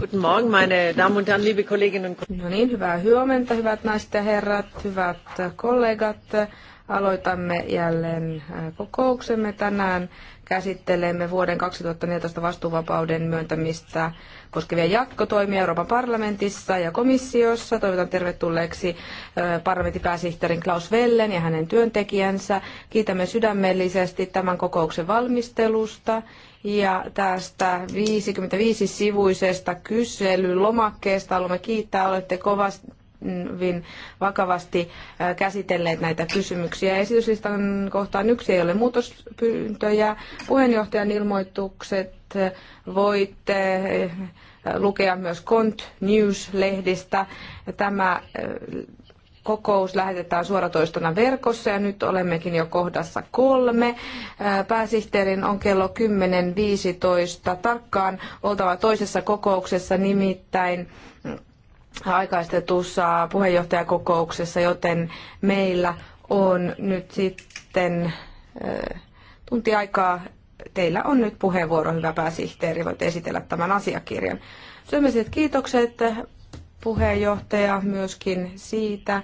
Guten Morgen, meine Damen und Herren, liebe Kolleginnen und Kollegen. No niin, hyvää huomenta, hyvät naiset ja herrat, hyvät kollegat. Aloitamme jälleen äh, kokouksemme tänään. Käsittelemme vuoden 2014 vastuuvapauden myöntämistä koskevia jatkotoimia Euroopan parlamentissa ja komissiossa. Toivotan tervetulleeksi äh, parlamentin pääsihteerin Klaus Vellen ja hänen työntekijänsä. Kiitämme sydämellisesti tämän kokouksen valmistelusta ja tästä 55-sivuisesta kyselylomakkeesta haluamme kiittää. Olette kovasti mm, hyvin vakavasti käsitelleet näitä kysymyksiä. Esityslistan kohtaan yksi ei ole muutospyyntöjä. Puheenjohtajan ilmoitukset voitte lukea myös Cont News-lehdistä. Tämä kokous lähetetään suoratoistona verkossa ja nyt olemmekin jo kohdassa kolme. Pääsihteerin on kello 10.15 tarkkaan oltava toisessa kokouksessa nimittäin aikaistetussa puheenjohtajakokouksessa, joten meillä on nyt sitten tunti aikaa. Teillä on nyt puheenvuoro, hyvä pääsihteeri, voit esitellä tämän asiakirjan. Syömiset kiitokset puheenjohtaja myöskin siitä,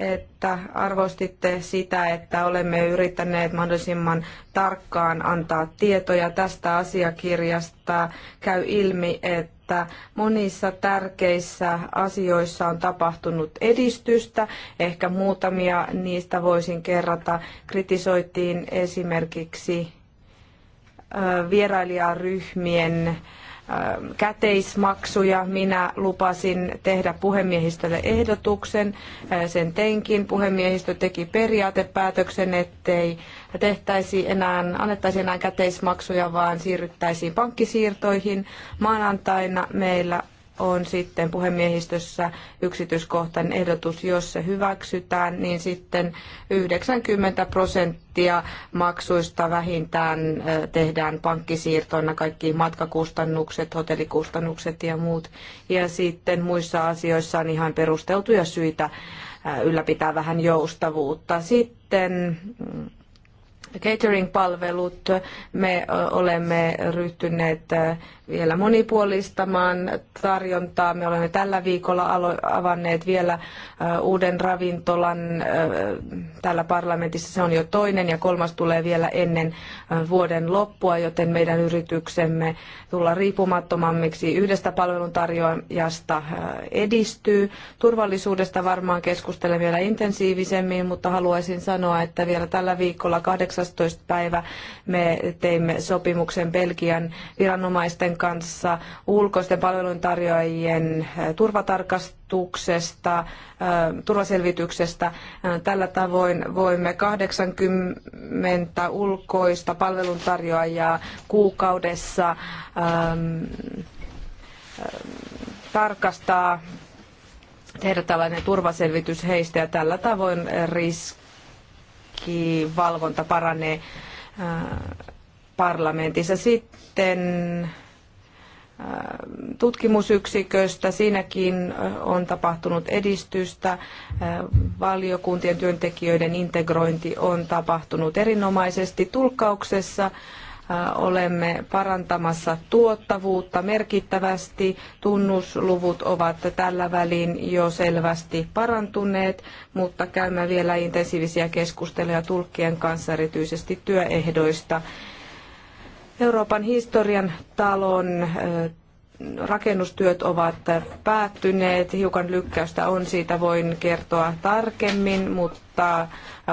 että arvostitte sitä, että olemme yrittäneet mahdollisimman tarkkaan antaa tietoja tästä asiakirjasta. Käy ilmi, että monissa tärkeissä asioissa on tapahtunut edistystä. Ehkä muutamia niistä voisin kerrata. Kritisoitiin esimerkiksi vierailijaryhmien Ähm, käteismaksuja. Minä lupasin tehdä puhemiehistölle ehdotuksen. Äh, sen teinkin. Puhemiehistö teki periaatepäätöksen, ettei tehtäisi enää, annettaisi enää käteismaksuja, vaan siirryttäisiin pankkisiirtoihin. Maanantaina meillä on sitten puhemiehistössä yksityiskohtainen ehdotus, jos se hyväksytään, niin sitten 90 prosenttia maksuista vähintään tehdään pankkisiirtoina kaikki matkakustannukset, hotellikustannukset ja muut. Ja sitten muissa asioissa on ihan perusteltuja syitä ylläpitää vähän joustavuutta. Sitten mm, catering-palvelut. Me olemme ryhtyneet vielä monipuolistamaan tarjontaa. Me olemme tällä viikolla avanneet vielä uuden ravintolan täällä parlamentissa. Se on jo toinen ja kolmas tulee vielä ennen vuoden loppua, joten meidän yrityksemme tulla riippumattomammiksi yhdestä palveluntarjoajasta edistyy. Turvallisuudesta varmaan keskustelen vielä intensiivisemmin, mutta haluaisin sanoa, että vielä tällä viikolla kahdeksan 18. päivä me teimme sopimuksen Belgian viranomaisten kanssa ulkoisten palveluntarjoajien äh, turvatarkastuksesta, äh, turvaselvityksestä. Äh, tällä tavoin voimme 80 ulkoista palveluntarjoajaa kuukaudessa ähm, tarkastaa tehdä tällainen turvaselvitys heistä ja tällä tavoin riski pankkivalvonta paranee äh, parlamentissa. Sitten äh, tutkimusyksiköstä. Siinäkin äh, on tapahtunut edistystä. Valiokuntien työntekijöiden integrointi on tapahtunut erinomaisesti tulkkauksessa. Äh, olemme parantamassa tuottavuutta merkittävästi. Tunnusluvut ovat tällä välin jo selvästi parantuneet, mutta käymme vielä intensiivisiä keskusteluja tulkkien kanssa erityisesti työehdoista. Euroopan historian talon äh, rakennustyöt ovat päättyneet. Hiukan lykkäystä on, siitä voin kertoa tarkemmin, mutta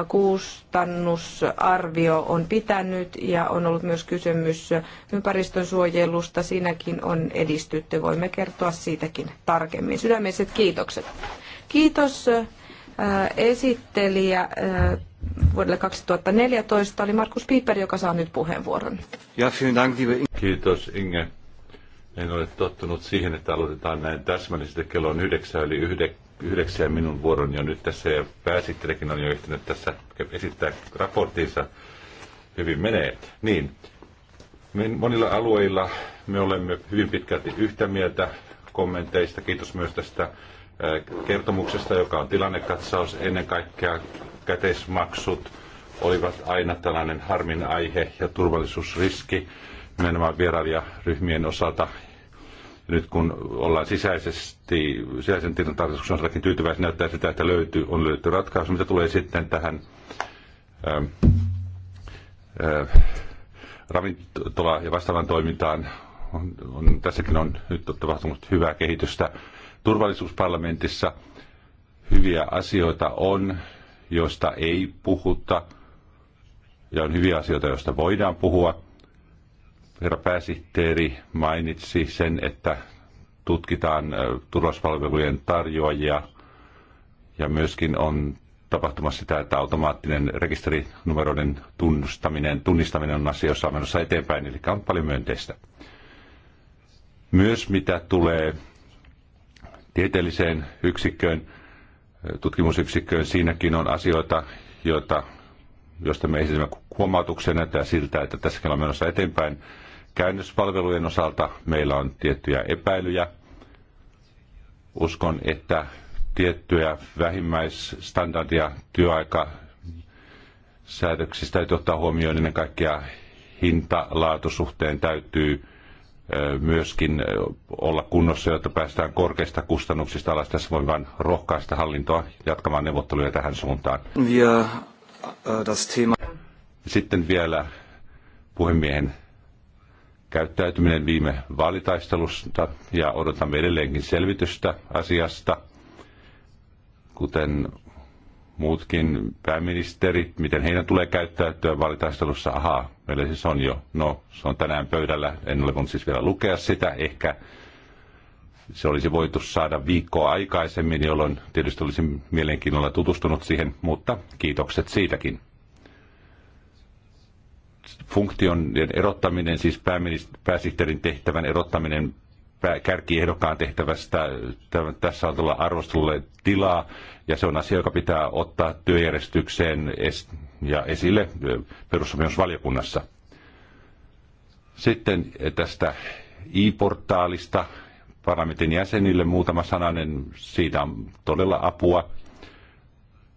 kustannusarvio on pitänyt ja on ollut myös kysymys ympäristönsuojelusta. Siinäkin on edistytty. Voimme kertoa siitäkin tarkemmin. Sydämiset kiitokset. Kiitos äh, esittelijä äh, vuodelle 2014 oli Markus Piiper, joka saa nyt puheenvuoron. Ja, Kiitos Inge. En ole tottunut siihen, että aloitetaan näin täsmällisesti. Kello on yhdeksän, eli yhde, yhdeksän minun vuoroni on nyt tässä ja pääsittelekin on jo ehtinyt tässä esittää raporttinsa. Hyvin menee. Niin, me monilla alueilla me olemme hyvin pitkälti yhtä mieltä kommenteista. Kiitos myös tästä kertomuksesta, joka on tilannekatsaus. Ennen kaikkea käteismaksut olivat aina tällainen harmin aihe ja turvallisuusriski nimenomaan vierailijaryhmien osalta nyt kun ollaan sisäisesti, sisäisen tilan tarkastuksen osallakin niin tyytyväisiä, näyttää sitä, että löytyy, on löytynyt ratkaisu, mitä tulee sitten tähän ää, ähm, ää, äh, ravintola- ja vastaavan toimintaan. On, on, tässäkin on nyt tapahtunut hyvää kehitystä. Turvallisuusparlamentissa hyviä asioita on, joista ei puhuta, ja on hyviä asioita, joista voidaan puhua – herra pääsihteeri mainitsi sen, että tutkitaan turvallisuuspalvelujen tarjoajia ja myöskin on tapahtumassa sitä, että automaattinen rekisterinumeroiden tunnustaminen, tunnistaminen on asia, jossa on menossa eteenpäin, eli on paljon myönteistä. Myös mitä tulee tieteelliseen yksikköön, tutkimusyksikköön, siinäkin on asioita, joita, joista me esitämme huomautuksen näyttää siltä, että tässäkin on menossa eteenpäin. Käännöspalvelujen osalta meillä on tiettyjä epäilyjä. Uskon, että tiettyjä vähimmäisstandardia työaika säädöksistä täytyy ottaa huomioon ennen kaikkea hinta-laatusuhteen täytyy myöskin olla kunnossa, jotta päästään korkeista kustannuksista alas. Tässä voin vain rohkaista hallintoa jatkamaan neuvotteluja tähän suuntaan. Ja, das Thema. Sitten vielä puhemiehen käyttäytyminen viime vaalitaistelusta ja odotamme edelleenkin selvitystä asiasta, kuten muutkin pääministerit, miten heidän tulee käyttäytyä vaalitaistelussa. Ahaa, meillä siis on jo, no se on tänään pöydällä, en ole voinut siis vielä lukea sitä, ehkä se olisi voitu saada viikkoa aikaisemmin, jolloin tietysti olisin mielenkiinnolla tutustunut siihen, mutta kiitokset siitäkin funktion erottaminen, siis pääsihteerin tehtävän erottaminen kärkiehdokkaan tehtävästä. Tässä on tulla arvostelulle tilaa, ja se on asia, joka pitää ottaa työjärjestykseen ja esille perussopimusvaliokunnassa. Sitten tästä e-portaalista parlamentin jäsenille muutama sananen. Siitä on todella apua.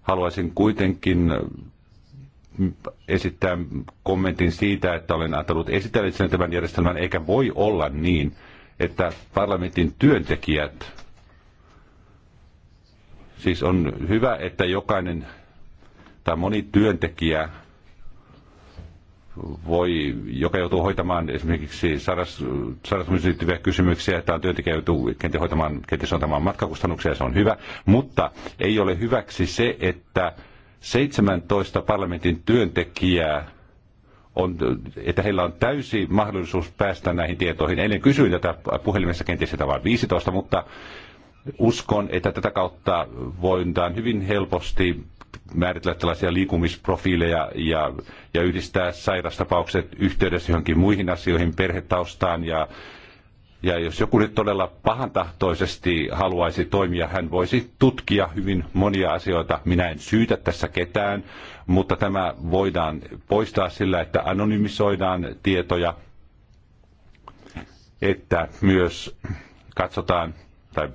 Haluaisin kuitenkin esittää kommentin siitä, että olen antanut esitellä tämän järjestelmän, eikä voi olla niin, että parlamentin työntekijät, siis on hyvä, että jokainen tai moni työntekijä voi, joka joutuu hoitamaan esimerkiksi sairastumiseen liittyviä kysymyksiä, on työntekijä joutuu kenties hoitamaan, kenties antamaan matkakustannuksia, se on hyvä, mutta ei ole hyväksi se, että 17 parlamentin työntekijää on, että heillä on täysi mahdollisuus päästä näihin tietoihin. Eilen kysyin tätä puhelimessa kenties sitä vain 15, mutta uskon, että tätä kautta voidaan hyvin helposti määritellä tällaisia liikumisprofiileja ja, ja yhdistää sairastapaukset yhteydessä johonkin muihin asioihin, perhetaustaan ja, ja jos joku nyt todella pahantahtoisesti haluaisi toimia, hän voisi tutkia hyvin monia asioita. Minä en syytä tässä ketään, mutta tämä voidaan poistaa sillä, että anonymisoidaan tietoja, että myös katsotaan tai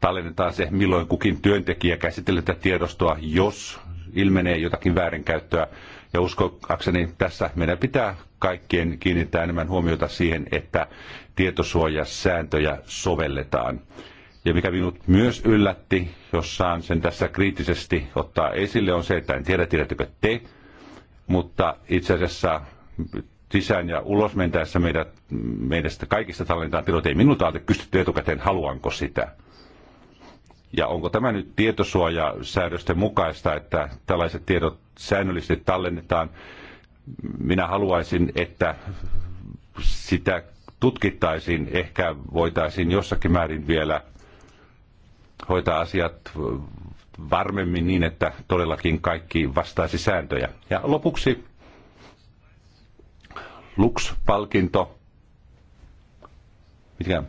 tallennetaan se, milloin kukin työntekijä käsittelee tätä tiedostoa, jos ilmenee jotakin väärinkäyttöä. Ja uskoakseni tässä meidän pitää kaikkien kiinnittää enemmän huomiota siihen, että tietosuojasääntöjä sovelletaan. Ja mikä minut myös yllätti, jos saan sen tässä kriittisesti ottaa esille, on se, että en tiedä tiedättekö te, mutta itse asiassa sisään ja ulos mentäessä meidät, meidästä kaikista tallennetaan tiedot. Ei minulta ole kysytty etukäteen, haluanko sitä. Ja onko tämä nyt tietosuojasäädösten mukaista, että tällaiset tiedot säännöllisesti tallennetaan? Minä haluaisin, että sitä tutkittaisiin, ehkä voitaisiin jossakin määrin vielä hoitaa asiat varmemmin niin, että todellakin kaikki vastaisi sääntöjä. Ja lopuksi Lux-palkinto. Mikä?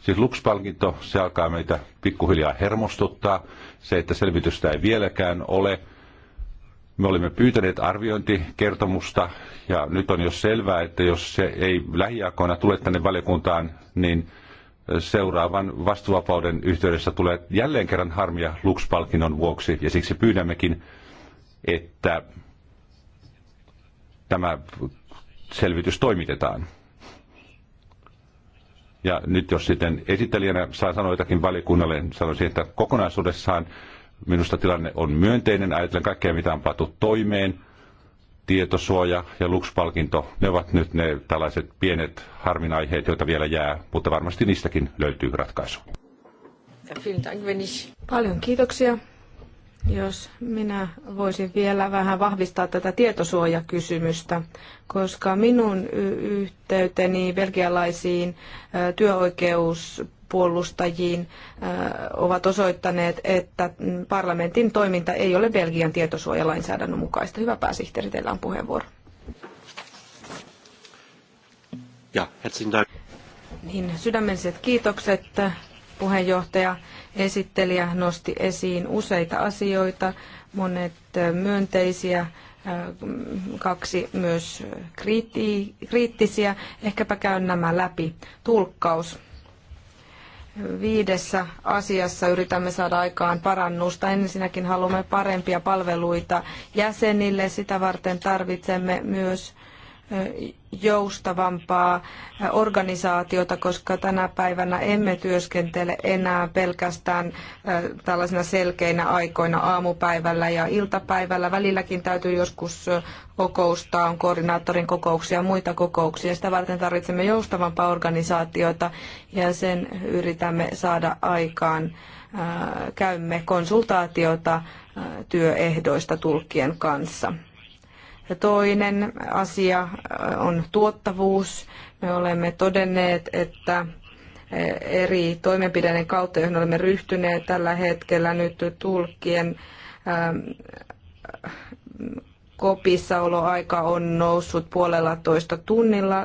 Siis Lux-palkinto, se alkaa meitä pikkuhiljaa hermostuttaa. Se, että selvitystä ei vieläkään ole – me olimme pyytäneet arviointikertomusta ja nyt on jo selvää, että jos se ei lähiaikoina tule tänne valiokuntaan, niin seuraavan vastuvapauden yhteydessä tulee jälleen kerran harmia Lux-palkinnon vuoksi ja siksi pyydämmekin, että tämä selvitys toimitetaan. Ja nyt jos sitten esittelijänä saa sanoa jotakin valiokunnalle, niin sanoisin, että kokonaisuudessaan Minusta tilanne on myönteinen, ajatellen kaikkea mitä on pantu toimeen. Tietosuoja ja Lux-palkinto, ne ovat nyt ne tällaiset pienet harminaiheet, joita vielä jää, mutta varmasti niistäkin löytyy ratkaisu. Paljon kiitoksia. Jos minä voisin vielä vähän vahvistaa tätä tietosuojakysymystä, koska minun yhteyteni belgialaisiin työoikeus puolustajiin äh, ovat osoittaneet, että parlamentin toiminta ei ole Belgian tietosuojalainsäädännön mukaista. Hyvä pääsihteeri, teillä on puheenvuoro. Ja, niin, sydämelliset kiitokset puheenjohtaja esittelijä nosti esiin useita asioita, monet äh, myönteisiä, äh, kaksi myös kriittisiä. Ehkäpä käyn nämä läpi. Tulkkaus viidessä asiassa yritämme saada aikaan parannusta. Ensinnäkin haluamme parempia palveluita jäsenille. Sitä varten tarvitsemme myös joustavampaa organisaatiota, koska tänä päivänä emme työskentele enää pelkästään tällaisina selkeinä aikoina aamupäivällä ja iltapäivällä. Välilläkin täytyy joskus kokoustaa, on koordinaattorin kokouksia ja muita kokouksia. Sitä varten tarvitsemme joustavampaa organisaatiota ja sen yritämme saada aikaan. Käymme konsultaatiota työehdoista tulkkien kanssa. Ja toinen asia äh, on tuottavuus. Me olemme todenneet, että äh, eri toimenpideiden kautta, joihin olemme ryhtyneet tällä hetkellä nyt tulkkien ähm, kopissaoloaika on noussut puolella toista tunnilla,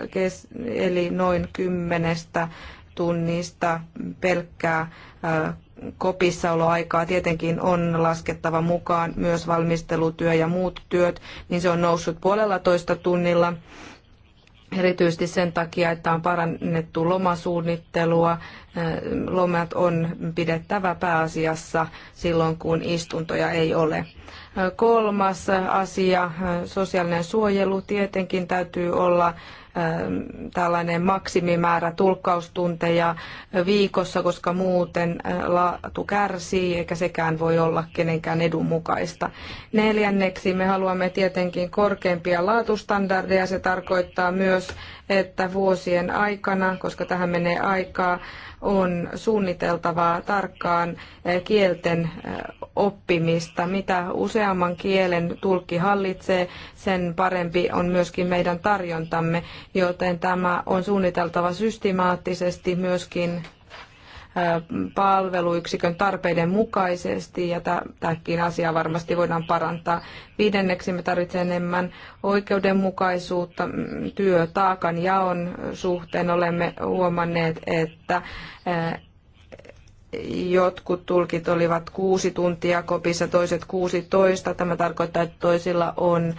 eli noin kymmenestä tunnista pelkkää äh, kopissaoloaikaa tietenkin on laskettava mukaan myös valmistelutyö ja muut työt, niin se on noussut puolella toista tunnilla. Erityisesti sen takia, että on parannettu lomasuunnittelua. Äh, lomat on pidettävä pääasiassa silloin, kun istuntoja ei ole. Äh, kolmas asia, äh, sosiaalinen suojelu. Tietenkin täytyy olla Ähm, tällainen maksimimäärä tulkkaustunteja viikossa, koska muuten äh, laatu kärsii, eikä sekään voi olla kenenkään edun mukaista. Neljänneksi me haluamme tietenkin korkeampia laatustandardeja. Se tarkoittaa myös, että vuosien aikana, koska tähän menee aikaa, on suunniteltavaa tarkkaan eh, kielten eh, oppimista. Mitä useamman kielen tulkki hallitsee, sen parempi on myöskin meidän tarjontamme, joten tämä on suunniteltava systemaattisesti myöskin palveluyksikön tarpeiden mukaisesti ja tämäkin asiaa varmasti voidaan parantaa. Viidenneksi me tarvitsemme enemmän oikeudenmukaisuutta mm, työtaakan jaon suhteen. Olemme huomanneet, että jotkut tulkit olivat kuusi tuntia kopissa, toiset 16. Tämä tarkoittaa, että toisilla on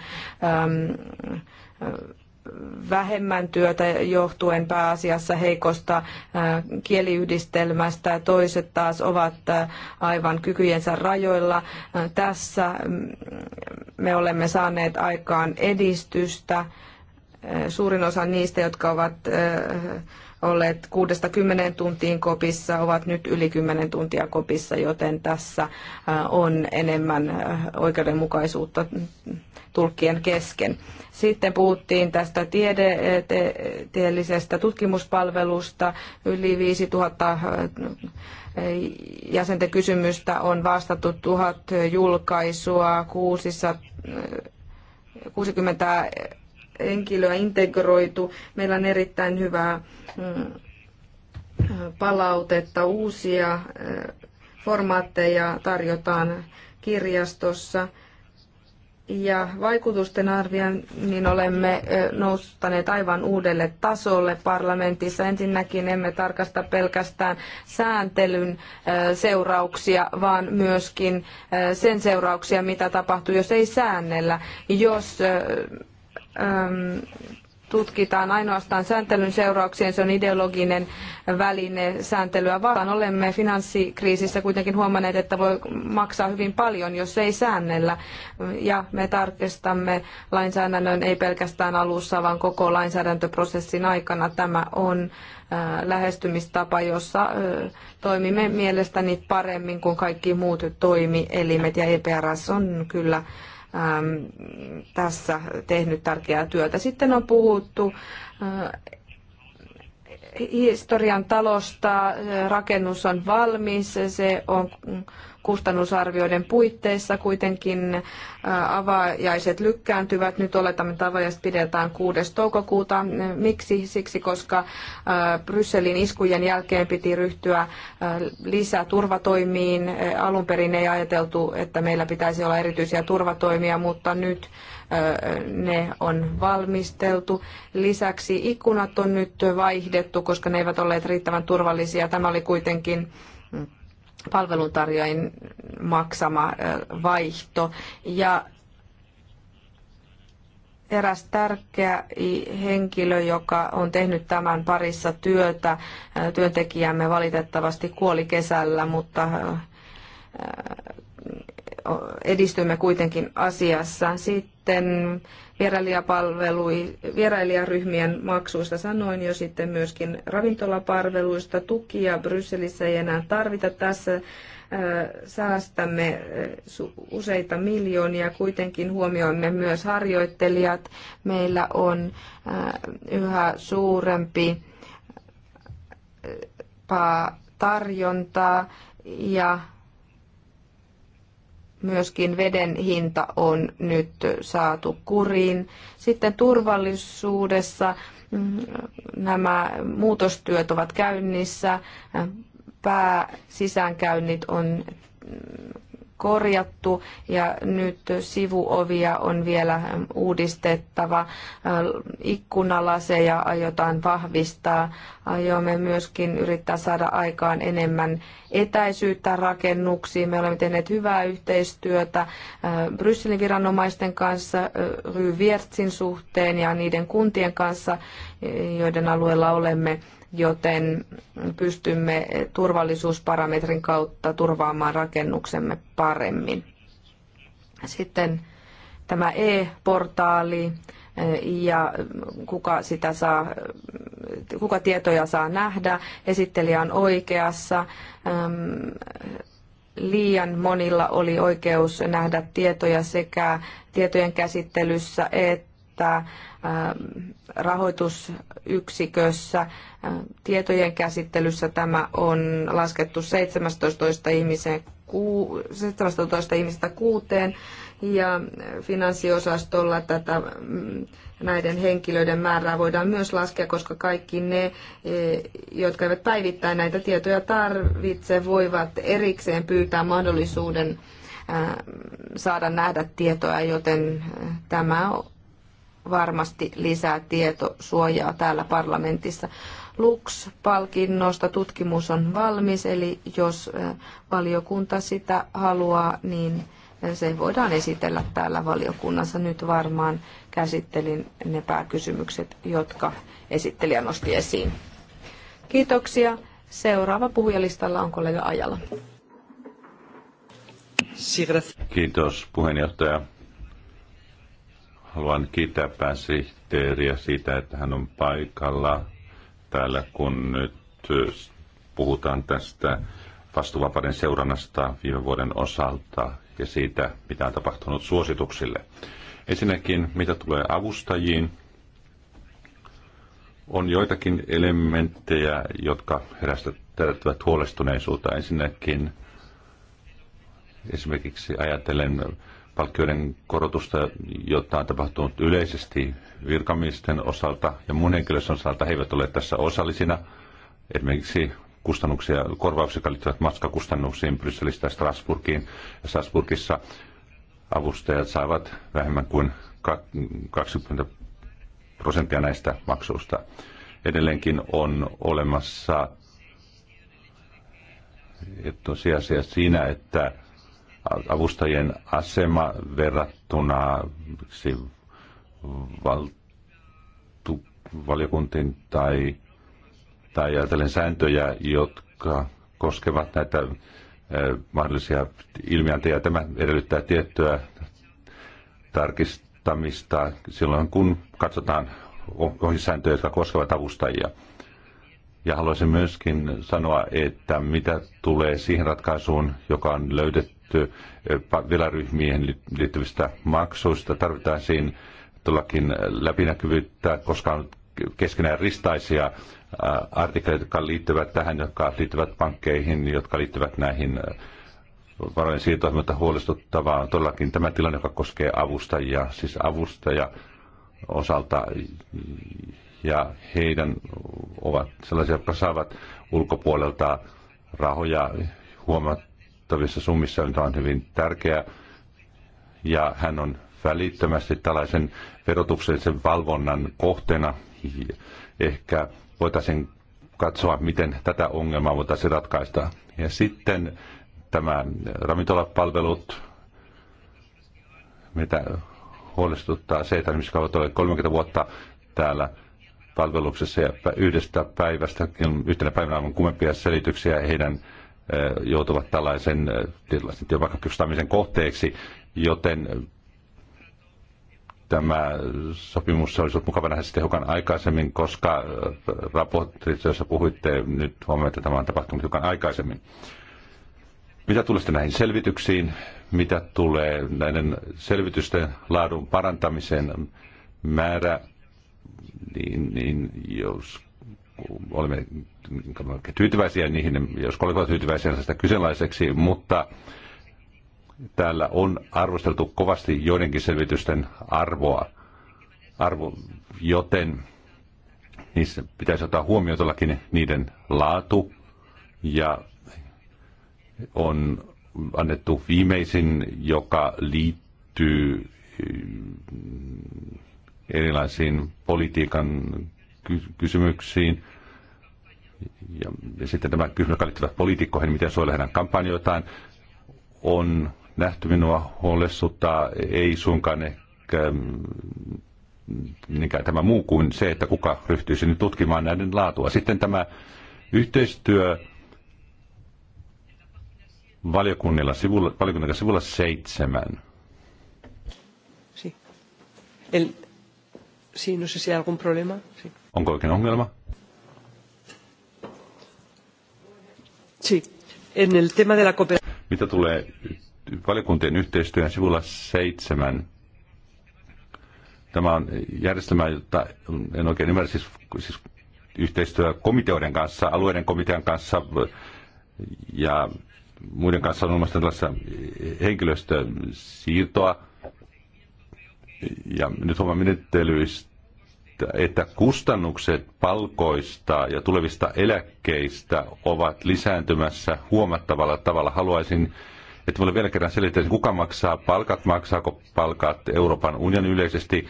vähemmän työtä johtuen pääasiassa heikosta äh, kieliyhdistelmästä. Toiset taas ovat äh, aivan kykyjensä rajoilla. Äh, tässä mm, me olemme saaneet aikaan edistystä. Suurin osa niistä, jotka ovat olleet kuudesta kymmeneen tuntiin kopissa, ovat nyt yli 10 tuntia kopissa, joten tässä äh, on enemmän äh, oikeudenmukaisuutta tulkkien kesken. Sitten puhuttiin tästä tieteellisestä tutkimuspalvelusta. Yli 5000 äh, jäsenten kysymystä on vastattu, 1000 julkaisua, 600, 60 henkilöä integroitu. Meillä on erittäin hyvää mm, palautetta, uusia eh, formaatteja tarjotaan kirjastossa. Ja vaikutusten niin olemme eh, noustaneet aivan uudelle tasolle parlamentissa. Ensinnäkin emme tarkasta pelkästään sääntelyn eh, seurauksia, vaan myöskin sen seurauksia, mitä tapahtuu, jos ei säännellä. Jos tutkitaan ainoastaan sääntelyn seurauksien, se on ideologinen väline sääntelyä vastaan. Olemme finanssikriisissä kuitenkin huomanneet, että voi maksaa hyvin paljon, jos ei säännellä. Ja me tarkistamme lainsäädännön ei pelkästään alussa, vaan koko lainsäädäntöprosessin aikana. Tämä on lähestymistapa, jossa toimimme mielestäni paremmin kuin kaikki muut toimielimet ja EPRS on kyllä Ähm, tässä tehnyt tärkeää työtä. Sitten on puhuttu äh, historian talosta, äh, rakennus on valmis, se on kustannusarvioiden puitteissa. Kuitenkin avajaiset lykkääntyvät. Nyt oletamme, että avajaiset pidetään 6. toukokuuta. Miksi? Siksi, koska Brysselin iskujen jälkeen piti ryhtyä lisää turvatoimiin. Alun perin ei ajateltu, että meillä pitäisi olla erityisiä turvatoimia, mutta nyt ne on valmisteltu. Lisäksi ikkunat on nyt vaihdettu, koska ne eivät olleet riittävän turvallisia. Tämä oli kuitenkin palveluntarjoajien maksama vaihto. Ja eräs tärkeä henkilö, joka on tehnyt tämän parissa työtä, työntekijämme valitettavasti kuoli kesällä, mutta edistymme kuitenkin asiassa. Sitten vierailijaryhmien maksuista sanoin jo sitten myöskin ravintolapalveluista. Tukia Brysselissä ei enää tarvita tässä äh, säästämme äh, useita miljoonia, kuitenkin huomioimme myös harjoittelijat. Meillä on äh, yhä suurempi tarjontaa ja myöskin veden hinta on nyt saatu kuriin. Sitten turvallisuudessa mm, nämä muutostyöt ovat käynnissä, pääsisäänkäynnit on korjattu ja nyt sivuovia on vielä uudistettava. Ikkunalaseja aiotaan vahvistaa. Aiomme myöskin yrittää saada aikaan enemmän etäisyyttä rakennuksiin. Me olemme tehneet hyvää yhteistyötä äh, Brysselin viranomaisten kanssa, äh, Ryviertsin suhteen ja niiden kuntien kanssa, joiden alueella olemme joten pystymme turvallisuusparametrin kautta turvaamaan rakennuksemme paremmin. Sitten tämä e-portaali ja kuka, sitä saa, kuka tietoja saa nähdä. Esittelijä on oikeassa. Liian monilla oli oikeus nähdä tietoja sekä tietojen käsittelyssä että rahoitusyksikössä. Tietojen käsittelyssä tämä on laskettu 17 ihmiseen 17 ihmistä kuuteen ja finanssiosastolla tätä, mm, näiden henkilöiden määrää voidaan myös laskea, koska kaikki ne, e, jotka eivät päivittäin näitä tietoja tarvitse, voivat erikseen pyytää mahdollisuuden saada nähdä tietoa, joten tämä varmasti lisää tietosuojaa täällä parlamentissa. Lux-palkinnosta tutkimus on valmis, eli jos valiokunta sitä haluaa, niin se voidaan esitellä täällä valiokunnassa. Nyt varmaan käsittelin ne pääkysymykset, jotka esittelijä nosti esiin. Kiitoksia. Seuraava puhujalistalla on kollega Ajala. Kiitos puheenjohtaja. Haluan kiittää pääsihteeriä siitä, että hän on paikalla täällä, kun nyt äh, puhutaan tästä vastuuvapauden seurannasta viime vuoden osalta ja siitä, mitä on tapahtunut suosituksille. Ensinnäkin, mitä tulee avustajiin, on joitakin elementtejä, jotka herättävät huolestuneisuutta. Ensinnäkin esimerkiksi ajatellen palkkioiden korotusta, jota on tapahtunut yleisesti virkamiesten osalta ja muun henkilöstön osalta. He eivät ole tässä osallisina. Esimerkiksi kustannuksia, korvauksia, jotka liittyvät matkakustannuksiin Brysselistä Strasburgiin ja Strasburgissa avustajat saavat vähemmän kuin 20 prosenttia näistä maksuista. Edelleenkin on olemassa tosiasia siinä, että avustajien asema verrattuna valtu, valiokuntiin tai, tai ajatellen sääntöjä, jotka koskevat näitä mahdollisia ilmiöntejä. Tämä edellyttää tiettyä tarkistamista silloin, kun katsotaan ohisääntöjä, jotka koskevat avustajia. Ja haluaisin myöskin sanoa, että mitä tulee siihen ratkaisuun, joka on löydetty Eh, vilaryhmiin liittyvistä maksuista. Tarvitaan siinä todellakin läpinäkyvyyttä, koska on keskenään ristaisia eh, artikkeleita, jotka liittyvät tähän, jotka liittyvät pankkeihin, jotka liittyvät näihin eh, varojen siirtoihin, mutta huolestuttavaa on todellakin tämä tilanne, joka koskee avustajia, siis avustaja osalta ja heidän ovat sellaisia, jotka saavat ulkopuolelta rahoja huomattavasti huomattavissa summissa, joka on hyvin tärkeä. Ja hän on välittömästi tällaisen verotuksellisen valvonnan kohteena. Ehkä voitaisiin katsoa, miten tätä ongelmaa voitaisiin ratkaista. Ja sitten tämä ravintolapalvelut, mitä huolestuttaa se, että ihmiset ovat 30 vuotta täällä palveluksessa ja yhdestä päivästä, yhtenä päivänä on kummempia selityksiä heidän joutuvat tällaisen työpaikkakystämisen kohteeksi, joten tämä sopimus olisi ollut mukava nähdä sitten hiukan aikaisemmin, koska raportit, joissa puhuitte nyt huomioon, että tämä on tapahtunut hiukan aikaisemmin. Mitä tulee sitten näihin selvityksiin, mitä tulee näiden selvitysten laadun parantamiseen määrä, niin, niin jos olemme tyytyväisiä niihin, jos kollegat ovat tyytyväisiä sitä kyseenalaiseksi, mutta täällä on arvosteltu kovasti joidenkin selvitysten arvoa, arvo, joten niissä pitäisi ottaa huomioon tuollakin niiden laatu ja on annettu viimeisin, joka liittyy erilaisiin politiikan kysymyksiin. Ja, ja sitten nämä kysymykset liittyvät poliitikkoihin, miten suojella heidän kampanjoitaan, on nähty minua huolestuttaa, ei suinkaan ehkä mm, niinkään tämä muu kuin se, että kuka ryhtyisi nyt tutkimaan näiden laatua. Sitten tämä yhteistyö valiokunnilla sivulla, valiokunnan sivulla seitsemän. El, Sí, no sé si hay algún problema. Sí. Onko oikein ongelma? Sí. En el tema de la cooperación. Mitä tulee valiokuntien yhteistyön sivulla seitsemän, tämä on järjestelmä, jota en oikein ymmärrä, siis, siis yhteistyö komiteoiden kanssa, alueiden komitean kanssa ja muiden kanssa on olemassa tällaista henkilöstösiirtoa, ja nyt homma menettelyistä, että kustannukset palkoista ja tulevista eläkkeistä ovat lisääntymässä huomattavalla tavalla. Haluaisin, että minulle vielä kerran selittäisin, kuka maksaa palkat, maksaako palkat Euroopan unionin yleisesti,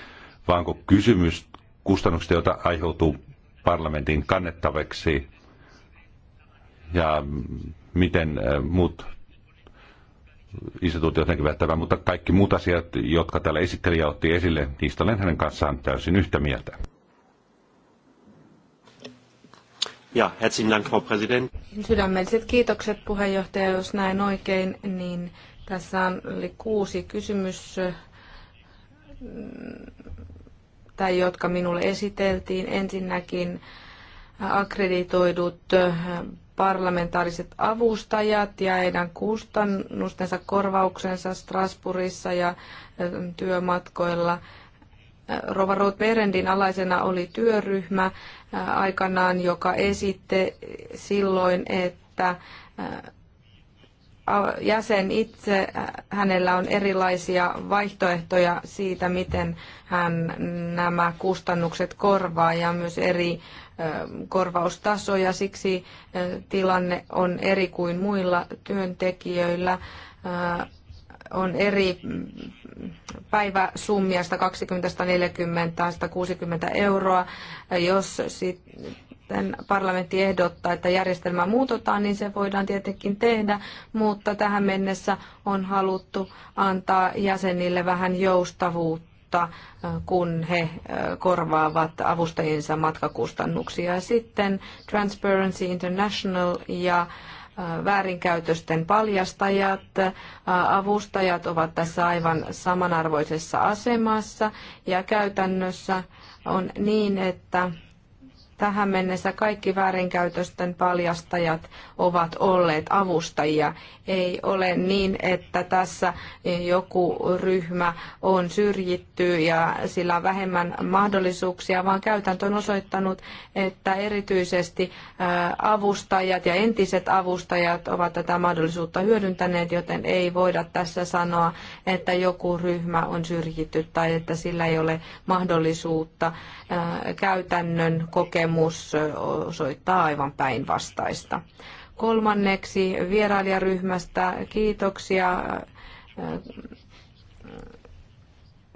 vaanko onko kysymys kustannuksista, joita aiheutuu parlamentin kannettavaksi ja miten äh, muut instituutiot näkyvät tämän, mutta kaikki muut asiat, jotka täällä esittelijä otti esille, niistä olen hänen kanssaan täysin yhtä mieltä. Ja, herzlichen Dank, Frau Präsident. Sydämelliset kiitokset puheenjohtaja, jos näin oikein, niin tässä on yli kuusi kysymys, mm, tai jotka minulle esiteltiin. Ensinnäkin äh, akkreditoidut äh, parlamentaariset avustajat ja heidän kustannustensa korvauksensa Strasbourgissa ja eh, työmatkoilla. Eh, Rova Roth Berendin alaisena oli työryhmä eh, aikanaan, joka esitti silloin, että jäsen itse, hänellä on erilaisia vaihtoehtoja siitä, miten hän nämä kustannukset korvaa ja myös eri korvaustasoja, siksi tilanne on eri kuin muilla työntekijöillä. On eri mm, päiväsummia 120, 140, 160 euroa. Jos sitten parlamentti ehdottaa, että järjestelmä muutetaan, niin se voidaan tietenkin tehdä, mutta tähän mennessä on haluttu antaa jäsenille vähän joustavuutta kautta, äh, kun he äh, korvaavat avustajiensa matkakustannuksia. Ja sitten Transparency International ja äh, väärinkäytösten paljastajat, avustajat ovat tässä aivan samanarvoisessa asemassa ja käytännössä on niin, että Tähän mennessä kaikki väärinkäytösten paljastajat ovat olleet avustajia. Ei ole niin, että tässä joku ryhmä on syrjitty ja sillä on vähemmän mahdollisuuksia, vaan käytäntö on osoittanut, että erityisesti avustajat ja entiset avustajat ovat tätä mahdollisuutta hyödyntäneet, joten ei voida tässä sanoa, että joku ryhmä on syrjitty tai että sillä ei ole mahdollisuutta käytännön kokea kokemus osoittaa aivan päinvastaista. Kolmanneksi vierailijaryhmästä kiitoksia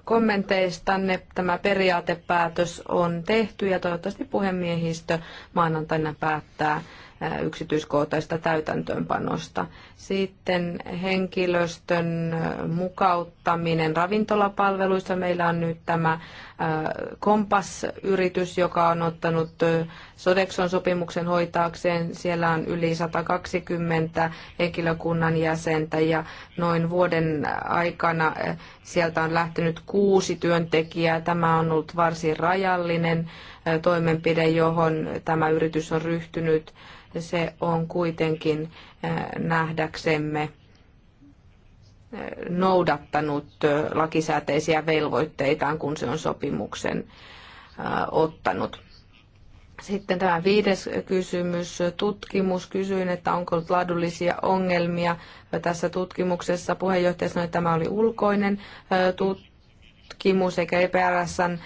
kommenteistanne. Tämä periaatepäätös on tehty ja toivottavasti puhemiehistö maanantaina päättää Äh, yksityiskohtaista täytäntöönpanosta. Sitten henkilöstön äh, mukauttaminen ravintolapalveluissa. Meillä on nyt tämä äh, Kompass-yritys, joka on ottanut Sodexon sopimuksen hoitaakseen. Siellä on yli 120 henkilökunnan jäsentä ja noin vuoden aikana sieltä on lähtenyt kuusi työntekijää. Tämä on ollut varsin rajallinen toimenpide, johon tämä yritys on ryhtynyt se on kuitenkin nähdäksemme noudattanut lakisääteisiä velvoitteitaan, kun se on sopimuksen ottanut. Sitten tämä viides kysymys, tutkimus. Kysyin, että onko ollut laadullisia ongelmia tässä tutkimuksessa. Puheenjohtaja sanoi, että tämä oli ulkoinen tutkimus tutkimus eikä EPRSn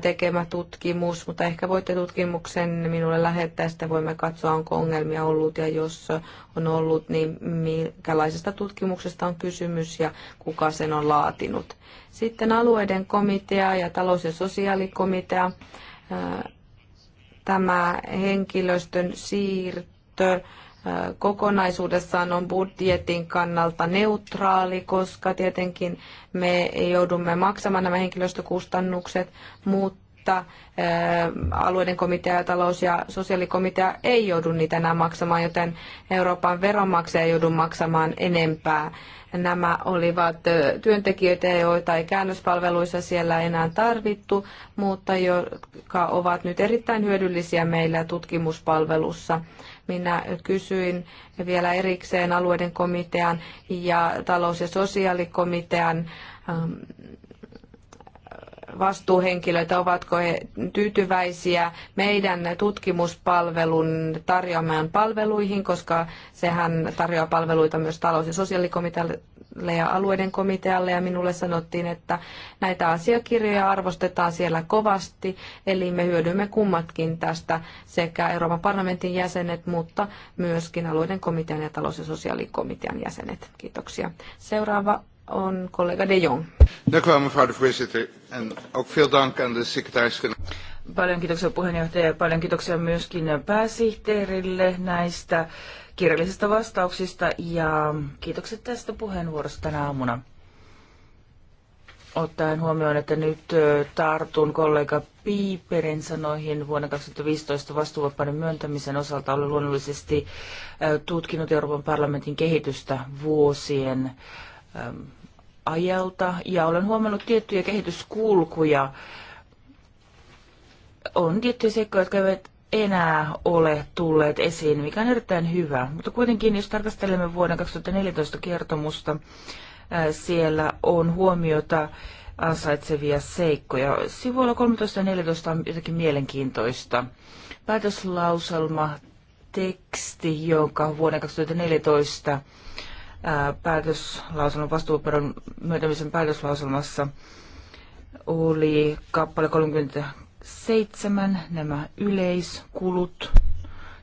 tekemä tutkimus, mutta ehkä voitte tutkimuksen minulle lähettää, sitä voimme katsoa, onko ongelmia ollut ja jos on ollut, niin minkälaisesta tutkimuksesta on kysymys ja kuka sen on laatinut. Sitten alueiden komitea ja talous- ja sosiaalikomitea. Tämä henkilöstön siirto kokonaisuudessaan on budjetin kannalta neutraali, koska tietenkin me joudumme maksamaan nämä henkilöstökustannukset, mutta alueiden komitea, talous- ja sosiaalikomitea ei joudu niitä enää maksamaan, joten Euroopan veronmaksaja joudu maksamaan enempää. Nämä olivat työntekijöitä, joita ei käännöspalveluissa siellä enää tarvittu, mutta jotka ovat nyt erittäin hyödyllisiä meillä tutkimuspalvelussa minä kysyin vielä erikseen alueiden komitean ja talous- ja sosiaalikomitean ähm, vastuuhenkilöitä, ovatko he tyytyväisiä meidän tutkimuspalvelun tarjoamaan palveluihin, koska sehän tarjoaa palveluita myös talous- ja sosiaalikomitealle ja alueiden komitealle ja minulle sanottiin, että näitä asiakirjoja arvostetaan siellä kovasti, eli me hyödymme kummatkin tästä sekä Euroopan parlamentin jäsenet, mutta myöskin alueiden komitean ja talous- ja sosiaalikomitean jäsenet. Kiitoksia. Seuraava on kollega De Jong. Paljon kiitoksia puheenjohtaja ja paljon kiitoksia myöskin pääsihteerille näistä kirjallisista vastauksista ja kiitokset tästä puheenvuorosta tänä aamuna. Ottaen huomioon, että nyt tartun kollega Piiperin sanoihin vuonna 2015 vastuuvapauden myöntämisen osalta olen luonnollisesti tutkinut Euroopan parlamentin kehitystä vuosien ajalta ja olen huomannut tiettyjä kehityskulkuja. On tiettyjä seikkoja, jotka eivät enää ole tulleet esiin, mikä on erittäin hyvä. Mutta kuitenkin, jos tarkastelemme vuoden 2014 kertomusta, äh, siellä on huomiota ansaitsevia seikkoja. Sivuilla 13 ja 14 on jotakin mielenkiintoista. Päätöslauselma, teksti, jonka vuoden 2014 äh, päätöslauselman vastuuperon myöntämisen päätöslauselmassa oli kappale 30 seitsemän nämä yleiskulut.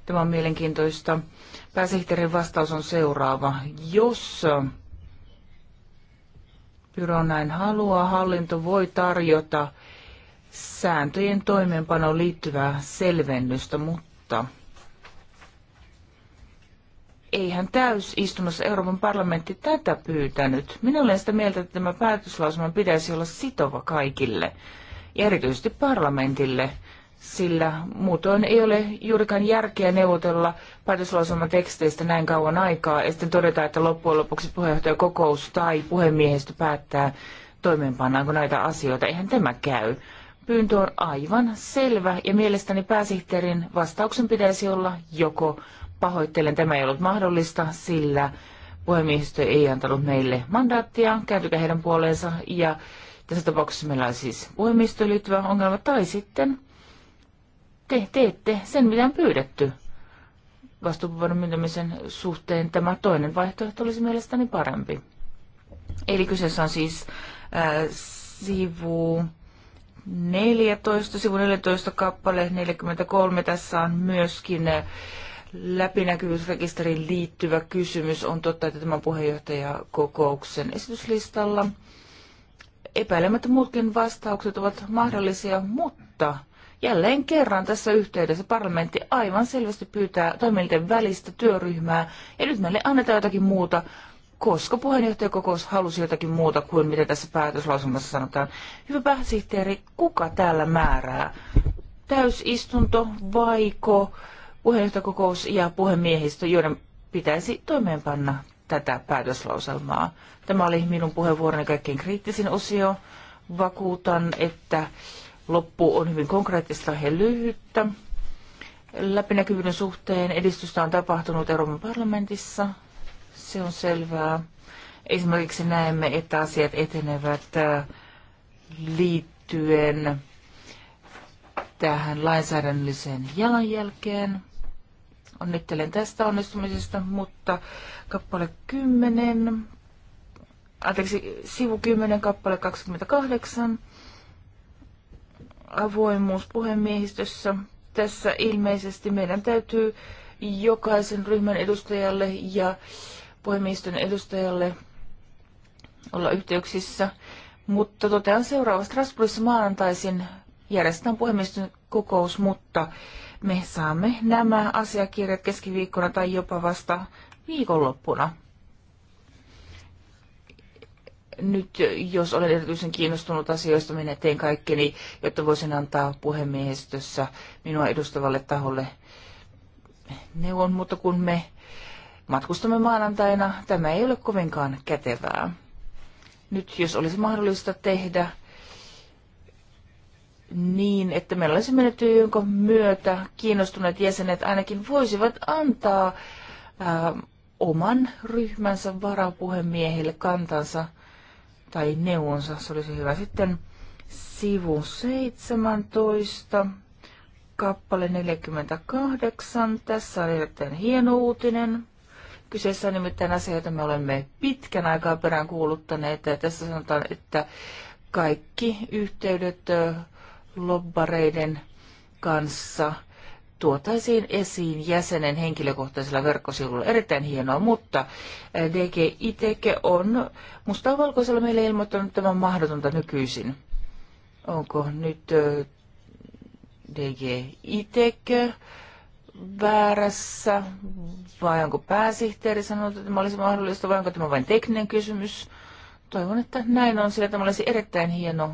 Tämä on mielenkiintoista. Pääsihteerin vastaus on seuraava. Jos byro näin haluaa, hallinto voi tarjota sääntöjen toimeenpanoon liittyvää selvennystä, mutta eihän täysistunnossa Euroopan parlamentti tätä pyytänyt. Minä olen sitä mieltä, että tämä päätöslausuma pitäisi olla sitova kaikille ja erityisesti parlamentille, sillä muutoin ei ole juurikaan järkeä neuvotella päätöslauselman teksteistä näin kauan aikaa ja sitten todeta, että loppujen lopuksi puheenjohtajakokous tai puhemiehistö päättää toimeenpannaanko näitä asioita. Eihän tämä käy. Pyyntö on aivan selvä ja mielestäni pääsihteerin vastauksen pitäisi olla joko pahoittelen, tämä ei ollut mahdollista, sillä puhemiehistö ei antanut meille mandaattia, kääntykää heidän puoleensa ja tässä tapauksessa meillä on siis puhemistoon liittyvä ongelma, tai sitten te teette sen, mitä on pyydetty vastuuvapauden myöntämisen suhteen. Tämä toinen vaihtoehto olisi mielestäni parempi. Eli kyseessä on siis ää, sivu 14, sivu 14 kappale 43. Tässä on myöskin ää, läpinäkyvyysrekisteriin liittyvä kysymys. On totta, että tämä puheenjohtajakokouksen esityslistalla epäilemättä muutkin vastaukset ovat mahdollisia, mutta jälleen kerran tässä yhteydessä parlamentti aivan selvästi pyytää toimielinten välistä työryhmää, ja nyt meille annetaan jotakin muuta, koska puheenjohtajakokous halusi jotakin muuta kuin mitä tässä päätöslausumassa sanotaan. Hyvä pääsihteeri, kuka täällä määrää? Täysistunto, vaiko puheenjohtajakokous ja puhemiehistö, joiden pitäisi toimeenpanna tätä päätöslauselmaa. Tämä oli minun puheenvuoroni kaikkein kriittisin osio. Vakuutan, että loppu on hyvin konkreettista ja lyhyttä. Läpinäkyvyyden suhteen edistystä on tapahtunut Euroopan parlamentissa. Se on selvää. Esimerkiksi näemme, että asiat etenevät äh, liittyen tähän lainsäädännölliseen jalanjälkeen. Onnittelen tästä onnistumisesta, mutta kappale 10, anteeksi, sivu 10, kappale 28, avoimuus puhemiehistössä. Tässä ilmeisesti meidän täytyy jokaisen ryhmän edustajalle ja puhemiehistön edustajalle olla yhteyksissä. Mutta totean seuraava Strasbourgissa maanantaisin järjestetään puhemiehistön kokous, mutta me saamme nämä asiakirjat keskiviikkona tai jopa vasta viikonloppuna. Nyt, jos olen erityisen kiinnostunut asioista, minä teen kaikkeni, jotta voisin antaa puhemiehistössä minua edustavalle taholle neuvon, mutta kun me matkustamme maanantaina, tämä ei ole kovinkaan kätevää. Nyt, jos olisi mahdollista tehdä niin, että meillä olisi menettely, jonka myötä kiinnostuneet jäsenet ainakin voisivat antaa ää, ähm, oman ryhmänsä varapuhemiehille kantansa tai neuvonsa. Se olisi hyvä. Sitten sivu 17, kappale 48. Tässä on erittäin hieno uutinen. Kyseessä on nimittäin asia, jota me olemme pitkän aikaa perään kuuluttaneet. Ja tässä sanotaan, että kaikki yhteydet äh, lobbareiden kanssa tuotaisiin esiin jäsenen henkilökohtaisella verkkosivulla. Erittäin hienoa, mutta eh, DG Iteke on musta valkoisella meille ilmoittanut tämän mahdotonta nykyisin. Onko nyt eh, DG Iteke väärässä vai onko pääsihteeri sanonut, että tämä olisi mahdollista vai onko tämä vain tekninen kysymys? Toivon, että näin on, sillä tämä olisi erittäin hieno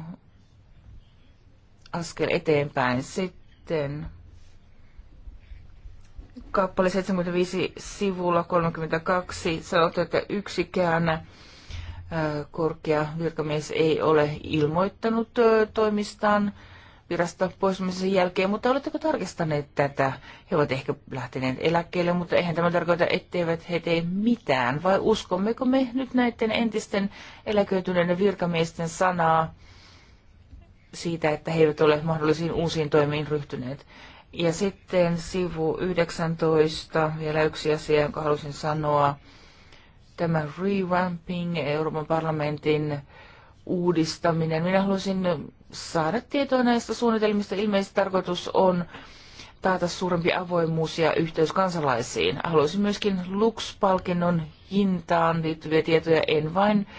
askel eteenpäin. Sitten kappale 75 sivulla 32 sanotaan, että yksikään korkea virkamies ei ole ilmoittanut toimistaan virasta poistumisen jälkeen, mutta oletteko tarkistaneet tätä? He ovat ehkä lähteneet eläkkeelle, mutta eihän tämä tarkoita, etteivät he tee mitään, vai uskommeko me nyt näiden entisten eläköityneiden virkamiesten sanaa? siitä, että he eivät ole mahdollisiin uusiin toimiin ryhtyneet. Ja sitten sivu 19, vielä yksi asia, jonka halusin sanoa. Tämä revamping, Euroopan parlamentin uudistaminen. Minä haluaisin saada tietoa näistä suunnitelmista. Ilmeisesti tarkoitus on taata suurempi avoimuus ja yhteys kansalaisiin. Haluaisin myöskin Lux-palkinnon hintaan liittyviä tietoja, en vain äh,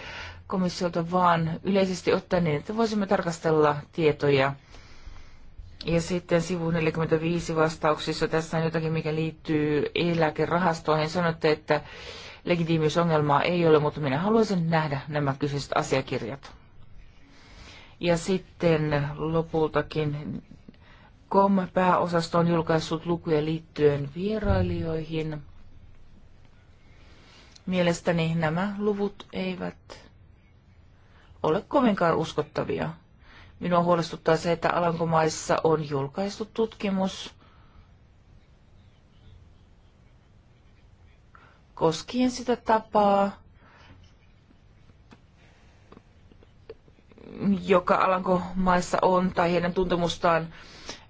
komissiolta, vaan yleisesti ottaen niin, että voisimme tarkastella tietoja. Ja sitten sivu 45 vastauksissa, tässä on jotakin, mikä liittyy eläkerahastoihin. Niin Sanoitte, että legitiimisongelmaa ei ole, mutta minä haluaisin nähdä nämä kyseiset asiakirjat. Ja sitten lopultakin COM-pääosasto on julkaissut lukuja liittyen vierailijoihin. Mielestäni nämä luvut eivät ole kovinkaan uskottavia. Minua huolestuttaa se, että Alankomaissa on julkaistu tutkimus koskien sitä tapaa, joka Alankomaissa on, tai heidän tuntemustaan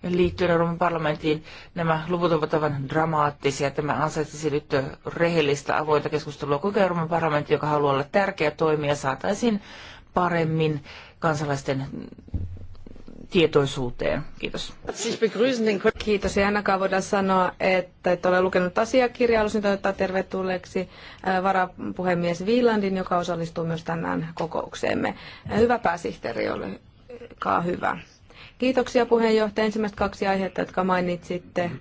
liittyen Euroopan parlamenttiin. Nämä luvut ovat aivan dramaattisia. Tämä ansaitsisi nyt rehellistä avointa keskustelua, kuinka Euroopan parlamentti, joka haluaa olla tärkeä toimija, saataisiin paremmin kansalaisten tietoisuuteen. Kiitos. Kiitos. Ei ainakaan voida sanoa, että et ole lukenut asiakirjaa. Haluaisin toivottaa tervetulleeksi äh, varapuhemies Viilandin, joka osallistuu myös tänään kokoukseemme. Äh, hyvä pääsihteeri, olkaa hyvä. Kiitoksia puheenjohtaja. Ensimmäiset kaksi aihetta, jotka mainitsitte,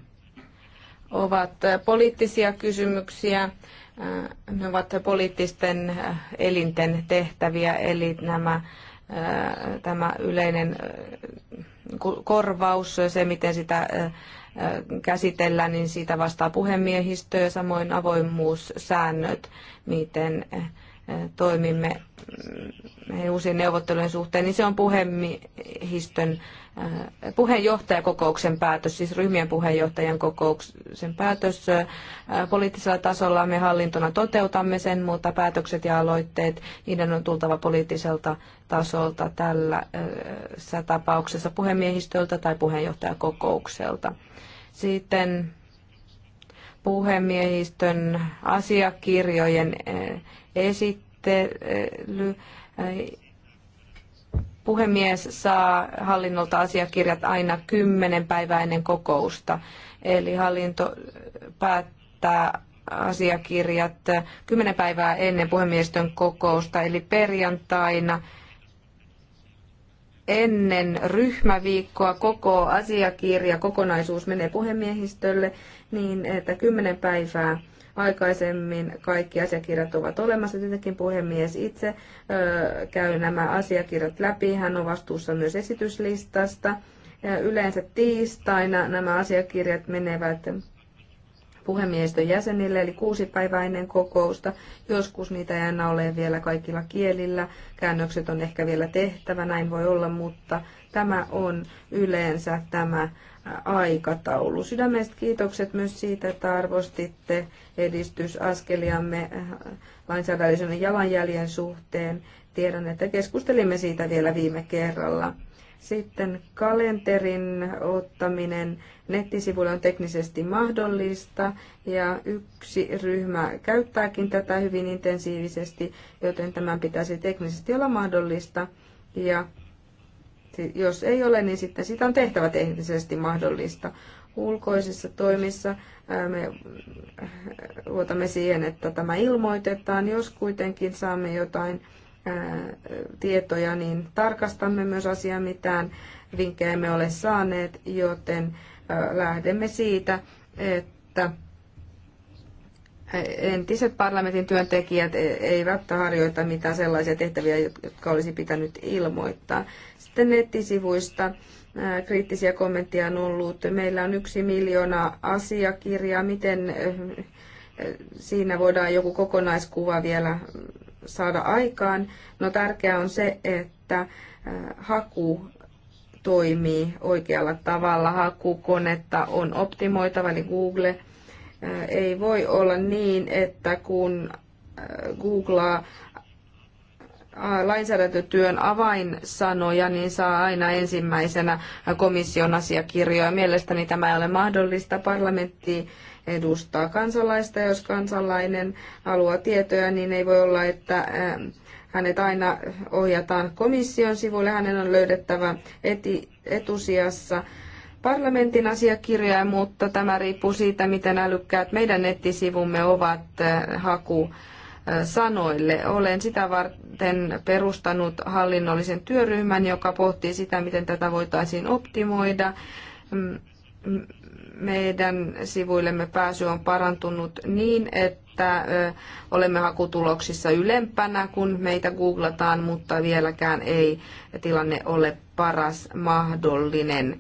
ovat äh, poliittisia kysymyksiä Äh, ne ovat poliittisten äh, elinten tehtäviä, eli nämä, äh, tämä yleinen korvaus, se miten sitä käsitellään, niin siitä vastaa puhemiehistö ja samoin avoimuussäännöt, miten toimimme mm, uusien neuvottelujen suhteen, niin se on puhemiehistön äh, puheenjohtajakokouksen päätös, siis ryhmien puheenjohtajan kokouksen päätös. Äh, poliittisella tasolla me hallintona toteutamme sen, mutta päätökset ja aloitteet, niiden on tultava poliittiselta tasolta tällä äh, tapauksessa puhemiehistöltä tai puheenjohtajakokoukselta. Sitten puhemiehistön asiakirjojen esittely. Puhemies saa hallinnolta asiakirjat aina kymmenen päivää ennen kokousta. Eli hallinto päättää asiakirjat kymmenen päivää ennen puhemiestön kokousta, eli perjantaina ennen ryhmäviikkoa koko asiakirja, kokonaisuus menee puhemiehistölle niin, että kymmenen päivää aikaisemmin. Kaikki asiakirjat ovat olemassa. Tietenkin puhemies itse käy nämä asiakirjat läpi. Hän on vastuussa myös esityslistasta. Ja yleensä tiistaina nämä asiakirjat menevät puhemiehistön jäsenille, eli kuusi päivää ennen kokousta. Joskus niitä ei aina ole vielä kaikilla kielillä. Käännökset on ehkä vielä tehtävä, näin voi olla, mutta tämä on yleensä tämä aikataulu. Sydämestä kiitokset myös siitä, että arvostitte edistysaskeliamme äh, lainsäädännön jalanjäljen suhteen. Tiedän, että keskustelimme siitä vielä viime kerralla. Sitten kalenterin ottaminen nettisivulle on teknisesti mahdollista ja yksi ryhmä käyttääkin tätä hyvin intensiivisesti, joten tämän pitäisi teknisesti olla mahdollista. Ja jos ei ole, niin sitten sitä on tehtävä teknisesti mahdollista. Ulkoisissa toimissa me luotamme siihen, että tämä ilmoitetaan. Jos kuitenkin saamme jotain tietoja, niin tarkastamme myös asiaa, mitään vinkkejä emme ole saaneet, joten lähdemme siitä, että entiset parlamentin työntekijät e-, eivät harjoita mitään sellaisia tehtäviä, jotka olisi pitänyt ilmoittaa. Sitten nettisivuista kriittisiä kommentteja on ollut. Meillä on yksi miljoona asiakirjaa. Miten siinä voidaan joku kokonaiskuva vielä saada aikaan? No tärkeää on se, että haku toimii oikealla tavalla. Hakukonetta on optimoitava, eli Google. Ei voi olla niin, että kun googlaa lainsäädäntötyön avainsanoja, niin saa aina ensimmäisenä komission asiakirjoja. Mielestäni tämä ei ole mahdollista. Parlamentti edustaa kansalaista. Jos kansalainen haluaa tietoja, niin ei voi olla, että hänet aina ohjataan komission sivuille. Hänen on löydettävä eti, etusijassa parlamentin asiakirjoja, mutta tämä riippuu siitä, miten älykkäät meidän nettisivumme ovat haku sanoille. Olen sitä varten perustanut hallinnollisen työryhmän, joka pohtii sitä, miten tätä voitaisiin optimoida. Meidän sivuillemme pääsy on parantunut niin, että olemme hakutuloksissa ylempänä, kun meitä googlataan, mutta vieläkään ei tilanne ole paras mahdollinen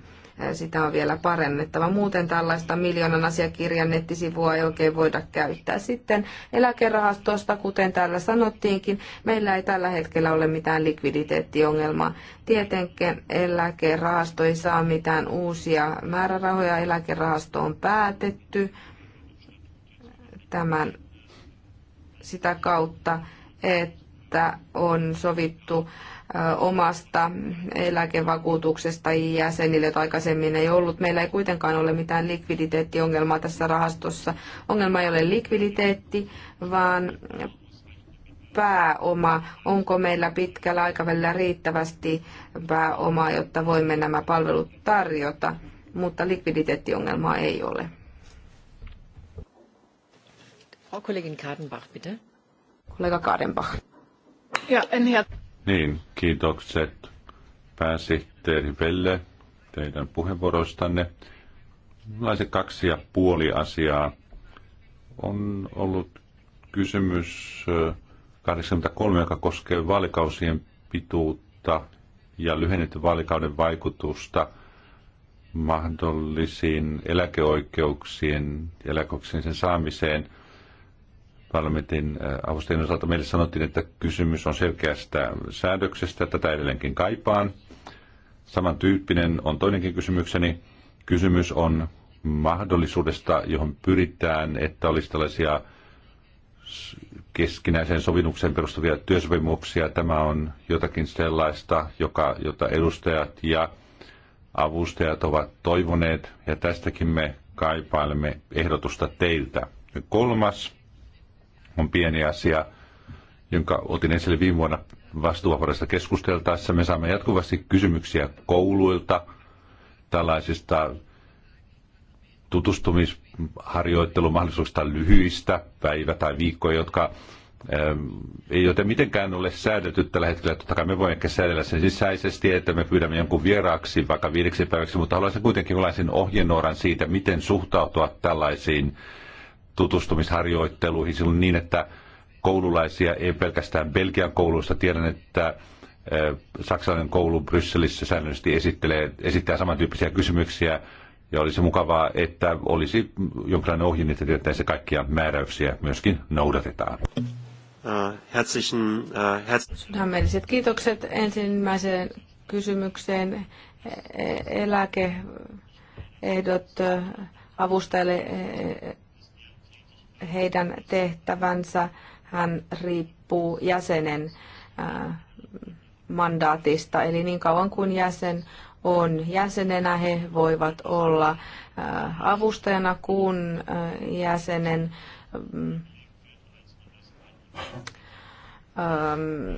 sitä on vielä parennettava. Muuten tällaista miljoonan asiakirjan nettisivua ei oikein voida käyttää. Sitten eläkerahastosta, kuten täällä sanottiinkin, meillä ei tällä hetkellä ole mitään likviditeettiongelmaa. Tietenkin eläkerahasto ei saa mitään uusia määrärahoja. Eläkerahasto on päätetty tämän sitä kautta, että on sovittu omasta eläkevakuutuksesta jäsenille, jota aikaisemmin ei ollut. Meillä ei kuitenkaan ole mitään likviditeettiongelmaa tässä rahastossa. Ongelma ei ole likviditeetti, vaan pääoma, onko meillä pitkällä aikavälillä riittävästi pääomaa, jotta voimme nämä palvelut tarjota, mutta likviditeettiongelmaa ei ole. Frau Kollegin Kadenbach, bitte. Kollega Kadenbach. Ja, en niin, kiitokset pääsihteeri Velle teidän puheenvuoroistanne. Laiset kaksi ja puoli asiaa. On ollut kysymys 83, joka koskee vaalikausien pituutta ja lyhennetty vaalikauden vaikutusta mahdollisiin eläkeoikeuksien ja eläkeoikeuksien sen saamiseen – parlamentin avustajien osalta meille sanottiin, että kysymys on selkeästä säädöksestä. Tätä edelleenkin kaipaan. Samantyyppinen on toinenkin kysymykseni. Kysymys on mahdollisuudesta, johon pyritään, että olisi tällaisia keskinäiseen sovinnukseen perustuvia työsopimuksia. Tämä on jotakin sellaista, joka, jota edustajat ja avustajat ovat toivoneet, ja tästäkin me kaipailemme ehdotusta teiltä. Kolmas on pieni asia, jonka otin esille viime vuonna vastuuvapaudesta keskusteltaessa. Me saamme jatkuvasti kysymyksiä kouluilta tällaisista tutustumisharjoittelumahdollisuuksista lyhyistä päivä- tai viikkoja, jotka ähm, ei joten mitenkään ole säädetty tällä hetkellä. Totta kai me voimme ehkä säädellä sen sisäisesti, että me pyydämme jonkun vieraaksi vaikka viideksi päiväksi, mutta haluaisin kuitenkin jonkinlaisen ohjenuoran siitä, miten suhtautua tällaisiin tutustumisharjoitteluihin silloin niin, että koululaisia ei pelkästään Belgian kouluista. Tiedän, että eh, saksalainen koulu Brysselissä säännöllisesti esittelee, esittää samantyyppisiä kysymyksiä. Ja olisi mukavaa, että olisi jonkinlainen ohje, että tietäisi kaikkia määräyksiä myöskin noudatetaan. Äh, herzlichen, äh, Sydämelliset kiitokset ensimmäiseen kysymykseen. E-, e-, eläkeehdot äh, avustajalle e-, heidän tehtävänsä hän riippuu jäsenen äh, mandaatista. Eli niin kauan kuin jäsen on jäsenenä, he voivat olla äh, avustajana, kun äh, jäsenen mm, ähm,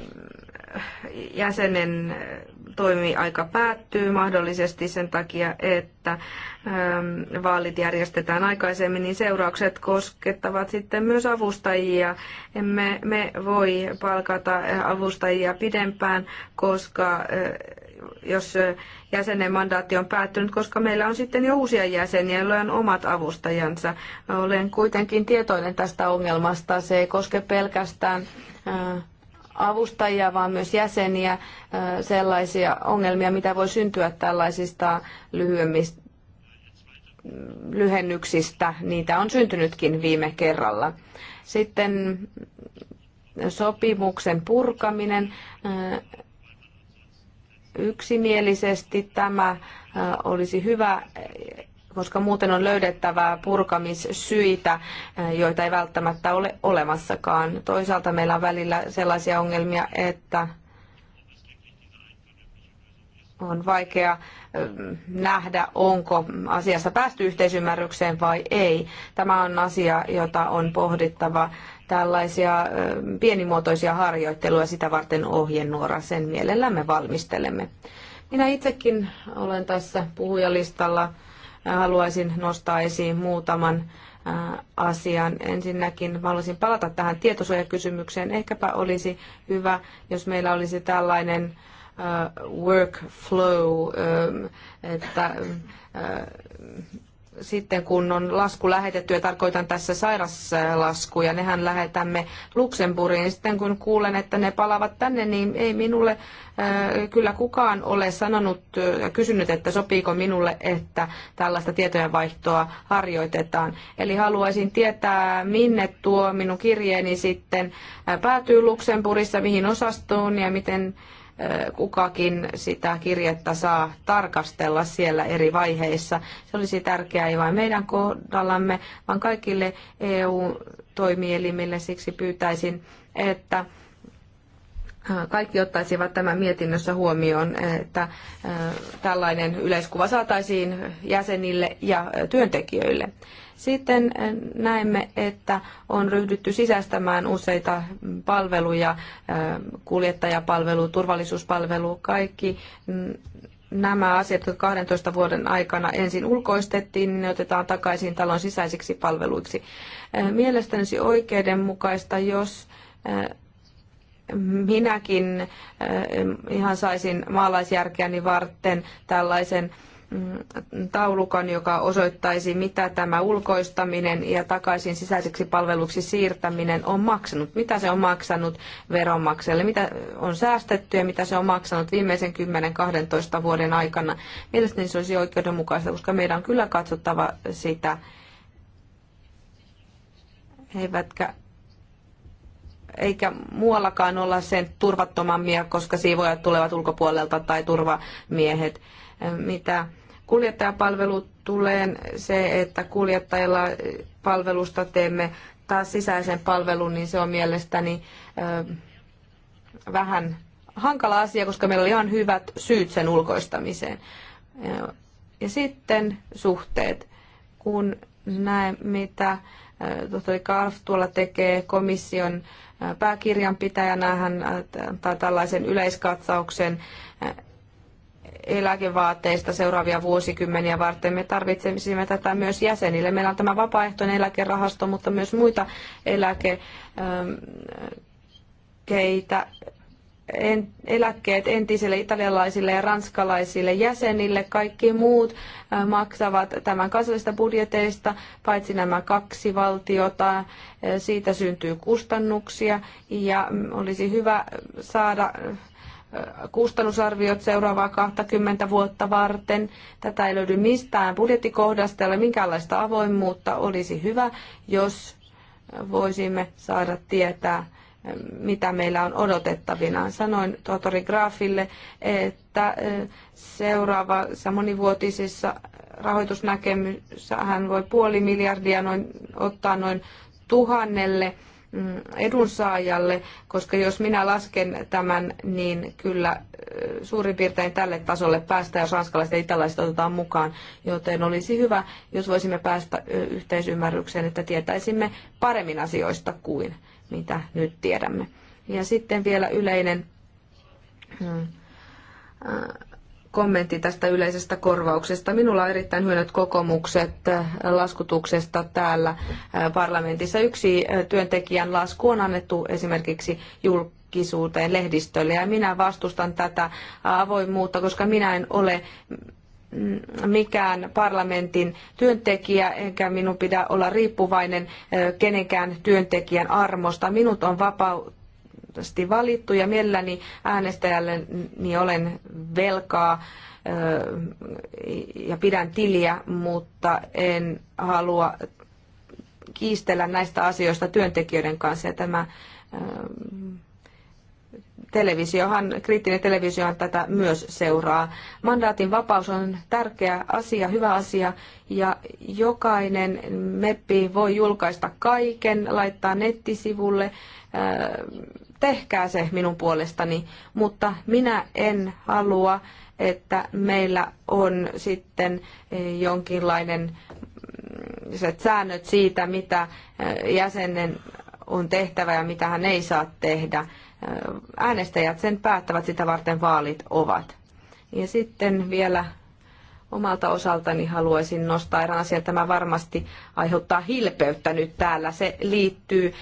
jäsenen toimiaika päättyy mahdollisesti sen takia, että ähm, vaalit järjestetään aikaisemmin, niin seuraukset koskettavat sitten myös avustajia. Emme me voi palkata äh, avustajia pidempään, koska äh, jos äh, jäsenen mandaatti on päättynyt, koska meillä on sitten jo uusia jäseniä, joilla on omat avustajansa. Olen kuitenkin tietoinen tästä ongelmasta. Se ei koske pelkästään avustajia, vaan myös jäseniä, sellaisia ongelmia, mitä voi syntyä tällaisista lyhyemmistä lyhennyksistä. Niitä on syntynytkin viime kerralla. Sitten sopimuksen purkaminen. Yksimielisesti tämä olisi hyvä koska muuten on löydettävää purkamissyitä, eh, joita ei välttämättä ole olemassakaan. Toisaalta meillä on välillä sellaisia ongelmia, että on vaikea eh, nähdä, onko asiassa päästy yhteisymmärrykseen vai ei. Tämä on asia, jota on pohdittava tällaisia eh, pienimuotoisia harjoitteluja sitä varten ohjenuora. Sen mielellämme valmistelemme. Minä itsekin olen tässä puhujalistalla haluaisin nostaa esiin muutaman asian. Ensinnäkin haluaisin palata tähän tietosuojakysymykseen. Ehkäpä olisi hyvä, jos meillä olisi tällainen workflow, että sitten kun on lasku lähetetty, ja tarkoitan tässä sairaslaskuja, nehän lähetämme Luxemburgiin. Sitten kun kuulen, että ne palavat tänne, niin ei minulle äh, kyllä kukaan ole sanonut äh, ja kysynyt, että sopiiko minulle, että tällaista tietojenvaihtoa harjoitetaan. Eli haluaisin tietää, minne tuo minun kirjeeni sitten äh, päätyy Luxemburgissa, mihin osastoon ja miten kukakin sitä kirjettä saa tarkastella siellä eri vaiheissa. Se olisi tärkeää ei vain meidän kohdallamme, vaan kaikille EU-toimielimille. Siksi pyytäisin, että kaikki ottaisivat tämän mietinnössä huomioon, että äh, tällainen yleiskuva saataisiin jäsenille ja työntekijöille. Sitten eh, näemme, että on ryhdytty sisäistämään useita palveluja, eh, kuljettajapalvelu, turvallisuuspalvelu, kaikki mm, nämä asiat, jotka 12 vuoden aikana ensin ulkoistettiin, ne otetaan takaisin talon sisäisiksi palveluiksi. Eh, mielestäni oikeudenmukaista, jos minäkin ihan saisin maalaisjärkeäni varten tällaisen Mm, taulukon, joka osoittaisi, mitä tämä ulkoistaminen ja takaisin sisäiseksi palveluksi siirtäminen on maksanut. Mitä se on maksanut veronmaksajalle, mitä on säästetty ja mitä se on maksanut viimeisen 10-12 vuoden aikana. Mielestäni se olisi oikeudenmukaista, koska meidän on kyllä katsottava sitä, eivätkä eikä muuallakaan olla sen turvattomammia, koska siivojat tulevat ulkopuolelta tai turvamiehet. Mitä kuljettajapalvelu tulee, se, että kuljettajilla palvelusta teemme taas sisäisen palvelun, niin se on mielestäni vähän hankala asia, koska meillä oli ihan hyvät syyt sen ulkoistamiseen. Ja sitten suhteet. Kun näen, mitä tohtori Karf tuolla tekee komission pääkirjanpitäjänä. Hän äh, antaa tällaisen yleiskatsauksen äh, eläkevaatteista seuraavia vuosikymmeniä varten. Me tarvitsemme tätä myös jäsenille. Meillä on tämä vapaaehtoinen eläkerahasto, mutta myös muita eläkekeitä ähm, en, eläkkeet entisille italialaisille ja ranskalaisille jäsenille. Kaikki muut äh, maksavat tämän kansallisista budjeteista, paitsi nämä kaksi valtiota. Äh, siitä syntyy kustannuksia ja mm, olisi hyvä saada äh, kustannusarviot seuraavaa 20 vuotta varten. Tätä ei löydy mistään budjettikohdasta, ei ole minkäänlaista avoimuutta. Olisi hyvä, jos voisimme saada tietää mitä meillä on odotettavina. Sanoin tohtori Graafille, että eh, seuraavassa monivuotisessa rahoitusnäkemyssä hän voi puoli miljardia noin, ottaa noin tuhannelle mm, edunsaajalle, koska jos minä lasken tämän, niin kyllä eh, suurin piirtein tälle tasolle päästään, jos ranskalaiset ja italaiset otetaan mukaan, joten olisi hyvä, jos voisimme päästä eh, yhteisymmärrykseen, että tietäisimme paremmin asioista kuin mitä nyt tiedämme. Ja sitten vielä yleinen mm, äh, kommentti tästä yleisestä korvauksesta. Minulla on erittäin hyvät kokemukset äh, laskutuksesta täällä äh, parlamentissa. Yksi työntekijän lasku on annettu esimerkiksi julkisuuteen lehdistölle ja minä vastustan tätä avoimuutta, koska minä en ole Mm, mikään parlamentin työntekijä, enkä minun pidä olla riippuvainen kenenkään työntekijän armosta. Minut on vapaasti valittu ja mielelläni äänestäjälleni olen velkaa ja pidän tiliä, mutta en halua kiistellä näistä asioista työntekijöiden kanssa. Ja tämä televisiohan, kriittinen televisiohan tätä myös seuraa. Mandaatin vapaus on tärkeä asia, hyvä asia, ja jokainen meppi voi julkaista kaiken, laittaa nettisivulle, äh, tehkää se minun puolestani, mutta minä en halua, että meillä on sitten äh, jonkinlainen mm, säännöt siitä, mitä äh, jäsenen on tehtävä ja mitä hän ei saa tehdä äänestäjät sen päättävät, sitä varten vaalit ovat. Ja sitten vielä omalta osaltani haluaisin nostaa erään asian. Tämä varmasti aiheuttaa hilpeyttä nyt täällä. Se liittyy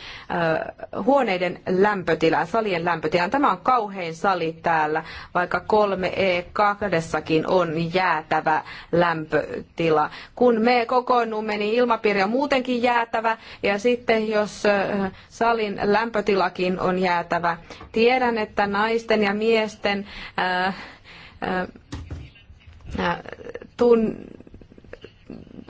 huoneiden lämpötilaan, salien lämpötilaan. Tämä on kauhein sali täällä, vaikka 3E2 e on jäätävä lämpötila. Kun me kokoonnumme, niin ilmapiiri on muutenkin jäätävä ja sitten jos salin lämpötilakin on jäätävä. Tiedän, että naisten ja miesten äh, äh, tun,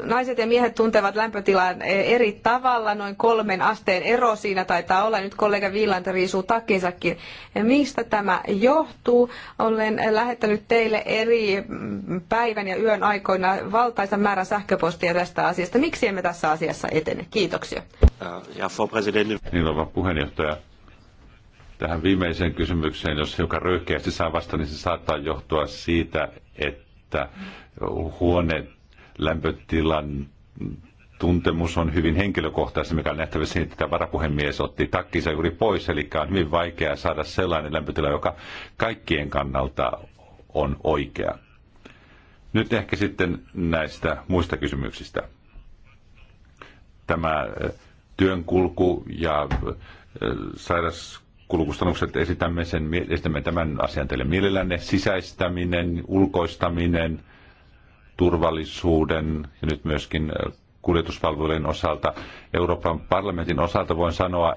naiset ja miehet tuntevat lämpötilan eri tavalla, noin kolmen asteen ero siinä taitaa olla. Nyt kollega Viiland riisuu takinsakin. Mistä tämä johtuu? Olen lähettänyt teille eri päivän ja yön aikoina valtaisan määrän sähköpostia tästä asiasta. Miksi emme tässä asiassa etene? Kiitoksia. Äh, ja niin, on puheenjohtaja. Tähän viimeiseen kysymykseen, jos hiukan röyhkeästi saa vastata, niin se saattaa johtua siitä, että että huone lämpötilan tuntemus on hyvin henkilökohtaista, mikä on nähtävissä siitä, niin, että varapuhemies otti takkinsa juuri pois, eli on hyvin vaikea saada sellainen lämpötila, joka kaikkien kannalta on oikea. Nyt ehkä sitten näistä muista kysymyksistä. Tämä työnkulku ja sairas kulukustannukset esitämme, sen, esitämme tämän asian teille mielellänne. Sisäistäminen, ulkoistaminen, turvallisuuden ja nyt myöskin äh, kuljetuspalvelujen osalta. Euroopan parlamentin osalta voin sanoa,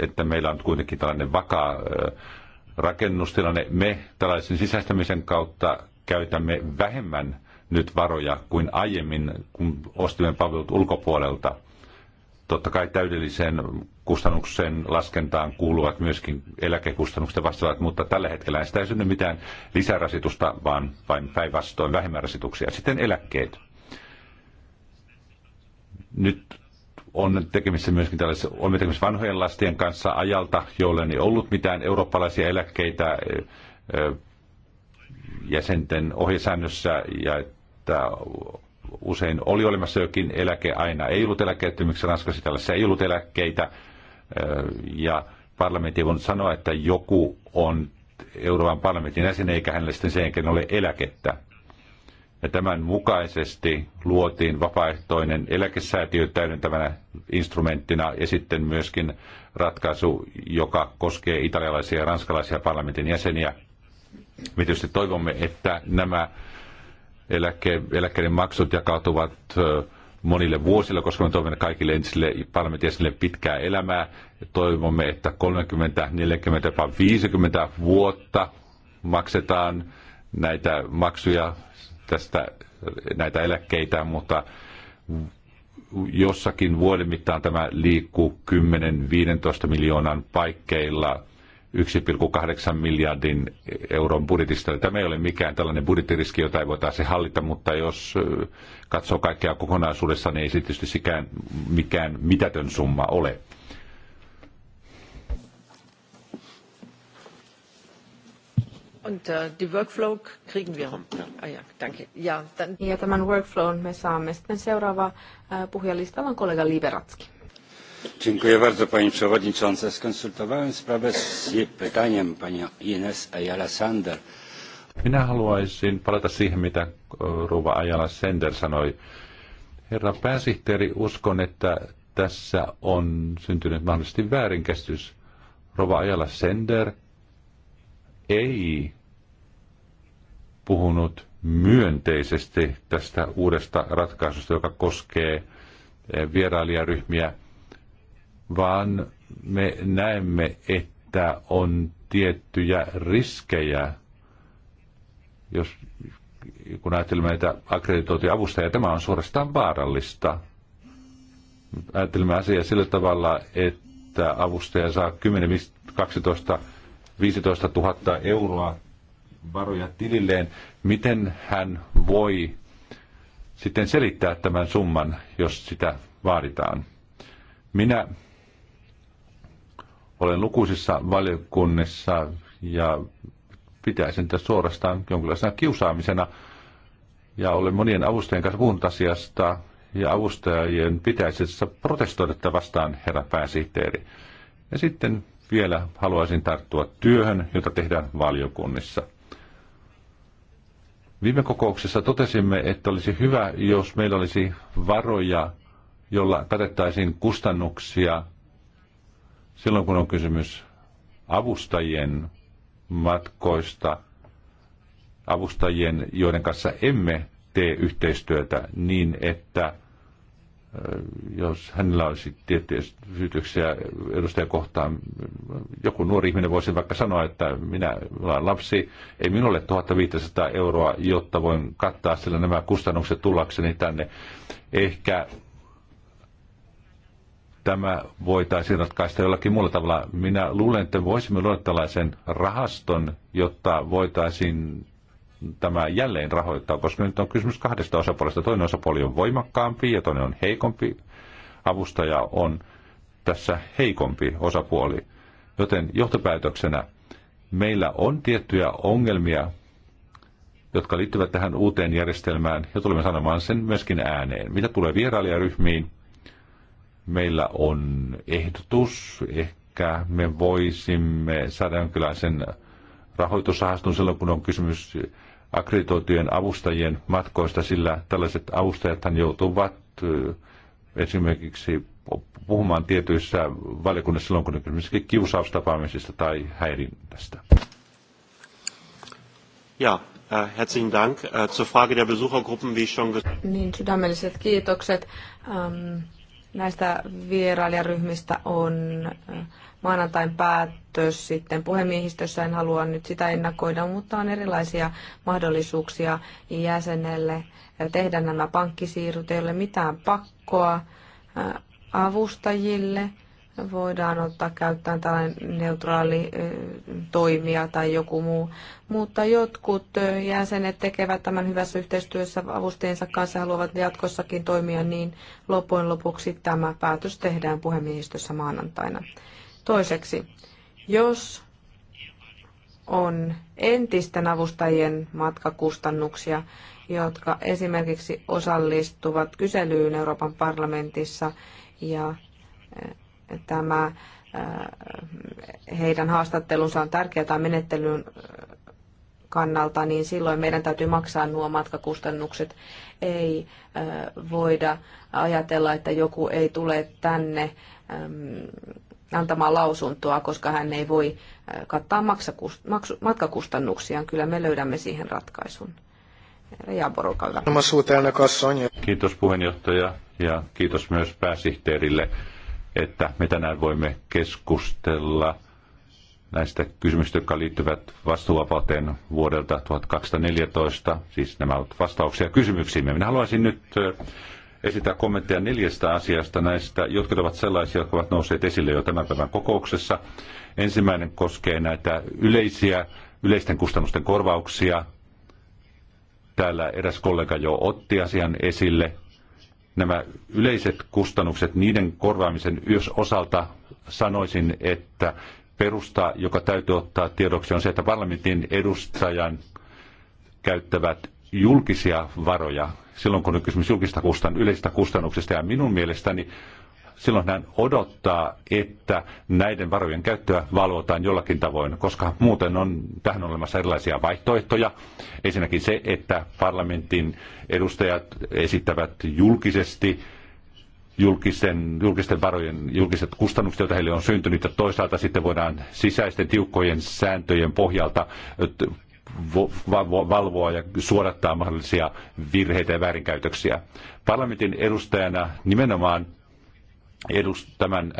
että, meillä on kuitenkin tällainen vakaa äh, rakennustilanne. Me tällaisen sisäistämisen kautta käytämme vähemmän nyt varoja kuin aiemmin, kun ostimme palvelut ulkopuolelta – Totta kai täydelliseen kustannuksen laskentaan kuuluvat myöskin eläkekustannukset vastaavat, mutta tällä hetkellä sitä ei synny mitään lisärasitusta, vaan vain päinvastoin vähemmän rasituksia. Sitten eläkkeet. Nyt on tekemisissä myöskin tällaisen, olemme tekemisissä vanhojen lastien kanssa ajalta, joilla ei ollut mitään eurooppalaisia eläkkeitä jäsenten ohjesäännössä ja että usein oli olemassa jokin eläke, aina ei ollut eläkkeitä, miksi Ranskassa tällaisessa ei ollut eläkkeitä. Ja parlamentti ei voinut sanoa, että joku on Euroopan parlamentin jäsen, eikä hänellä sitten sen ole eläkettä. Ja tämän mukaisesti luotiin vapaaehtoinen eläkesäätiö täydentävänä instrumenttina ja sitten myöskin ratkaisu, joka koskee italialaisia ja ranskalaisia parlamentin jäseniä. Me tietysti toivomme, että nämä eläkke, eläkkeiden maksut jakautuvat monille vuosille, koska me toivomme kaikille entisille parlamentiasille pitkää elämää. Toivomme, että 30, 40, jopa 50 vuotta maksetaan näitä maksuja tästä, näitä eläkkeitä, mutta jossakin vuoden mittaan tämä liikkuu 10-15 miljoonan paikkeilla 1,8 miljardin euron budjetista. Tämä ei ole mikään tällainen budjettiriski, jota ei voitaisi hallita, mutta jos katsoo kaikkea kokonaisuudessaan, niin ei se tietysti sikään, mikään mitätön summa ole. Äh, Workflow ah ja, tämän workflown me saamme sitten seuraava äh, puhujalistalla on kollega Liberatski panie przewodniczący! skonsultowałem sprawę z pytaniem pani ins ayala sender. minä haluaisin palata siihen mitä äh, rouva ayala sender sanoi. herra pääsihteeri uskon että tässä on syntynyt mahdollisesti väärinkäsitys. rouva ayala sender ei puhunut myönteisesti tästä uudesta ratkaisusta, joka koskee äh, vierailijaryhmiä – vaan me näemme, että on tiettyjä riskejä, jos, kun ajattelemme näitä akkreditoituja avustajia, tämä on suorastaan vaarallista. Ajattelemme asiaa sillä tavalla, että avustaja saa 10, 12, 15 000 euroa varoja tililleen. Miten hän voi sitten selittää tämän summan, jos sitä vaaditaan? Minä olen lukuisissa valiokunnissa ja pitäisin tästä suorastaan jonkinlaisena kiusaamisena. Ja olen monien avustajien kanssa puhunut asiasta ja avustajien pitäisi protestoida tätä vastaan, herra pääsihteeri. Ja sitten vielä haluaisin tarttua työhön, jota tehdään valiokunnissa. Viime kokouksessa totesimme, että olisi hyvä, jos meillä olisi varoja, jolla katettaisiin kustannuksia silloin kun on kysymys avustajien matkoista, avustajien, joiden kanssa emme tee yhteistyötä niin, että jos hänellä olisi tiettyjä syytyksiä edustaja kohtaan, joku nuori ihminen voisi vaikka sanoa, että minä olen lapsi, ei minulle 1500 euroa, jotta voin kattaa sillä nämä kustannukset tullakseni tänne. Ehkä tämä voitaisiin ratkaista jollakin muulla tavalla. Minä luulen, että voisimme luoda tällaisen rahaston, jotta voitaisiin tämä jälleen rahoittaa, koska nyt on kysymys kahdesta osapuolesta. Toinen osapuoli on voimakkaampi ja toinen on heikompi. Avustaja on tässä heikompi osapuoli. Joten johtopäätöksenä meillä on tiettyjä ongelmia, jotka liittyvät tähän uuteen järjestelmään, ja tulemme sanomaan sen myöskin ääneen. Mitä tulee vierailijaryhmiin, meillä on ehdotus. Ehkä me voisimme saada jonkinlaisen rahoitusrahaston silloin, kun on kysymys akkreditoitujen avustajien matkoista, sillä tällaiset avustajathan joutuvat eh, esimerkiksi puhumaan tietyissä valiokunnissa silloin, kun on kysymys kiusaustapaamisista tai häirinnästä. Ja, äh, herzlichen Dank. Äh, zur Frage der Besuchergruppen, wie schon gesagt. Niin, sydämelliset kiitokset. Ähm, näistä vierailijaryhmistä on äh, maanantain päätös sitten puhemiehistössä, en halua nyt sitä ennakoida, mutta on erilaisia mahdollisuuksia jäsenelle tehdä nämä pankkisiirrot, ei ole mitään pakkoa äh, avustajille – voidaan ottaa käyttöön tällainen neutraali toimija tai joku muu. Mutta jotkut jäsenet tekevät tämän hyvässä yhteistyössä avustajensa kanssa ja haluavat jatkossakin toimia niin loppujen lopuksi tämä päätös tehdään puhemiehistössä maanantaina. Toiseksi, jos on entisten avustajien matkakustannuksia, jotka esimerkiksi osallistuvat kyselyyn Euroopan parlamentissa ja tämä äh, heidän haastattelunsa on tärkeää menettelyn äh, kannalta, niin silloin meidän täytyy maksaa nuo matkakustannukset. Ei äh, voida ajatella, että joku ei tule tänne antamaan lausuntoa, koska hän ei voi kattaa matkakustannuksia, Kyllä me löydämme siihen ratkaisun. Kiitos puheenjohtaja ja kiitos myös pääsihteerille että me tänään voimme keskustella näistä kysymyksistä, jotka liittyvät vastuuvapauteen vuodelta 1214. Siis nämä ovat vastauksia kysymyksiimme. Minä haluaisin nyt esittää kommentteja neljästä asiasta näistä, jotka ovat sellaisia, jotka ovat nousseet esille jo tämän päivän kokouksessa. Ensimmäinen koskee näitä yleisiä, yleisten kustannusten korvauksia. Täällä eräs kollega jo otti asian esille nämä yleiset kustannukset, niiden korvaamisen yös osalta sanoisin, että perusta, joka täytyy ottaa tiedoksi, on se, että parlamentin edustajan käyttävät julkisia varoja silloin, kun on kysymys julkista kustan, yleisistä kustannuksista. Ja minun mielestäni silloin hän odottaa, että näiden varojen käyttöä valvotaan jollakin tavoin, koska muuten on tähän olemassa erilaisia vaihtoehtoja. Ensinnäkin se, että parlamentin edustajat esittävät julkisesti julkisen, julkisten varojen, julkiset kustannukset, joita heille on syntynyt, ja toisaalta sitten voidaan sisäisten tiukkojen sääntöjen pohjalta valvoa ja suodattaa mahdollisia virheitä ja väärinkäytöksiä. Parlamentin edustajana nimenomaan edust, tämän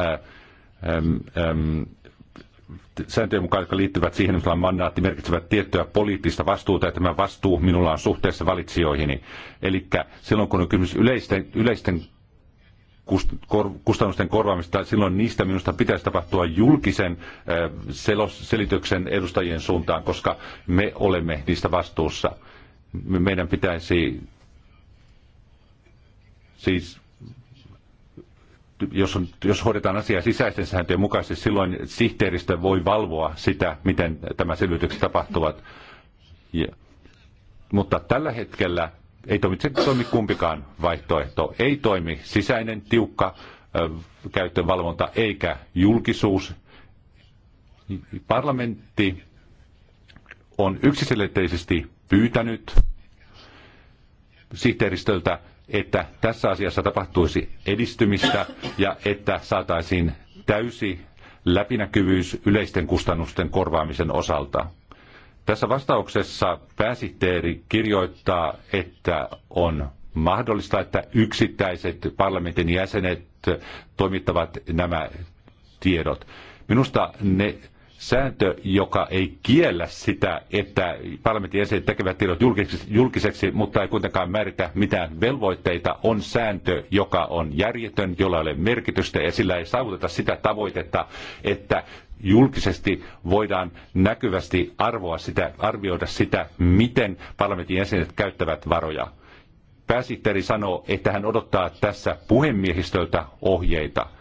sääntöjen mukaan, jotka liittyvät siihen, että mandaatti merkitsevät tiettyä poliittista vastuuta, ja tämä vastuu minulla on suhteessa valitsijoihini. Eli silloin kun on kysymys yleisten, yleisten kustannusten korvaamista, silloin niistä minusta pitäisi tapahtua julkisen selityksen edustajien suuntaan, koska me olemme niistä vastuussa. Meidän pitäisi siis jos, on, jos hoidetaan asiaa sisäisten sääntöjen mukaisesti, silloin sihteeristö voi valvoa sitä, miten tämä selvitykset tapahtuvat. Ja, mutta tällä hetkellä ei toimi, se toimi kumpikaan vaihtoehto. Ei toimi sisäinen tiukka käyttövalvonta eikä julkisuus. Parlamentti on yksiselitteisesti pyytänyt sihteeristöltä että tässä asiassa tapahtuisi edistymistä ja että saataisiin täysi läpinäkyvyys yleisten kustannusten korvaamisen osalta. Tässä vastauksessa pääsihteeri kirjoittaa, että on mahdollista, että yksittäiset parlamentin jäsenet toimittavat nämä tiedot. Minusta ne sääntö, joka ei kiellä sitä, että parlamentin jäsenet tekevät tiedot julkiseksi, julkiseksi, mutta ei kuitenkaan määritä mitään velvoitteita, on sääntö, joka on järjetön, jolla ei ole merkitystä ja sillä ei saavuteta sitä tavoitetta, että julkisesti voidaan näkyvästi arvoa sitä, arvioida sitä, miten parlamentin jäsenet käyttävät varoja. Pääsihteeri sanoo, että hän odottaa tässä puhemiehistöltä ohjeita –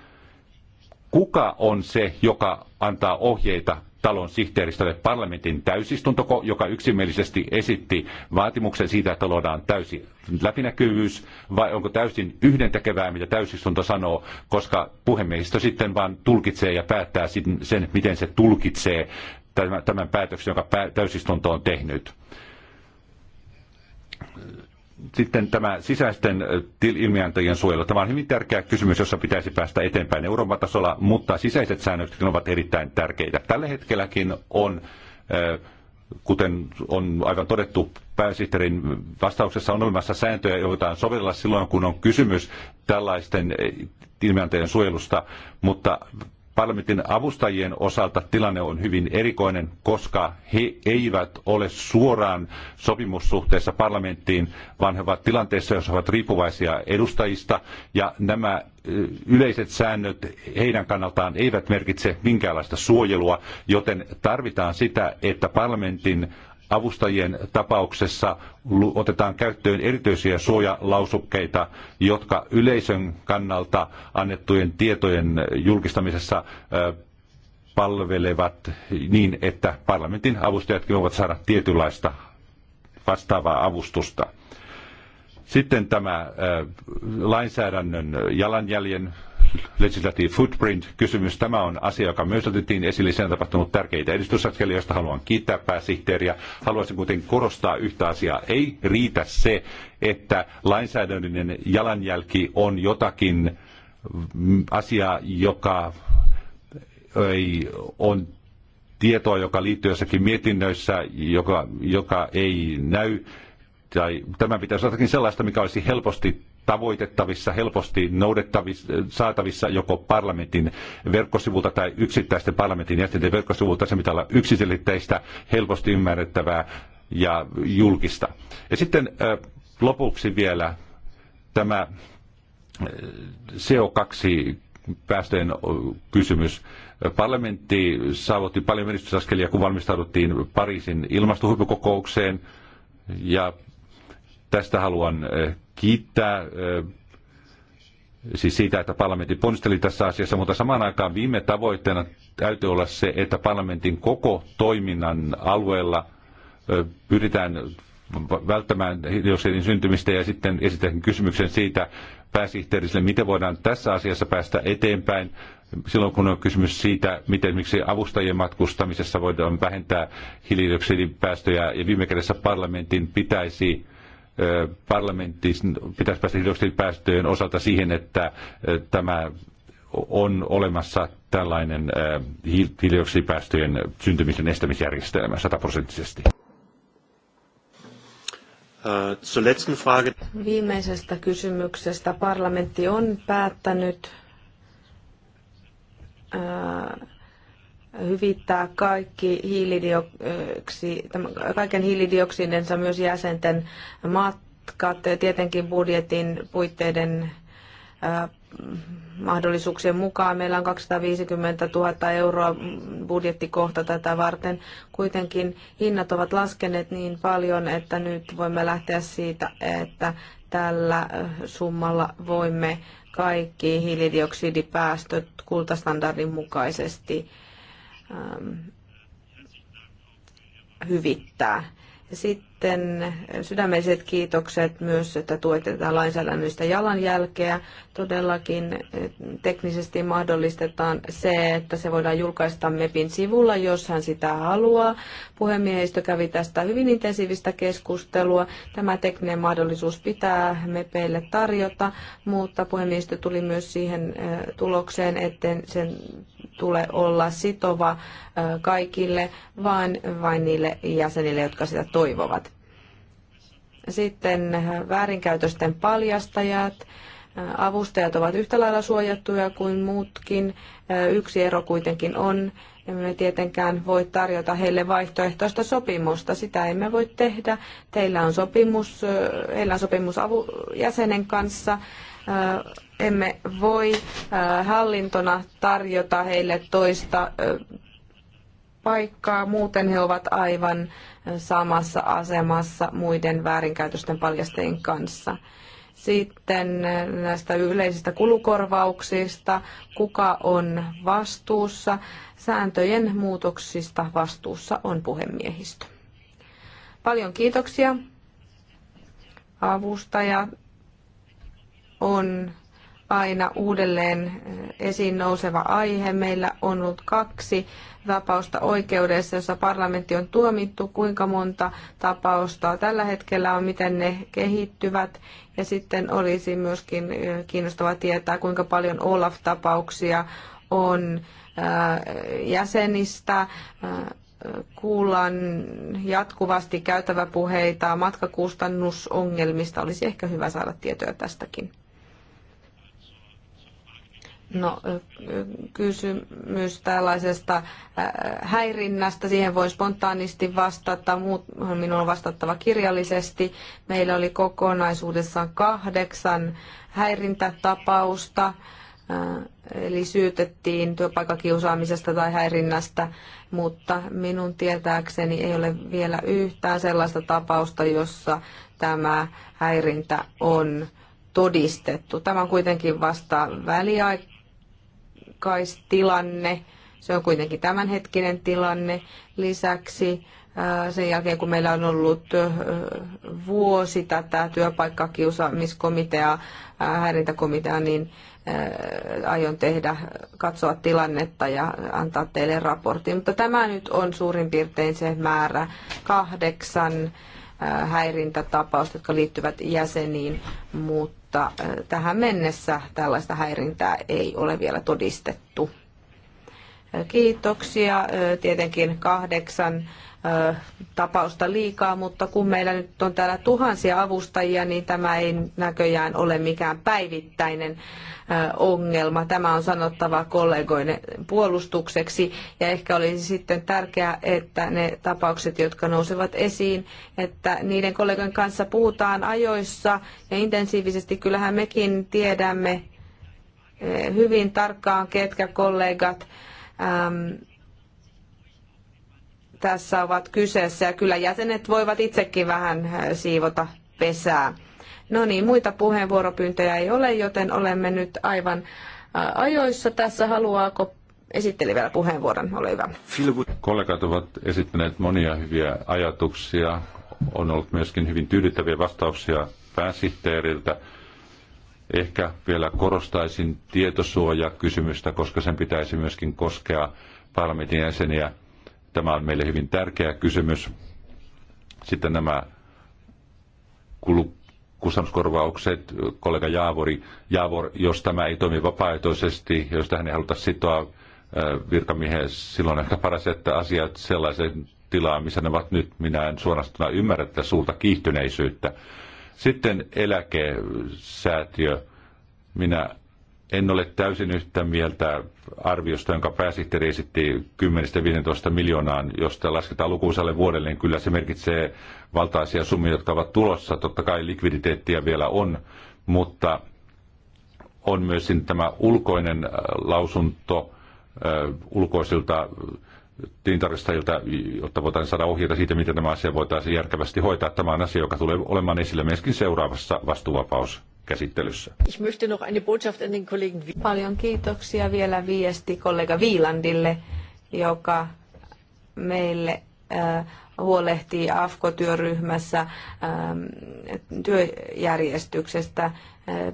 kuka on se, joka antaa ohjeita talon sihteeristölle parlamentin täysistuntoko, joka yksimielisesti esitti vaatimuksen siitä, että luodaan täysi läpinäkyvyys, vai onko täysin yhdentekevää, mitä täysistunto sanoo, koska puhemiehistö sitten vain tulkitsee ja päättää sen, miten se tulkitsee tämän päätöksen, jonka täysistunto on tehnyt. Sitten tämä sisäisten ilmiantajien suojelu. Tämä on hyvin tärkeä kysymys, jossa pitäisi päästä eteenpäin Euroopan tasolla, mutta sisäiset säännöt ovat erittäin tärkeitä. Tällä hetkelläkin on, kuten on aivan todettu pääsihteerin vastauksessa, on olemassa sääntöjä, joita on sovella silloin, kun on kysymys tällaisten ilmiantajien suojelusta, mutta parlamentin avustajien osalta tilanne on hyvin erikoinen, koska he eivät ole suoraan sopimussuhteessa parlamenttiin, vaan he ovat tilanteessa, jossa ovat riippuvaisia edustajista, ja nämä yleiset säännöt heidän kannaltaan eivät merkitse minkäänlaista suojelua, joten tarvitaan sitä, että parlamentin avustajien tapauksessa otetaan käyttöön erityisiä suojalausukkeita, jotka yleisön kannalta annettujen tietojen julkistamisessa palvelevat niin, että parlamentin avustajatkin voivat saada tietynlaista vastaavaa avustusta. Sitten tämä lainsäädännön jalanjäljen legislative footprint-kysymys. Tämä on asia, joka myös otettiin esille. Sen on tapahtunut tärkeitä edistysaskelia, joista haluan kiittää pääsihteeriä. Haluaisin kuitenkin korostaa yhtä asiaa. Ei riitä se, että lainsäädännöllinen jalanjälki on jotakin mm, asiaa, joka ei, on tietoa, joka liittyy jossakin mietinnöissä, joka, joka ei näy. Tai tämä pitäisi olla jotakin sellaista, mikä olisi helposti tavoitettavissa, helposti noudettavissa, saatavissa joko parlamentin verkkosivulta tai yksittäisten parlamentin jäsenten verkkosivulta. Se pitää olla yksiselitteistä, helposti ymmärrettävää ja julkista. Ja sitten lopuksi vielä tämä CO2 päästöjen kysymys. Parlamentti saavutti paljon menestysaskelia, kun valmistauduttiin Pariisin ilmastohuippukokoukseen. Ja tästä haluan kiittää siis siitä, että parlamentti ponnisteli tässä asiassa, mutta samaan aikaan viime tavoitteena täytyy olla se, että parlamentin koko toiminnan alueella pyritään välttämään hiilidioksidin syntymistä ja sitten esitän kysymyksen siitä pääsihteerille, miten voidaan tässä asiassa päästä eteenpäin silloin, kun on kysymys siitä, miten miksi avustajien matkustamisessa voidaan vähentää hiilidioksidin päästöjä ja viime kädessä parlamentin pitäisi parlamentti pitäisi päästä hiilidioksidipäästöjen osalta siihen, että tämä on olemassa tällainen hiilidioksidipäästöjen syntymisen estämisjärjestelmä sataprosenttisesti. Viimeisestä kysymyksestä parlamentti on päättänyt hyvittää kaikki hiilidioksi, kaiken hiilidioksidinsa myös jäsenten matkat, tietenkin budjetin puitteiden mahdollisuuksien mukaan. Meillä on 250 000 euroa budjettikohta tätä varten. Kuitenkin hinnat ovat laskeneet niin paljon, että nyt voimme lähteä siitä, että tällä summalla voimme kaikki hiilidioksidipäästöt kultastandardin mukaisesti Ähm, hyvittää. ja Sitten äh, sydämelliset kiitokset myös, että tuette tätä lainsäädännöllistä jalanjälkeä. Todellakin äh, teknisesti mahdollistetaan se, että se voidaan julkaista MEPin sivulla, jos hän sitä haluaa. Puhemiehistö kävi tästä hyvin intensiivistä keskustelua. Tämä tekninen mahdollisuus pitää MEPeille tarjota, mutta puhemiehistö tuli myös siihen äh, tulokseen, että sen tule olla sitova kaikille, vaan vain niille jäsenille, jotka sitä toivovat. Sitten väärinkäytösten paljastajat. Avustajat ovat yhtä lailla suojattuja kuin muutkin. Yksi ero kuitenkin on, emme tietenkään voi tarjota heille vaihtoehtoista sopimusta. Sitä emme voi tehdä. Teillä on sopimus, heillä on sopimus avu, jäsenen kanssa emme voi hallintona tarjota heille toista paikkaa, muuten he ovat aivan samassa asemassa muiden väärinkäytösten paljastajien kanssa. Sitten näistä yleisistä kulukorvauksista, kuka on vastuussa. Sääntöjen muutoksista vastuussa on puhemiehistö. Paljon kiitoksia. Avustaja on aina uudelleen eh, esiin nouseva aihe. Meillä on ollut kaksi tapausta oikeudessa, jossa parlamentti on tuomittu, kuinka monta tapausta tällä hetkellä on, miten ne kehittyvät. Ja sitten olisi myöskin eh, kiinnostava tietää, kuinka paljon Olaf-tapauksia on eh, jäsenistä. Kuullaan jatkuvasti käytäväpuheita matkakustannusongelmista. Olisi ehkä hyvä saada tietoja tästäkin. No, kysymys tällaisesta häirinnästä, siihen voi spontaanisti vastata, muut minun on vastattava kirjallisesti. Meillä oli kokonaisuudessaan kahdeksan häirintätapausta, eli syytettiin työpaikakiusaamisesta tai häirinnästä, mutta minun tietääkseni ei ole vielä yhtään sellaista tapausta, jossa tämä häirintä on todistettu. Tämä on kuitenkin vasta väliaikaa rinnakkaistilanne. Se on kuitenkin tämänhetkinen tilanne. Lisäksi äh, sen jälkeen, kun meillä on ollut äh, vuosi tätä työpaikkakiusaamiskomiteaa, äh, häirintäkomitea, niin aion tehdä, katsoa tilannetta ja antaa teille raportin. Mutta tämä nyt on suurin piirtein se määrä kahdeksan häirintätapausta, jotka liittyvät jäseniin, mutta mutta tähän mennessä tällaista häirintää ei ole vielä todistettu. Kiitoksia tietenkin kahdeksan tapausta liikaa, mutta kun meillä nyt on täällä tuhansia avustajia, niin tämä ei näköjään ole mikään päivittäinen ongelma. Tämä on sanottava kollegoiden puolustukseksi ja ehkä olisi sitten tärkeää, että ne tapaukset, jotka nousevat esiin, että niiden kollegojen kanssa puhutaan ajoissa ja intensiivisesti. Kyllähän mekin tiedämme hyvin tarkkaan, ketkä kollegat tässä ovat kyseessä ja kyllä jäsenet voivat itsekin vähän äh, siivota pesää. No niin, muita puheenvuoropyyntöjä ei ole, joten olemme nyt aivan äh, ajoissa tässä. Haluaako esitteli vielä puheenvuoron? Ole hyvä. Kollegat ovat esittäneet monia hyviä ajatuksia. On ollut myöskin hyvin tyydyttäviä vastauksia pääsihteeriltä. Ehkä vielä korostaisin tietosuojakysymystä, koska sen pitäisi myöskin koskea parlamentin jäseniä Tämä on meille hyvin tärkeä kysymys. Sitten nämä kustannuskorvaukset, kollega Jaavori, Jaavor, jos tämä ei toimi vapaaehtoisesti, jos tähän ei haluta sitoa äh, virkamiehen, silloin on ehkä paras että asiat sellaisen tilaan, missä ne ovat nyt. Minä en suorastaan ymmärrä tätä suurta kiihtyneisyyttä. Sitten eläkesäätiö. Minä en ole täysin yhtä mieltä arviosta, jonka pääsihteeri esitti 10-15 miljoonaan, josta lasketaan lukuisalle vuodelle, niin kyllä se merkitsee valtaisia summia, jotka ovat tulossa. Totta kai likviditeettiä vielä on, mutta on myös tämä ulkoinen äh, lausunto äh, ulkoisilta tilintarkastajilta, jotta voitaisiin saada ohjeita siitä, miten tämä asia voitaisiin järkevästi hoitaa. Tämä on asia, joka tulee olemaan esillä myöskin seuraavassa vastuuvapaus Paljon kiitoksia vielä viesti kollega Viilandille, joka meille äh, huolehtii AFKO-työryhmässä ähm, työjärjestyksestä. Äh,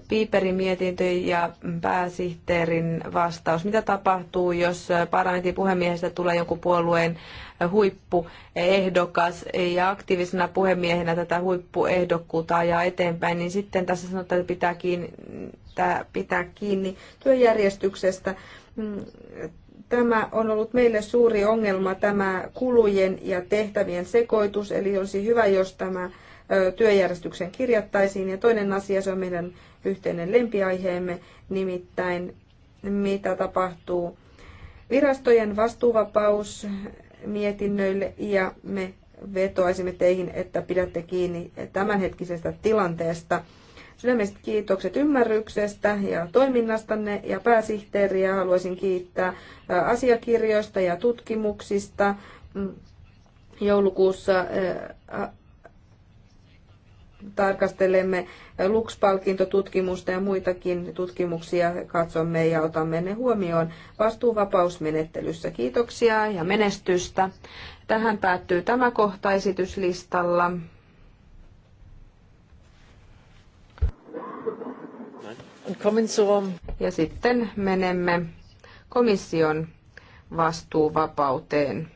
Piiperin mietintö ja pääsihteerin vastaus. Mitä tapahtuu, jos parlamentin puhemiehestä tulee joku puolueen huippuehdokas ja aktiivisena puhemiehenä tätä huippuehdokkuutta ajaa eteenpäin, niin sitten tässä sanotaan, että pitää kiinni, pitää kiinni työjärjestyksestä mm, Tämä on ollut meille suuri ongelma, tämä kulujen ja tehtävien sekoitus, eli olisi hyvä, jos tämä työjärjestyksen kirjattaisiin. Ja toinen asia, se on meidän yhteinen lempiaiheemme, nimittäin mitä tapahtuu virastojen vastuuvapaus mietinnöille ja me vetoaisimme teihin, että pidätte kiinni tämänhetkisestä tilanteesta sydämestä kiitokset ymmärryksestä ja toiminnastanne ja pääsihteeriä haluaisin kiittää asiakirjoista ja tutkimuksista. Mm, joulukuussa tarkastelemme Lux-palkintotutkimusta ja muitakin tutkimuksia katsomme ja otamme ne huomioon vastuuvapausmenettelyssä. Kiitoksia ja menestystä. Tähän päättyy tämä kohta esityslistalla. Ja sitten menemme komission vastuuvapauteen.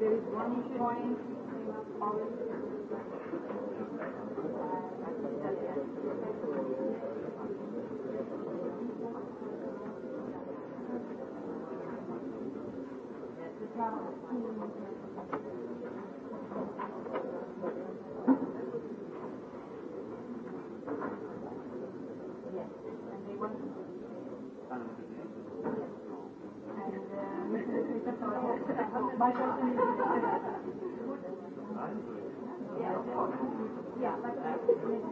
There is one point in policy Yeah, but I think it's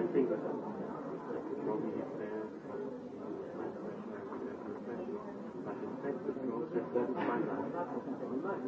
I think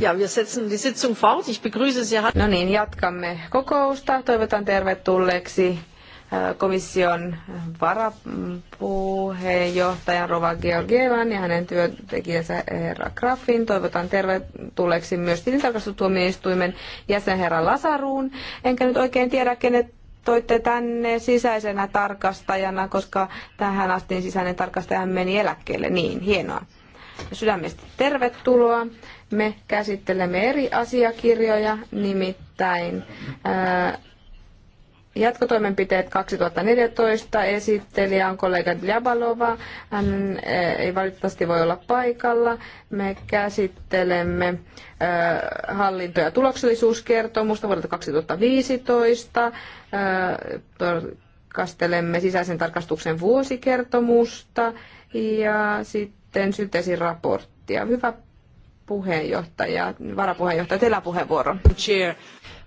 Ja, wir setzen die Sitzung fort. Ich begrüße Sie. No niin, jatkamme kokousta. Toivotan tervetulleeksi äh, komission äh, varapuheenjohtajan Rova Georgievan ja hänen työntekijänsä herra Graffin. Toivotan tervetulleeksi myös tilintarkastustuomioistuimen jäsen herra Lasaruun. Enkä nyt oikein tiedä, kenet toitte tänne sisäisenä tarkastajana, koska tähän asti sisäinen tarkastaja meni eläkkeelle. Niin, hienoa. Sydämestä tervetuloa me käsittelemme eri asiakirjoja, nimittäin Jatkotoimenpiteet 2014 esittelijä on kollega Djabalova. Hän ei valitettavasti voi olla paikalla. Me käsittelemme hallinto- ja tuloksellisuuskertomusta vuodelta 2015. Tarkastelemme sisäisen tarkastuksen vuosikertomusta ja sitten synteesiraporttia. Hyvä puheenjohtaja, varapuheenjohtaja, teillä puheenvuoro. Cheer.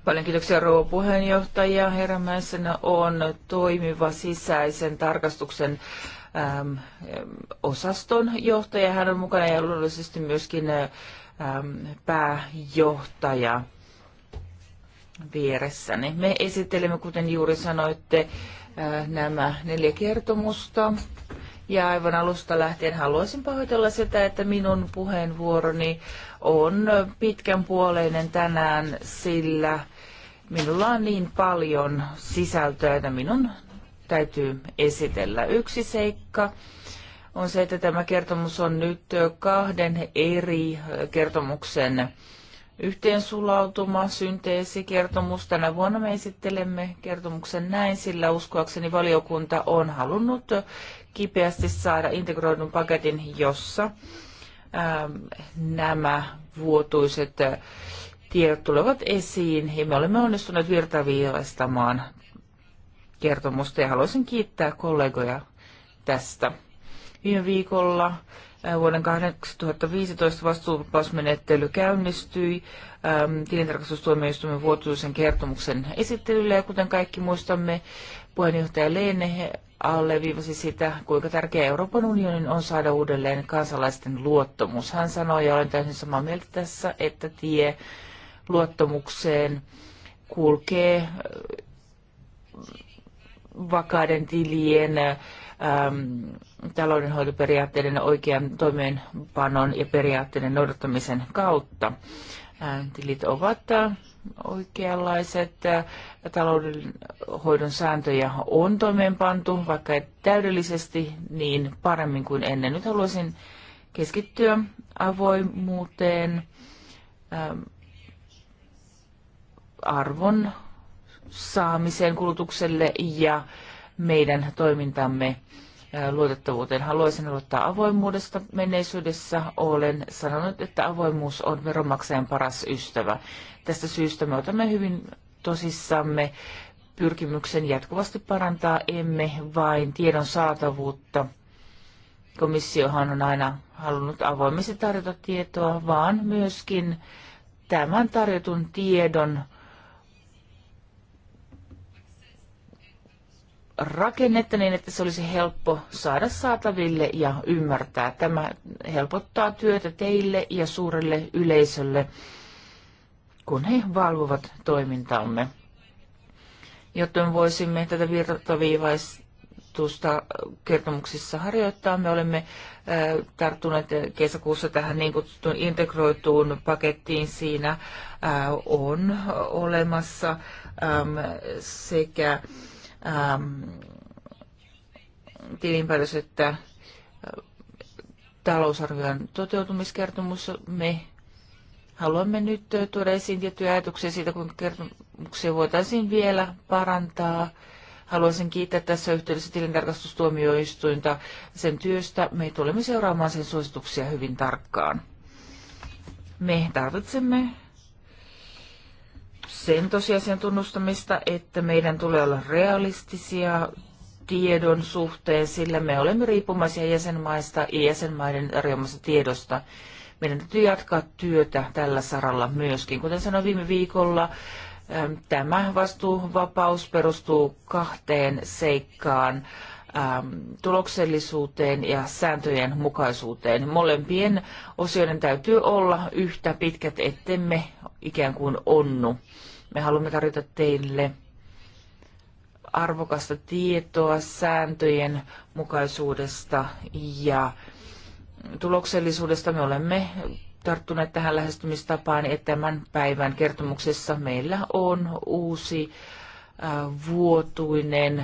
Paljon kiitoksia rouva puheenjohtaja. Herramäisenä on toimiva sisäisen tarkastuksen äm, osaston johtaja. Hän on mukana ja luonnollisesti myöskin äm, pääjohtaja vieressäni. Me esittelemme, kuten juuri sanoitte, äh, nämä neljä kertomusta ja aivan alusta lähtien haluaisin pahoitella sitä, että minun puheenvuoroni on pitkän puoleinen tänään, sillä minulla on niin paljon sisältöä, että minun täytyy esitellä yksi seikka on se, että tämä kertomus on nyt kahden eri kertomuksen yhteensulautuma, kertomus. Tänä vuonna me esittelemme kertomuksen näin, sillä uskoakseni valiokunta on halunnut kipeästi saada integroidun paketin, jossa ähm, nämä vuotuiset äh, tiedot tulevat esiin ja me olemme onnistuneet virtaviivaistamaan kertomusta ja haluaisin kiittää kollegoja tästä. Viime viikolla äh, vuoden 2015 vastuuvapausmenettely käynnistyi ähm, tilintarkastustuomioistuimen vuotuisen kertomuksen esittelyllä ja kuten kaikki muistamme, puheenjohtaja Leene alleviivasi sitä, kuinka tärkeä Euroopan unionin on saada uudelleen kansalaisten luottamus. Hän sanoi, ja olen täysin samaa mieltä tässä, että tie luottamukseen kulkee äh, vakaiden tilien, äm, taloudenhoitoperiaatteiden oikean toimeenpanon ja periaatteiden noudattamisen kautta. Äh, tilit ovat äh, oikeanlaiset taloudenhoidon sääntöjä on toimeenpantu, vaikka ei täydellisesti, niin paremmin kuin ennen. Nyt haluaisin keskittyä avoimuuteen, arvon saamiseen kulutukselle ja meidän toimintamme luotettavuuteen. Haluaisin aloittaa avoimuudesta. Menneisyydessä olen sanonut, että avoimuus on veronmaksajan paras ystävä. Tästä syystä me otamme hyvin tosissamme pyrkimyksen jatkuvasti parantaa, emme vain tiedon saatavuutta. Komissiohan on aina halunnut avoimesti tarjota tietoa, vaan myöskin tämän tarjotun tiedon rakennetta niin, että se olisi helppo saada saataville ja ymmärtää. Tämä helpottaa työtä teille ja suurelle yleisölle kun he valvovat toimintamme. jotta me voisimme tätä virtaviivaistusta kertomuksissa harjoittaa. Me olemme äh, tarttuneet kesäkuussa tähän niin kutsuttuun integroituun pakettiin. Siinä äh, on olemassa ähm, sekä ähm, tilinpäätös että äh, talousarvion toteutumiskertomus. Me Haluamme nyt tuoda esiin tiettyjä ajatuksia siitä, kuinka kertomuksia voitaisiin vielä parantaa. Haluaisin kiittää tässä yhteydessä tilintarkastustuomioistuinta sen työstä. Me tulemme seuraamaan sen suosituksia hyvin tarkkaan. Me tarvitsemme sen tosiasian tunnustamista, että meidän tulee olla realistisia tiedon suhteen, sillä me olemme riippumaisia jäsenmaista ja jäsenmaiden tarjoamasta tiedosta. Meidän täytyy jatkaa työtä tällä saralla myöskin. Kuten sanoin viime viikolla, tämä vastuuvapaus perustuu kahteen seikkaan tuloksellisuuteen ja sääntöjen mukaisuuteen. Molempien osioiden täytyy olla yhtä pitkät, ettemme ikään kuin onnu. Me haluamme tarjota teille arvokasta tietoa sääntöjen mukaisuudesta ja tuloksellisuudesta. Me olemme tarttuneet tähän lähestymistapaan, että tämän päivän kertomuksessa meillä on uusi äh, vuotuinen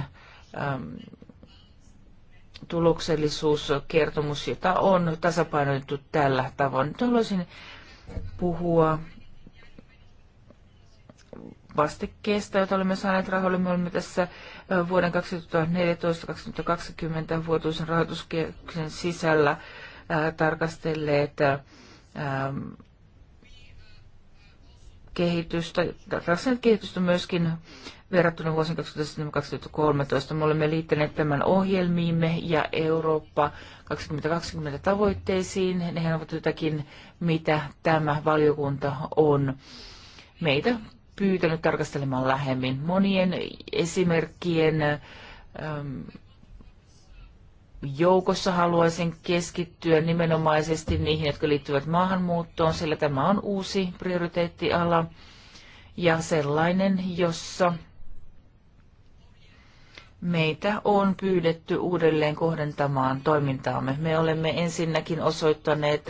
ähm, tuloksellisuuskertomus, jota on tasapainotettu tällä tavoin. Nyt haluaisin puhua vastikkeesta, jota olemme saaneet rahoille. Me olemme tässä äh, vuoden 2014-2020 vuotuisen rahoituskehyksen sisällä Äh, tarkastelleet äh, ähm, kehitystä, tarkastelleet kehitystä myöskin verrattuna vuosien 2013. Me olemme liittäneet tämän ohjelmiimme ja Eurooppa 2020 tavoitteisiin. Nehän ovat jotakin, mitä tämä valiokunta on meitä pyytänyt tarkastelemaan lähemmin. Monien esimerkkien ähm, joukossa haluaisin keskittyä nimenomaisesti niihin, jotka liittyvät maahanmuuttoon, sillä tämä on uusi prioriteettiala ja sellainen, jossa meitä on pyydetty uudelleen kohdentamaan toimintaamme. Me olemme ensinnäkin osoittaneet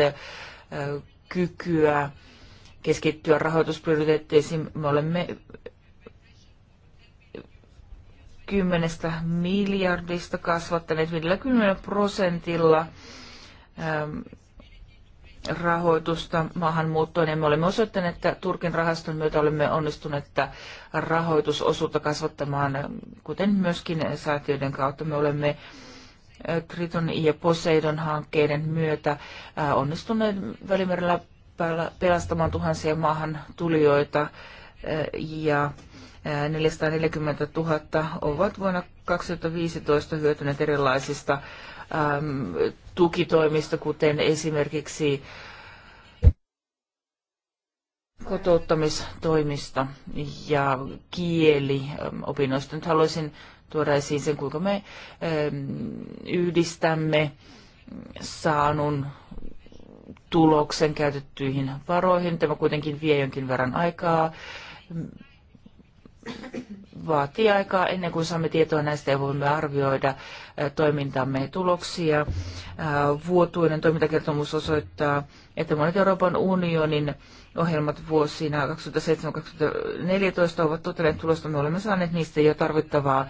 kykyä keskittyä rahoitusprioriteetteisiin. Me olemme 10 miljardista kasvattaneet 50 prosentilla ähm, rahoitusta maahanmuuttoon ja me olemme osoittaneet, että Turkin rahaston myötä olemme onnistuneet rahoitusosuutta kasvattamaan, ähm, kuten myöskin säätiöiden kautta me olemme äh, Triton ja Poseidon hankkeiden myötä äh, onnistuneet Välimerellä pelastamaan tuhansia maahan tulijoita äh, ja 440 000 ovat vuonna 2015 hyötyneet erilaisista äm, tukitoimista, kuten esimerkiksi kotouttamistoimista ja kieliopinnoista. Nyt haluaisin tuoda esiin sen, kuinka me yhdistämme saanun tuloksen käytettyihin varoihin. Tämä kuitenkin vie jonkin verran aikaa vaatii aikaa ennen kuin saamme tietoa näistä ja voimme arvioida toimintamme tuloksia. Vuotuinen toimintakertomus osoittaa, että monet Euroopan unionin ohjelmat vuosina 2007-2014 ovat totelleet tulosta. Me olemme saaneet niistä jo tarvittavaa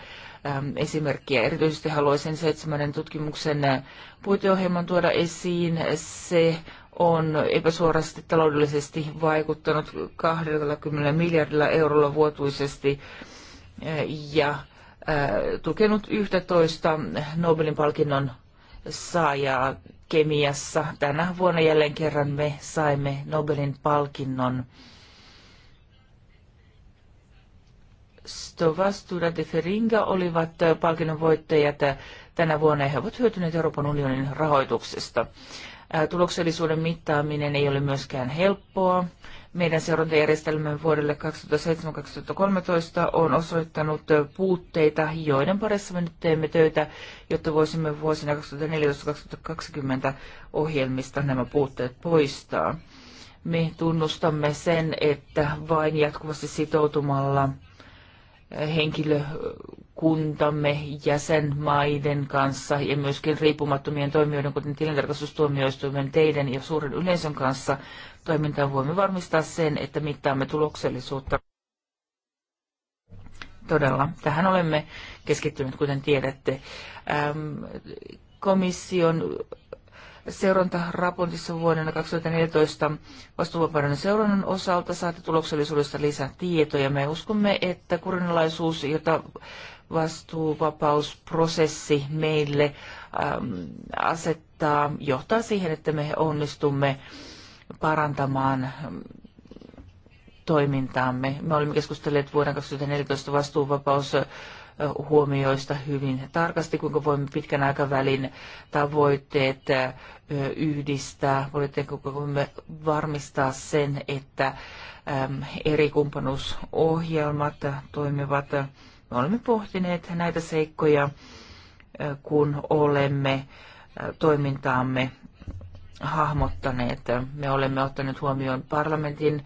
esimerkkiä. Erityisesti haluaisin seitsemännen tutkimuksen puiteohjelman tuoda esiin. Se on epäsuorasti taloudellisesti vaikuttanut 20 miljardilla eurolla vuotuisesti eh, ja eh, tukenut 11 Nobelin palkinnon saajaa kemiassa. Tänä vuonna jälleen kerran me saimme Nobelin palkinnon. Stovastura de Feringa olivat eh, palkinnon voittajat tänä vuonna ja he ovat hyötyneet Euroopan unionin rahoituksesta. Tuloksellisuuden mittaaminen ei ole myöskään helppoa. Meidän seurantajärjestelmämme vuodelle 2007-2013 on osoittanut puutteita, joiden parissa me nyt teemme töitä, jotta voisimme vuosina 2014-2020 ohjelmista nämä puutteet poistaa. Me tunnustamme sen, että vain jatkuvasti sitoutumalla henkilö kuntamme jäsenmaiden kanssa ja myöskin riippumattomien toimijoiden, kuten tilintarkastustuomioistuimen, teidän ja suuren yleisön kanssa toimintaan voimme varmistaa sen, että mittaamme tuloksellisuutta. Todella, tähän olemme keskittyneet, kuten tiedätte. komission seurantaraportissa vuonna 2014 vastuuvapauden seurannan osalta saatte tuloksellisuudesta lisää tietoja. Me uskomme, että kurinalaisuus, jota vastuuvapausprosessi meille äm, asettaa, johtaa siihen, että me onnistumme parantamaan ähm, toimintaamme. Me olemme keskustelleet vuoden 2014 vastuuvapaus huomioista hyvin tarkasti, kuinka voimme pitkän aikavälin tavoitteet äh, yhdistää, kuinka voimme varmistaa sen, että ähm, eri kumppanuusohjelmat toimivat me olemme pohtineet näitä seikkoja, kun olemme toimintaamme hahmottaneet. Me olemme ottaneet huomioon parlamentin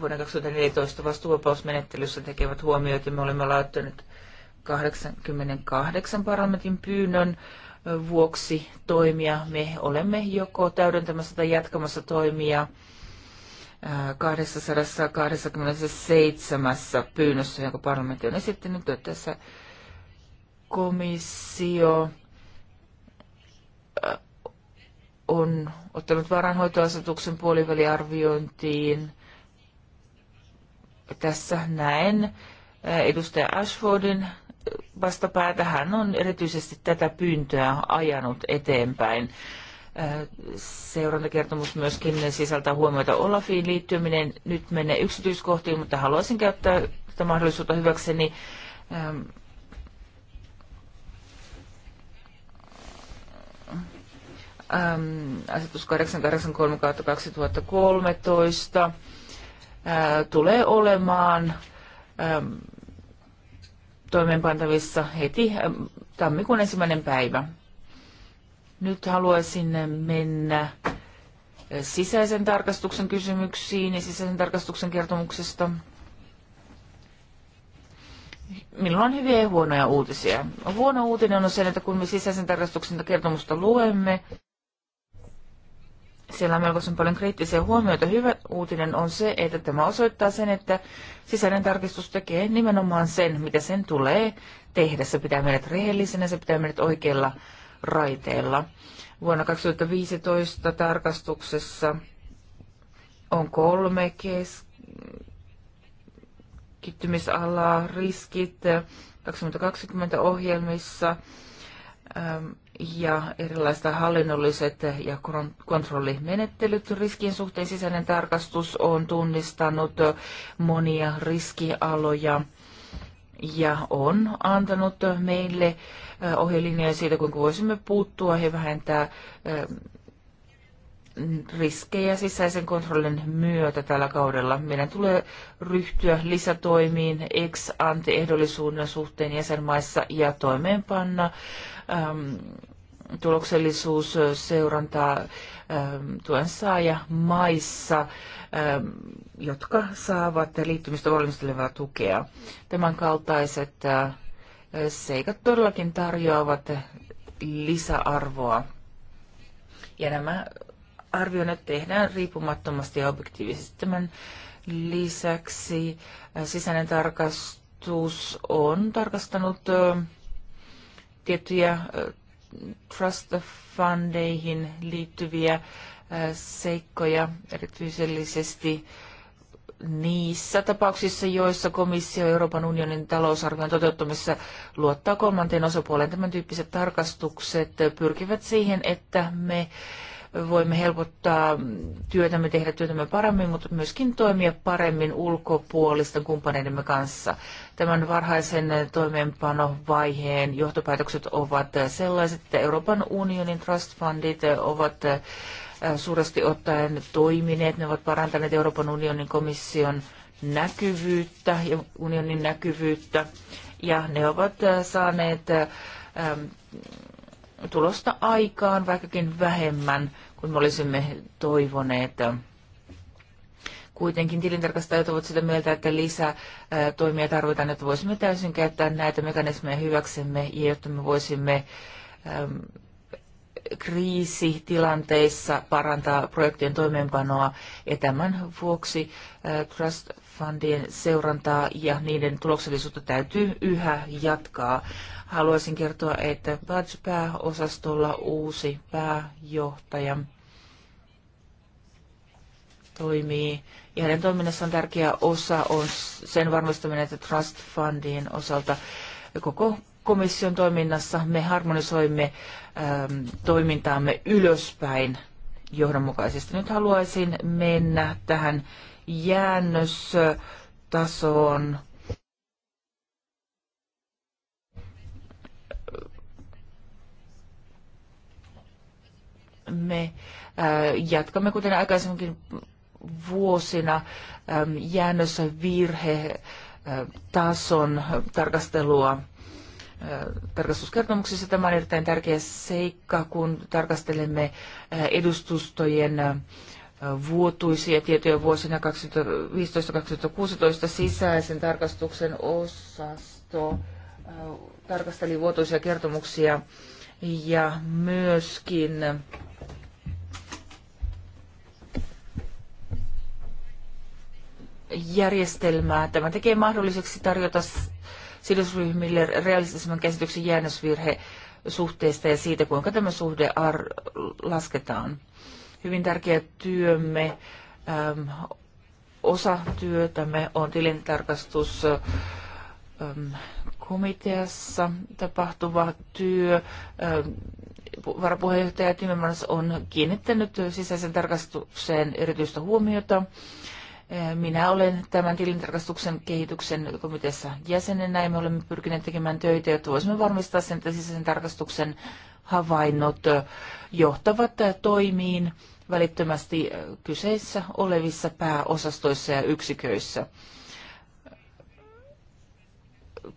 vuoden 2014 vastuuvapausmenettelyssä tekevät huomioita. Me olemme laittaneet 88 parlamentin pyynnön vuoksi toimia. Me olemme joko täydentämässä tai jatkamassa toimia 227 pyynnössä, jonka parlamentti on esittänyt. Tässä komissio äh, on ottanut varanhoitoasetuksen puoliväliarviointiin. Tässä näen äh, edustaja Ashfordin äh, vastapäätä. Hän on erityisesti tätä pyyntöä ajanut eteenpäin. Seurantakertomus myöskin sisältää huomioita Olafiin liittyminen. nyt menee yksityiskohtiin, mutta haluaisin käyttää tätä mahdollisuutta hyväkseni. Ähm, ähm, asetus 883-2013 äh, tulee olemaan ähm, toimeenpantavissa heti tammikuun ensimmäinen päivä. Nyt haluaisin mennä sisäisen tarkastuksen kysymyksiin ja sisäisen tarkastuksen kertomuksesta. Minulla on hyviä ja huonoja uutisia. Huono uutinen on se, että kun me sisäisen tarkastuksen kertomusta luemme, siellä on melkoisen paljon kriittisiä huomioita. Hyvä uutinen on se, että tämä osoittaa sen, että sisäinen tarkistus tekee nimenomaan sen, mitä sen tulee tehdä. Se pitää meidät rehellisenä, se pitää meidät oikeilla raiteilla. Vuonna 2015 tarkastuksessa on kolme keskittymisalaa, riskit 2020 ohjelmissa ähm, ja erilaiset hallinnolliset ja kontrollimenettelyt riskien suhteen. Sisäinen tarkastus on tunnistanut monia riskialoja ja on antanut meille ohjelinjoja siitä, kuinka voisimme puuttua ja vähentää riskejä sisäisen kontrollin myötä tällä kaudella. Meidän tulee ryhtyä lisätoimiin ex ante ehdollisuuden suhteen jäsenmaissa ja toimeenpanna äm, tuloksellisuusseurantaa äm, tuen saaja maissa, äm, jotka saavat liittymistä valmistelevaa tukea. Tämän kaltaiset äh, seikat todellakin tarjoavat lisäarvoa. Ja nämä arvioinnit tehdään riippumattomasti ja objektiivisesti. Tämän lisäksi äh, sisäinen tarkastus on tarkastanut äh, tiettyjä äh, trust fundeihin liittyviä seikkoja, erityisesti niissä tapauksissa, joissa komissio Euroopan unionin talousarvion toteuttamisessa luottaa kolmanteen osapuoleen. Tämän tyyppiset tarkastukset pyrkivät siihen, että me voimme helpottaa työtämme, tehdä työtämme paremmin, mutta myöskin toimia paremmin ulkopuolisten kumppaneidemme kanssa. Tämän varhaisen toimeenpanovaiheen johtopäätökset ovat sellaiset, että Euroopan unionin trust fundit ovat suuresti ottaen toimineet. Ne ovat parantaneet Euroopan unionin komission näkyvyyttä ja unionin näkyvyyttä. Ja ne ovat saaneet tulosta aikaan, vaikkakin vähemmän kuin me olisimme toivoneet. Kuitenkin tilintarkastajat ovat sitä mieltä, että lisää toimia tarvitaan, että voisimme täysin käyttää näitä mekanismeja hyväksemme, jotta me voisimme kriisitilanteissa parantaa projektien toimeenpanoa ja tämän vuoksi Trust Fundien seurantaa ja niiden tuloksellisuutta täytyy yhä jatkaa. Haluaisin kertoa, että Budge-pääosastolla uusi pääjohtaja toimii. Ja hänen toiminnassaan tärkeä osa on sen varmistaminen, että Trust Fundien osalta koko komission toiminnassa me harmonisoimme Ähm, toimintaamme ylöspäin johdonmukaisesti. Nyt haluaisin mennä tähän jäännöstasoon. Me äh, jatkamme, kuten aikaisemminkin vuosina, ähm, jäännössä virhe tason tarkastelua tarkastuskertomuksessa. Tämä on erittäin tärkeä seikka, kun tarkastelemme edustustojen vuotuisia tietoja vuosina 2015-2016 sisäisen tarkastuksen osasto tarkasteli vuotuisia kertomuksia ja myöskin järjestelmää. Tämä tekee mahdolliseksi tarjota sidosryhmille realistisemman käsityksen jäännösvirhe suhteesta ja siitä, kuinka tämä suhde ar- lasketaan. Hyvin tärkeä työmme, äm, osa työtämme on tilintarkastus äm, komiteassa tapahtuva työ. Äm, varapuheenjohtaja Timmermans on kiinnittänyt sisäisen tarkastukseen erityistä huomiota. Minä olen tämän tilintarkastuksen kehityksen komiteassa jäsenenä ja me olemme pyrkineet tekemään töitä, jotta voisimme varmistaa sen, että sisäisen tarkastuksen havainnot johtavat toimiin välittömästi kyseissä olevissa pääosastoissa ja yksiköissä.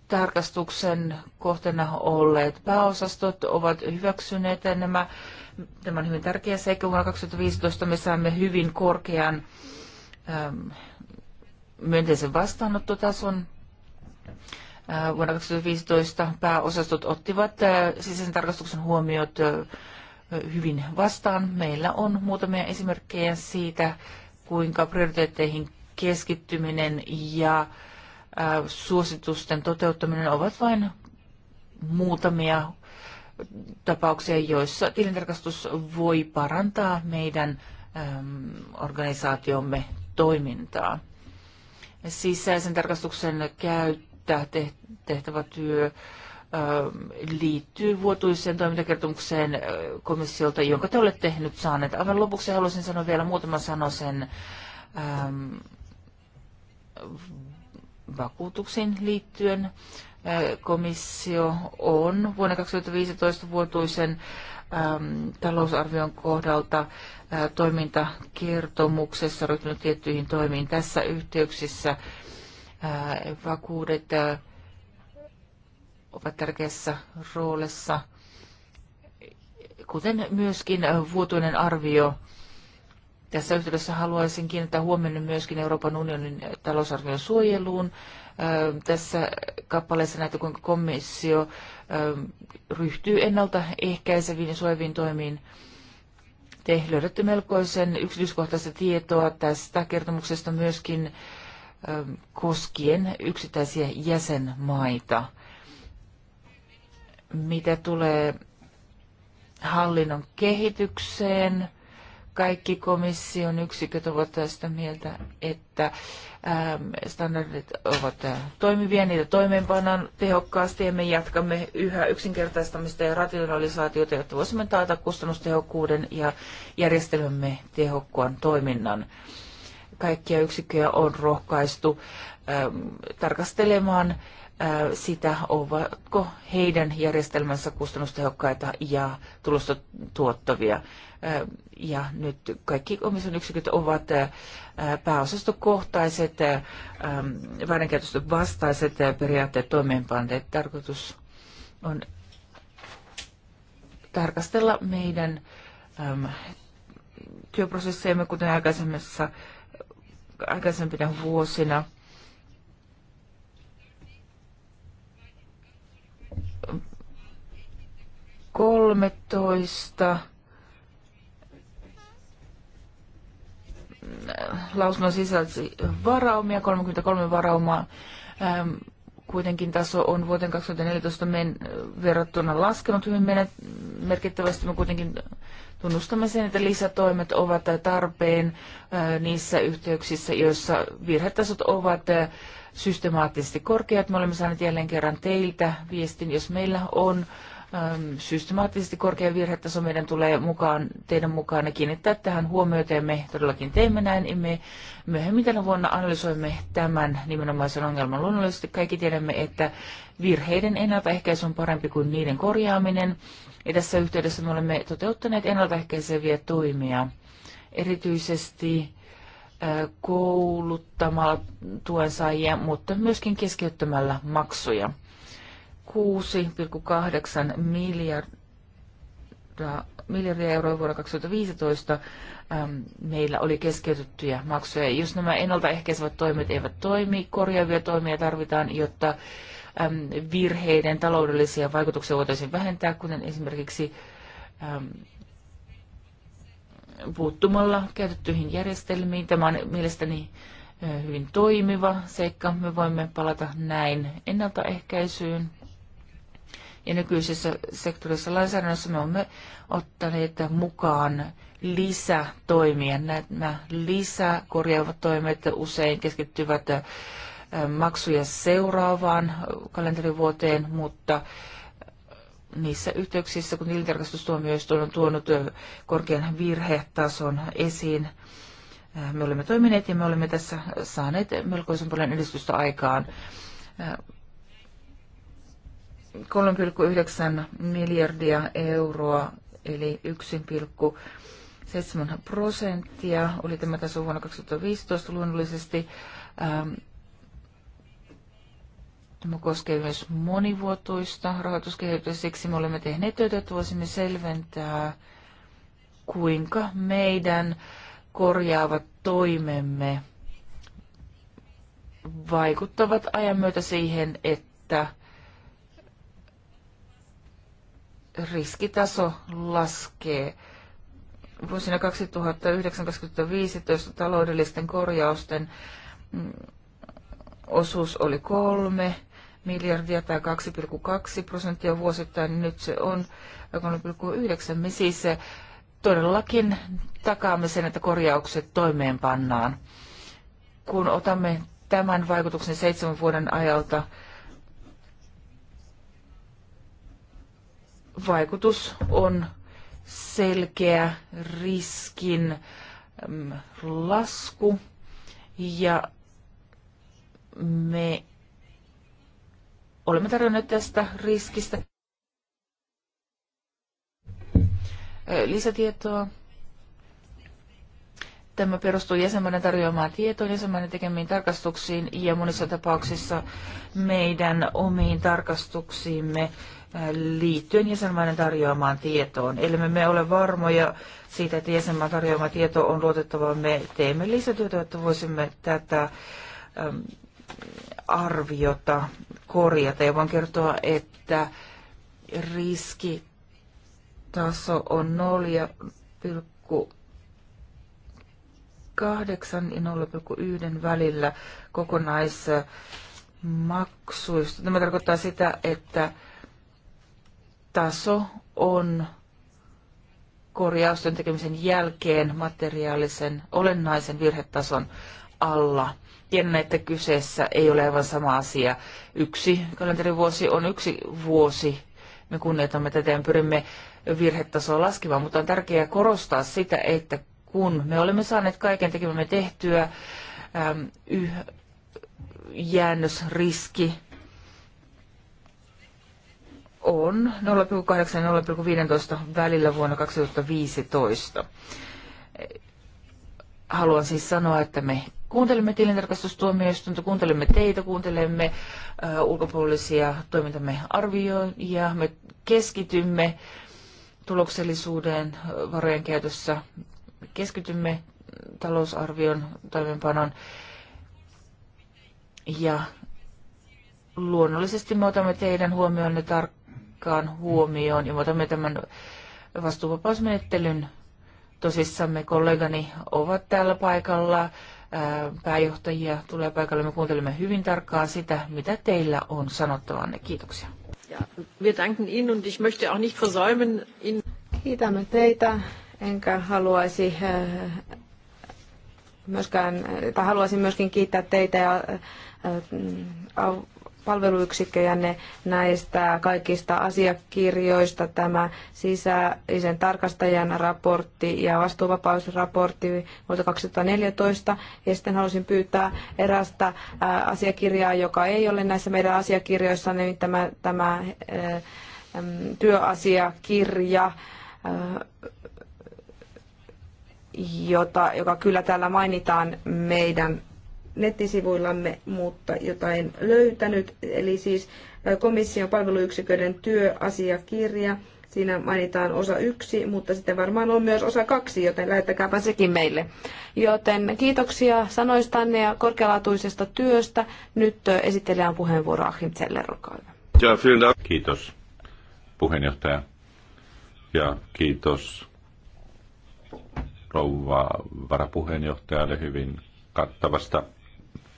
Tarkastuksen kohteena olleet pääosastot ovat hyväksyneet nämä. Tämä on hyvin tärkeä seikka. Vuonna 2015 me saamme hyvin korkean Ähm, myönteisen vastaanottotason. Äh, vuonna 2015 pääosastot ottivat äh, sisäisen tarkastuksen huomiot äh, hyvin vastaan. Meillä on muutamia esimerkkejä siitä, kuinka prioriteetteihin keskittyminen ja suositusten toteuttaminen ovat vain muutamia tapauksia, joissa tilintarkastus voi parantaa meidän ähm, organisaatiomme toimintaa. Sisäisen tarkastuksen käyttää tehtävä työ ähm, liittyy vuotuiseen toimintakertomukseen äh, komissiolta, jonka te olette tehnyt saaneet. Aivan lopuksi haluaisin sanoa vielä muutaman sanon sen ähm, vakuutuksiin liittyen. Äh, komissio on vuonna 2015 vuotuisen äh, Ähm, talousarvion kohdalta ä, äh, toimintakertomuksessa ryhtynyt tiettyihin toimiin tässä yhteyksissä. Ä, äh, vakuudet äh, ovat tärkeässä roolissa, kuten myöskin vuotuinen arvio tässä yhteydessä haluaisin kiinnittää huomioon myöskin Euroopan unionin talousarvion suojeluun. Tässä kappaleessa näitä, kuinka komissio ryhtyy ennaltaehkäiseviin ja suojaviin toimiin. Te löydätte melkoisen yksityiskohtaista tietoa tästä kertomuksesta myöskin koskien yksittäisiä jäsenmaita. Mitä tulee hallinnon kehitykseen, kaikki komission yksiköt ovat sitä mieltä, että ähm, standardit ovat äh, toimivia, niitä toimeenpannaan tehokkaasti ja me jatkamme yhä yksinkertaistamista ja rationalisaatiota, jotta voisimme taata kustannustehokkuuden ja järjestelmämme tehokkaan toiminnan. Kaikkia yksikköjä on rohkaistu ähm, tarkastelemaan äh, sitä, ovatko heidän järjestelmänsä kustannustehokkaita ja tulosta tuottavia ja nyt kaikki komission yksiköt ovat pääosastokohtaiset väärinkäytöstä vastaiset periaatteet toimeenpanteet. Tarkoitus on tarkastella meidän työprosesseemme, kuten aikaisemmissa, aikaisempina vuosina. Kolmetoista lausunnon sisälsi varaumia, 33 varaumaa. Ähm, kuitenkin taso on vuoteen 2014 men- verrattuna laskenut hyvin menet- merkittävästi. Me kuitenkin tunnustamme sen, että lisätoimet ovat tarpeen äh, niissä yhteyksissä, joissa virhetasot ovat äh, systemaattisesti korkeat. Me olemme saaneet jälleen kerran teiltä viestin, jos meillä on Ähm, systemaattisesti korkea virhetaso meidän tulee mukaan, teidän mukaan kiinnittää tähän huomiota ja me todellakin teemme näin. Ja me myöhemmin tänä vuonna analysoimme tämän nimenomaisen ongelman. Luonnollisesti kaikki tiedämme, että virheiden ennaltaehkäisy on parempi kuin niiden korjaaminen. Ja tässä yhteydessä me olemme toteuttaneet ennaltaehkäiseviä toimia, erityisesti kouluttamalla tuen saajia, mutta myöskin keskeyttämällä maksuja. 6,8 miljardia, miljardia euroa vuonna 2015 äm, meillä oli keskeytettyjä maksuja. Jos nämä ennaltaehkäisevät toimet eivät toimi, korjaavia toimia tarvitaan, jotta äm, virheiden taloudellisia vaikutuksia voitaisiin vähentää, kuten esimerkiksi äm, puuttumalla käytettyihin järjestelmiin. Tämä on mielestäni äh, hyvin toimiva seikka. Me voimme palata näin ennaltaehkäisyyn ja nykyisessä sektorissa lainsäädännössä me olemme ottaneet mukaan lisätoimia. Nämä lisäkorjaavat toimet usein keskittyvät maksuja seuraavaan kalenterivuoteen, mutta niissä yhteyksissä, kun tilintarkastustuomioistuin on tuonut korkean virhetason esiin, me olemme toimineet ja me olemme tässä saaneet melkoisen paljon edistystä aikaan. 3,9 miljardia euroa, eli 1,7 prosenttia oli tämä taso vuonna 2015 luonnollisesti. Ähm, tämä koskee myös monivuotoista rahoituskehitystä, siksi me olemme tehneet töitä, että voisimme selventää, kuinka meidän korjaavat toimemme vaikuttavat ajan myötä siihen, että riskitaso laskee. Vuosina 2009-2015 taloudellisten korjausten mm, osuus oli kolme miljardia tai 2,2 prosenttia vuosittain, nyt se on 3,9. Me siis eh, todellakin takaamme sen, että korjaukset toimeenpannaan. Kun otamme tämän vaikutuksen seitsemän vuoden ajalta vaikutus on selkeä riskin lasku ja me olemme tarjonneet tästä riskistä lisätietoa. Tämä perustuu jäsenmaiden tarjoamaan tietoon, jäsenmaiden tekemiin tarkastuksiin ja monissa tapauksissa meidän omiin tarkastuksiimme liittyen jäsenmaiden tarjoamaan tietoon. Eli me ole varmoja siitä, että jäsenmaan tarjoama tieto on luotettava. Me teemme lisätyötä, että voisimme tätä arviota korjata. Ja voin kertoa, että riskitaso on 0,8 ja 0,1 välillä kokonaismaksuista. Tämä tarkoittaa sitä, että taso on korjausten tekemisen jälkeen materiaalisen olennaisen virhetason alla. Tiedän, että kyseessä ei ole aivan sama asia. Yksi kalenterivuosi on yksi vuosi. Me kunnioitamme tätä ja pyrimme virhetasoa laskemaan, mutta on tärkeää korostaa sitä, että kun me olemme saaneet kaiken tekemämme tehtyä, ähm, yh, jäännösriski on 0,8 ja 0,15 välillä vuonna 2015. Haluan siis sanoa, että me kuuntelemme tilintarkastustuomioistuinta, kuuntelemme teitä, kuuntelemme ä, ulkopuolisia toimintamme arvioijia, me keskitymme tuloksellisuuden varojen käytössä, me keskitymme talousarvion toimeenpanon ja luonnollisesti me otamme teidän huomioonne tar- tarkkaan huomioon ja otamme tämän vastuuvapausmenettelyn tosissamme. Kollegani ovat täällä paikalla, pääjohtajia tulee paikalle. Me kuuntelemme hyvin tarkkaan sitä, mitä teillä on sanottavanne. Kiitoksia. Ja, wir danken Ihnen und ich möchte auch nicht Kiitämme teitä, enkä haluaisi myöskään, tai haluaisin myöskin kiittää teitä ja palveluyksikköjänne näistä kaikista asiakirjoista, tämä sisäisen tarkastajan raportti ja vastuuvapausraportti vuodelta 2014. Ja sitten halusin pyytää erästä asiakirjaa, joka ei ole näissä meidän asiakirjoissa, niin tämä, tämä työasiakirja jota, joka kyllä täällä mainitaan meidän nettisivuillamme, mutta jota en löytänyt. Eli siis komission palveluyksiköiden työasiakirja. Siinä mainitaan osa yksi, mutta sitten varmaan on myös osa kaksi, joten lähettäkääpä sekin meille. Joten kiitoksia sanoistanne ja korkealaatuisesta työstä. Nyt esittelijän puheenvuoro Achim Zeller, Kiitos puheenjohtaja ja kiitos rouva varapuheenjohtajalle hyvin kattavasta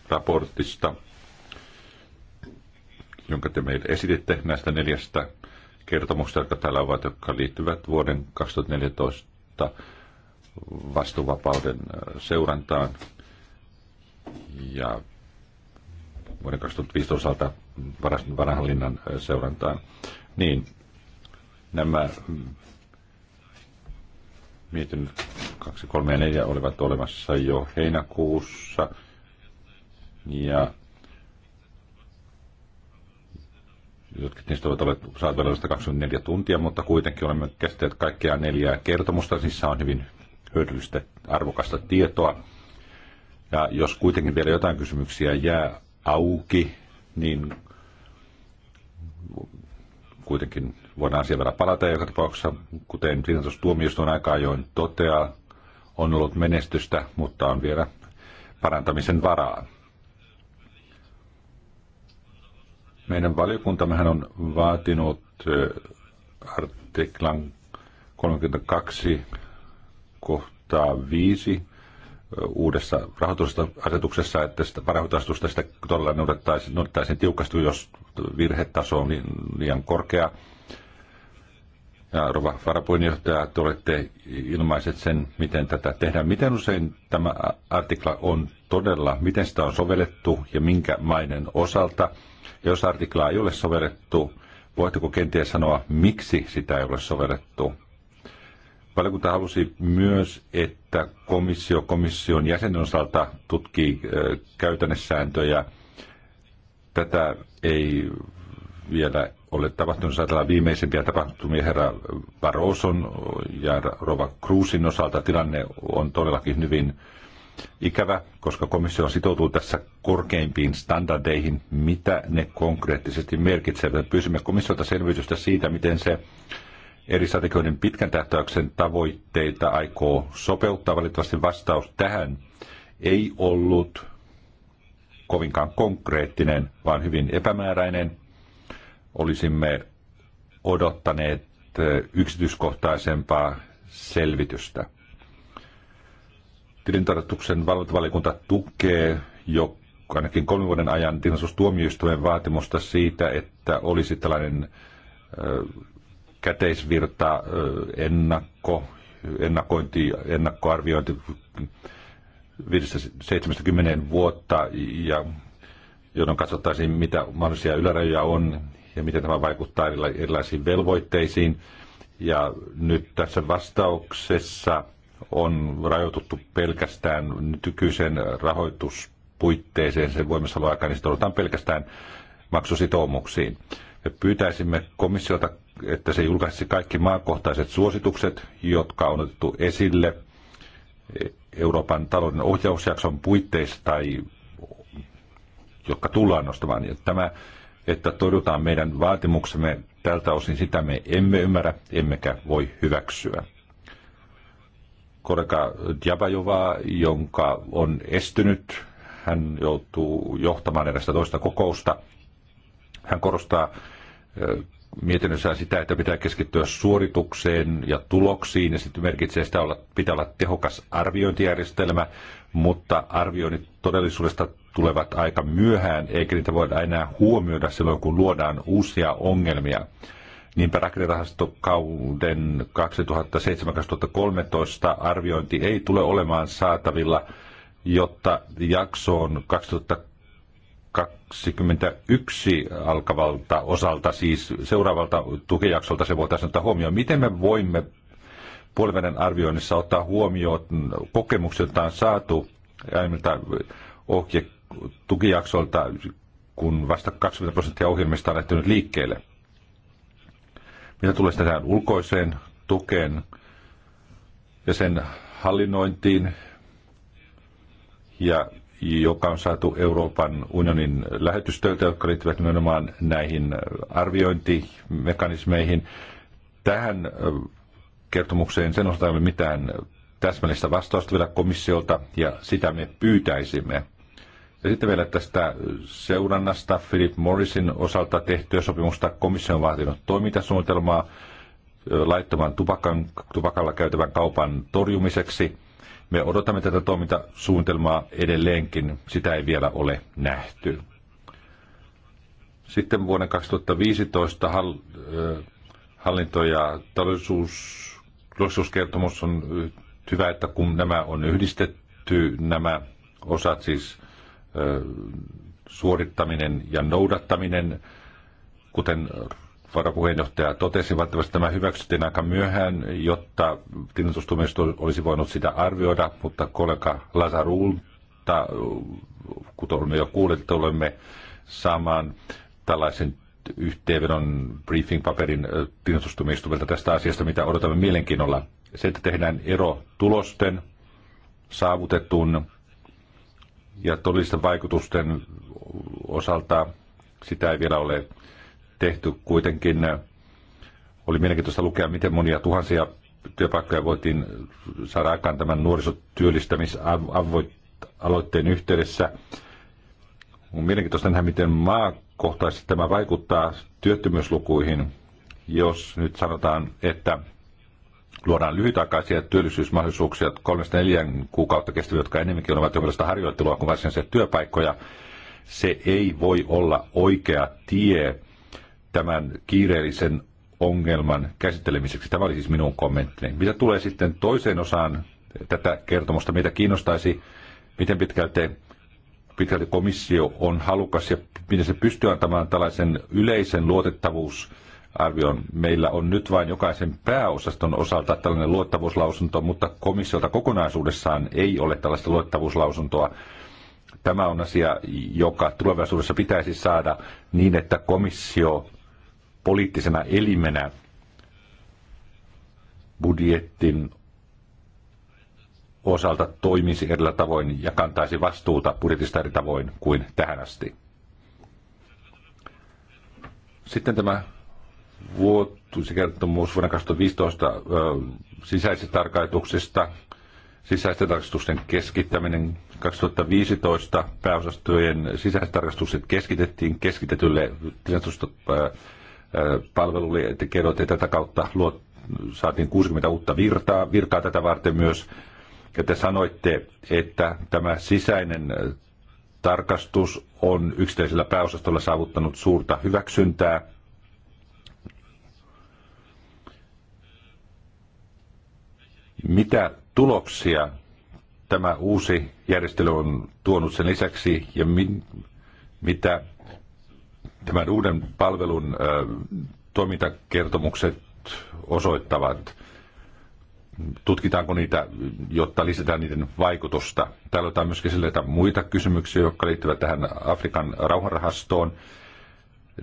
raportista, jonka te meille esititte näistä neljästä kertomuksesta, jotka täällä ovat, jotka liittyvät vuoden 2014 vastuvapauden äh, seurantaan ja vuoden 2015 osalta varahallinnan äh, seurantaan. Niin, nämä mietin 2, 3 ja 4 olivat olemassa jo heinäkuussa – ja jotkut niistä ovat olleet saatavilla 24 tuntia, mutta kuitenkin olemme kestäneet kaikkea neljää kertomusta. Niissä on hyvin hyödyllistä, arvokasta tietoa. Ja jos kuitenkin vielä jotain kysymyksiä jää auki, niin kuitenkin voidaan asiaan vielä palata. Joka tapauksessa, kuten tuomioistuin aika ajoin toteaa, on ollut menestystä, mutta on vielä parantamisen varaa. Meidän valiokuntamme on vaatinut artiklan 32 kohtaa 5 uudessa rahoitusasetuksessa, että sitä rahoitusta sitä todella noudattaisiin, noudattaisiin tiukasti, jos virhetaso on liian korkea. Ja Rova varapuheenjohtaja, te olette ilmaiset sen, miten tätä tehdään. Miten usein tämä artikla on todella, miten sitä on sovellettu ja minkä maiden osalta? Jos artiklaa ei ole sovellettu, voitteko kenties sanoa, miksi sitä ei ole sovellettu? Valiokunta halusi myös, että komissio komission jäsenen osalta tutkii käytännössääntöjä. Tätä ei vielä ole tapahtunut. Jos ajatellaan viimeisimpiä tapahtumia herra Barroson ja Rova Cruzin osalta, tilanne on todellakin hyvin ikävä, koska komissio sitoutuu tässä korkeimpiin standardeihin, mitä ne konkreettisesti merkitsevät. Pyysimme komissiolta selvitystä siitä, miten se eri strategioiden pitkän tähtäyksen tavoitteita aikoo sopeuttaa. Valitettavasti vastaus tähän ei ollut kovinkaan konkreettinen, vaan hyvin epämääräinen. Olisimme odottaneet yksityiskohtaisempaa selvitystä. Tilintarkastuksen valvontavaliokunta tukee jo ainakin kolmen vuoden ajan tilintarkastustuomioistuimen vaatimusta siitä, että olisi tällainen käteisvirta ennakko, ennakointi, ennakkoarviointi 70 vuotta, ja jolloin katsottaisiin, mitä mahdollisia ylärajoja on ja miten tämä vaikuttaa erilaisiin velvoitteisiin. Ja nyt tässä vastauksessa on rajoituttu pelkästään nykyisen rahoituspuitteeseen, sen voimassaoloaikaan, aikaan, niin sitoudutaan pelkästään maksusitoumuksiin. Me pyytäisimme komissiota, että se julkaisisi kaikki maakohtaiset suositukset, jotka on otettu esille Euroopan talouden ohjausjakson puitteissa tai jotka tullaan nostamaan. Ja tämä, että torjutaan meidän vaatimuksemme tältä osin, sitä me emme ymmärrä, emmekä voi hyväksyä kollega Djabajova, jonka on estynyt. Hän joutuu johtamaan erästä toista kokousta. Hän korostaa mietinnössään sitä, että pitää keskittyä suoritukseen ja tuloksiin, ja sitten merkitsee sitä, että pitää olla tehokas arviointijärjestelmä, mutta arvioinnit todellisuudesta tulevat aika myöhään, eikä niitä voida enää huomioida silloin, kun luodaan uusia ongelmia. Niinpä rakennerahastokauden 2007-2013 arviointi ei tule olemaan saatavilla, jotta jaksoon 2021 alkavalta osalta, siis seuraavalta tukijaksolta se voitaisiin ottaa huomioon. Miten me voimme puolivälin arvioinnissa ottaa huomioon kokemuksiltaan saatu aiemmilta ohje tukijaksolta, kun vasta 20 prosenttia ohjelmista on lähtenyt liikkeelle. Mitä tulee tähän ulkoiseen tukeen ja sen hallinnointiin, ja joka on saatu Euroopan unionin lähetystöiltä, jotka liittyvät nimenomaan näihin arviointimekanismeihin. Tähän kertomukseen sen osalta ei ole mitään täsmällistä vastausta vielä komissiolta, ja sitä me pyytäisimme. Ja sitten vielä tästä seurannasta Philip Morrisin osalta tehtyä sopimusta. Komissio on vaatinut toimintasuunnitelmaa laittoman tupakan, tupakalla käytävän kaupan torjumiseksi. Me odotamme tätä toimintasuunnitelmaa edelleenkin. Sitä ei vielä ole nähty. Sitten vuonna 2015 hall, hallinto- ja taloudellisuuskertomus on hyvä, että kun nämä on yhdistetty, nämä osat siis – suorittaminen ja noudattaminen, kuten varapuheenjohtaja totesi, valitettavasti tämä hyväksyttiin aika myöhään, jotta tilintustuomioistuin olisi voinut sitä arvioida, mutta kollega Lazarulta, kuten olemme jo kuulleet, että olemme saamaan tällaisen yhteenvedon briefing-paperin tilintustuomioistuimelta tästä asiasta, mitä odotamme mielenkiinnolla. Se, että tehdään ero tulosten saavutetun ja todellisten vaikutusten osalta sitä ei vielä ole tehty. Kuitenkin äh, oli mielenkiintoista lukea, miten monia tuhansia työpaikkoja voitiin saada aikaan tämän nuorisotyöllistämisaloitteen yhteydessä. On mielenkiintoista nähdä, miten maakohtaisesti tämä vaikuttaa työttömyyslukuihin, jos nyt sanotaan, että luodaan lyhytaikaisia työllisyysmahdollisuuksia, kolmesta neljän kuukautta kestäviä, jotka enemmänkin ovat jonkinlaista harjoittelua kuin varsinaisia työpaikkoja, se ei voi olla oikea tie tämän kiireellisen ongelman käsittelemiseksi. Tämä oli siis minun kommenttini. Mitä tulee sitten toiseen osaan tätä kertomusta, mitä kiinnostaisi, miten pitkälti, pitkälti komissio on halukas ja miten se pystyy antamaan tällaisen yleisen luotettavuus- arvion. Meillä on nyt vain jokaisen pääosaston osalta tällainen luottavuuslausunto, mutta komissiolta kokonaisuudessaan ei ole tällaista luottavuuslausuntoa. Tämä on asia, joka tulevaisuudessa pitäisi saada niin, että komissio poliittisena elimenä budjettin osalta toimisi eri tavoin ja kantaisi vastuuta budjetista eri tavoin kuin tähän asti. Sitten tämä vuotuiskertomus vuonna 2015 ö, sisäisistä tarkaituksista, sisäisten tarkastusten keskittäminen 2015 pääosastojen sisäiset tarkastukset keskitettiin keskitetylle niin palvelulle, että kerroitte tätä kautta luot, saatiin 60 uutta virtaa, virtaa tätä varten myös. Ja te sanoitte, että tämä sisäinen tarkastus on yksittäisellä pääosastolla saavuttanut suurta hyväksyntää Mitä tuloksia tämä uusi järjestely on tuonut sen lisäksi ja mi- mitä tämän uuden palvelun ö, toimintakertomukset osoittavat? Tutkitaanko niitä, jotta lisätään niiden vaikutusta? Täällä on myöskin muita kysymyksiä, jotka liittyvät tähän Afrikan rauhanrahastoon.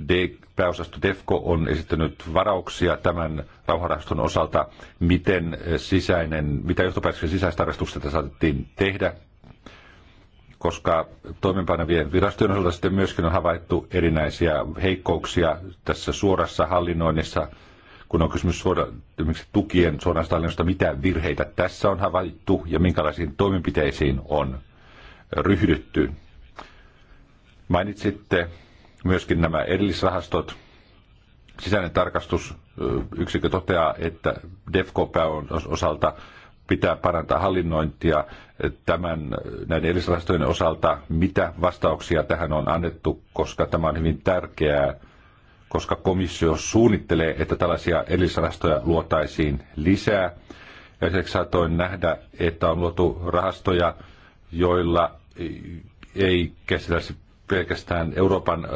De pääosasto DEFCO on esittänyt varauksia tämän rauhanrahaston osalta, miten eh, sisäinen, mitä sisäistä sisäistarkastuksesta saatettiin tehdä, koska toimenpanevien virastojen osalta sitten myöskin on havaittu erinäisiä heikkouksia tässä suorassa hallinnoinnissa, kun on kysymys suora, tukien suorasta hallinnosta, mitä virheitä tässä on havaittu ja minkälaisiin toimenpiteisiin on ryhdytty. Mainitsitte myöskin nämä erillisrahastot. Sisäinen tarkastusyksikkö toteaa, että defco osalta pitää parantaa hallinnointia tämän, näiden erillisrahastojen osalta. Mitä vastauksia tähän on annettu, koska tämä on hyvin tärkeää, koska komissio suunnittelee, että tällaisia erillisrahastoja luotaisiin lisää. Ja lisäksi saatoin nähdä, että on luotu rahastoja, joilla ei käsitellä pelkästään Euroopan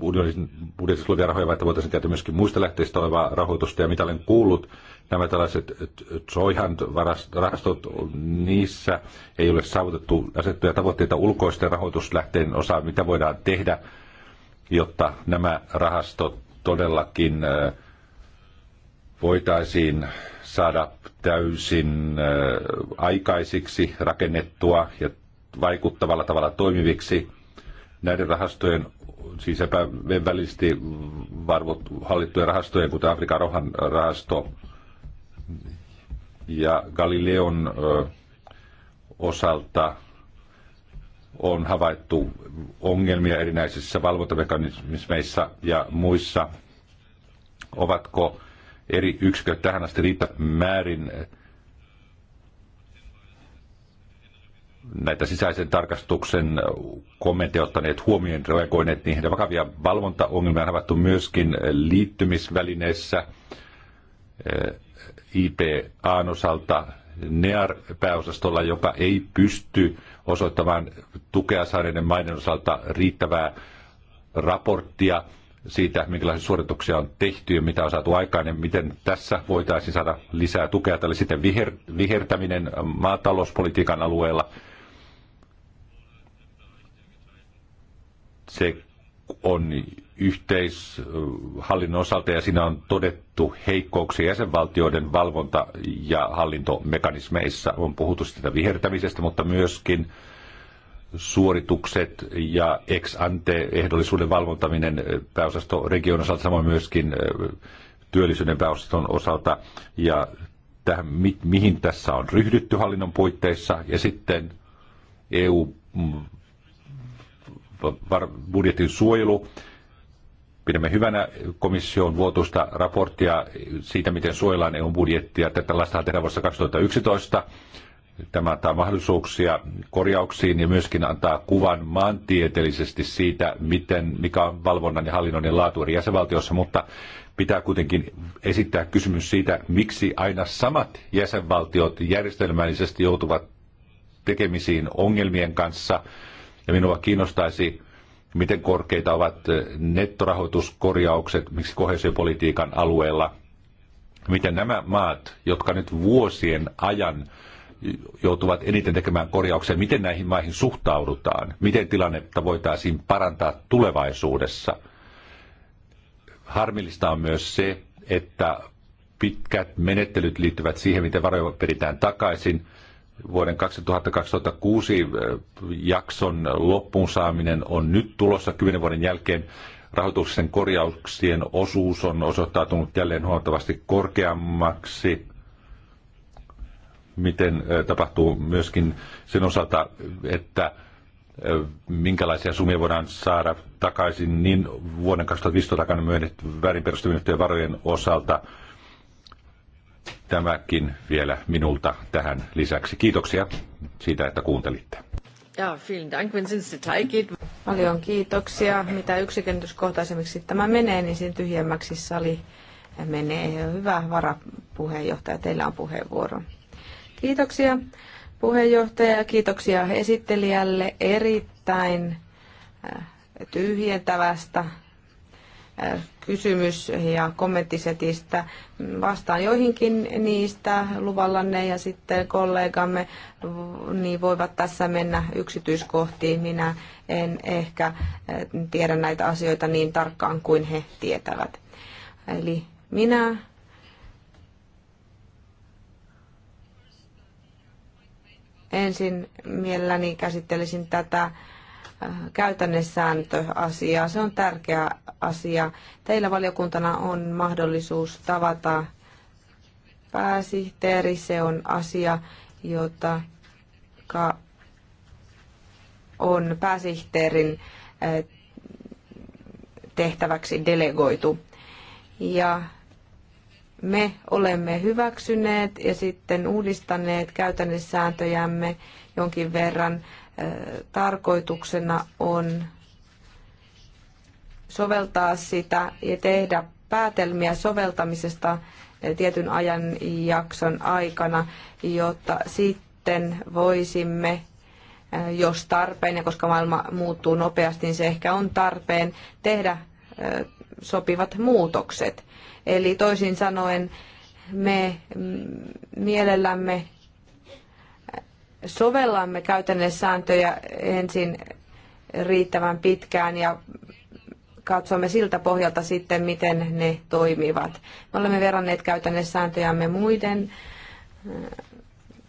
unionin budjetissa olevia rahoja, vaan voitaisiin käyttää myöskin muista lähteistä olevaa rahoitusta. Ja mitä olen kuullut, nämä tällaiset Troihan-rahastot, niissä ei ole saavutettu asettuja tavoitteita ulkoisten rahoituslähteen osaa, mitä voidaan tehdä, jotta nämä rahastot todellakin voitaisiin saada täysin aikaisiksi rakennettua ja vaikuttavalla tavalla toimiviksi – näiden rahastojen siis epävälisesti varvot, hallittujen rahastojen, kuten Afrikan rohan rahasto ja Galileon osalta on havaittu ongelmia erinäisissä valvontamekanismeissa ja muissa. Ovatko eri yksiköt tähän asti riittävän määrin näitä sisäisen tarkastuksen kommentteja ottaneet huomioon, reagoineet niihin. Vakavia valvontaongelmia on havaittu myöskin liittymisvälineissä eh, IPA osalta NEAR-pääosastolla, joka ei pysty osoittamaan tukea saaneiden maiden osalta riittävää raporttia siitä, minkälaisia suorituksia on tehty ja mitä on saatu aikaan ja miten tässä voitaisiin saada lisää tukea. Tällä sitten viher, vihertäminen maatalouspolitiikan alueella se on yhteishallinnon osalta ja siinä on todettu heikkouksia jäsenvaltioiden valvonta- ja hallintomekanismeissa. On puhuttu sitä vihertämisestä, mutta myöskin suoritukset ja ex ante ehdollisuuden valvontaminen eh, pääosasto osalta, samoin myöskin eh, työllisyyden pääosaston osalta ja tähän, mi, mihin tässä on ryhdytty hallinnon puitteissa ja sitten EU mm, budjetin suojelu. Pidämme hyvänä komission vuotuista raporttia siitä, miten suojellaan EUn budjettia. Tätä lastahan tehdään vuodesta 2011. Tämä antaa mahdollisuuksia korjauksiin ja myöskin antaa kuvan maantieteellisesti siitä, miten, mikä on valvonnan ja hallinnon ja laatu eri jäsenvaltiossa, mutta pitää kuitenkin esittää kysymys siitä, miksi aina samat jäsenvaltiot järjestelmällisesti joutuvat tekemisiin ongelmien kanssa – ja minua kiinnostaisi, miten korkeita ovat nettorahoituskorjaukset, miksi kohesiopolitiikan alueella. Miten nämä maat, jotka nyt vuosien ajan joutuvat eniten tekemään korjauksia, miten näihin maihin suhtaudutaan, miten tilannetta voitaisiin parantaa tulevaisuudessa. Harmillista on myös se, että pitkät menettelyt liittyvät siihen, miten varoja peritään takaisin vuoden 2006 eh, jakson loppuun saaminen on nyt tulossa kymmenen vuoden jälkeen. Rahoituksen korjauksien osuus on osoittautunut jälleen huomattavasti korkeammaksi. Miten eh, tapahtuu myöskin sen osalta, että eh, minkälaisia summia voidaan saada takaisin niin vuoden 2015 takana myönnetty väärinperustaminen varojen osalta – tämäkin vielä minulta tähän lisäksi. Kiitoksia siitä, että kuuntelitte. Ja, vielen Dank, wenn Paljon kiitoksia. Mitä yksikentyskohtaisemmiksi tämä menee, niin siinä tyhjemmäksi sali menee. Hyvä varapuheenjohtaja, teillä on puheenvuoro. Kiitoksia puheenjohtaja ja kiitoksia esittelijälle erittäin äh, tyhjentävästä kysymys ja kommenttisetistä. Vastaan joihinkin niistä luvallanne ja sitten kollegamme niin voivat tässä mennä yksityiskohtiin. Minä en ehkä eh, tiedä näitä asioita niin tarkkaan kuin he tietävät. Eli minä ensin mielelläni käsittelisin tätä käytännesääntöasiaa. Se on tärkeä asia. Teillä valiokuntana on mahdollisuus tavata pääsihteeri. Se on asia, jota on pääsihteerin eh, tehtäväksi delegoitu. Ja me olemme hyväksyneet ja sitten uudistaneet käytännössääntöjämme jonkin verran tarkoituksena on soveltaa sitä ja tehdä päätelmiä soveltamisesta tietyn ajanjakson aikana, jotta sitten voisimme, jos tarpeen, ja koska maailma muuttuu nopeasti, niin se ehkä on tarpeen tehdä sopivat muutokset. Eli toisin sanoen me mielellämme sovellamme käytännössääntöjä ensin riittävän pitkään ja katsomme siltä pohjalta sitten, miten ne toimivat. Me olemme verranneet käytännössääntöjämme muiden eh,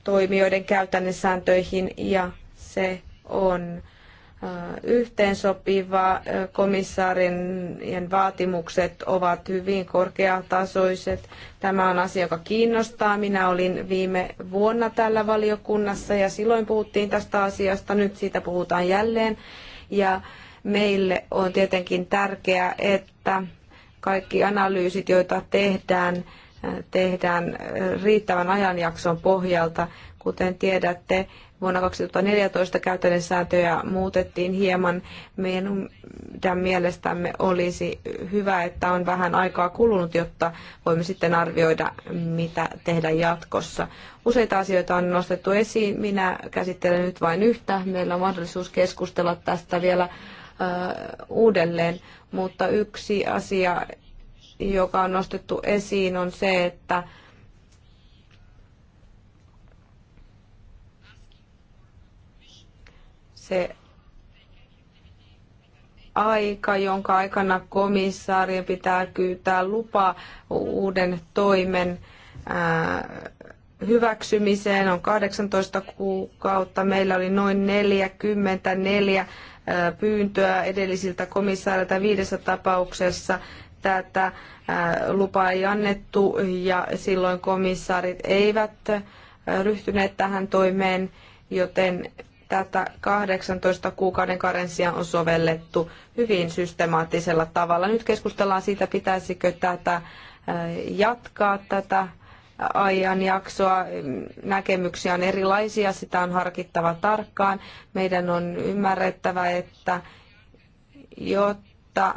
toimijoiden käytännössääntöihin ja se on yhteensopiva. Komissaarien vaatimukset ovat hyvin korkeatasoiset. Tämä on asia, joka kiinnostaa. Minä olin viime vuonna täällä valiokunnassa ja silloin puhuttiin tästä asiasta. Nyt siitä puhutaan jälleen. Ja meille on tietenkin tärkeää, että kaikki analyysit, joita tehdään, tehdään riittävän ajanjakson pohjalta. Kuten tiedätte, Vuonna 2014 käytännön sääntöjä muutettiin hieman. Meidän mielestämme olisi hyvä, että on vähän aikaa kulunut, jotta voimme sitten arvioida, mitä tehdä jatkossa. Useita asioita on nostettu esiin. Minä käsittelen nyt vain yhtä. Meillä on mahdollisuus keskustella tästä vielä uudelleen, mutta yksi asia, joka on nostettu esiin, on se, että se aika, jonka aikana komissaarien pitää kyytää lupa uuden toimen hyväksymiseen on 18 kuukautta. Meillä oli noin 44 pyyntöä edellisiltä komissaarilta viidessä tapauksessa. Tätä lupaa ei annettu ja silloin komissaarit eivät ryhtyneet tähän toimeen, joten tätä 18 kuukauden karenssia on sovellettu hyvin systemaattisella tavalla. Nyt keskustellaan siitä, pitäisikö tätä äh, jatkaa tätä ajanjaksoa. Näkemyksiä on erilaisia, sitä on harkittava tarkkaan. Meidän on ymmärrettävä, että jotta äh,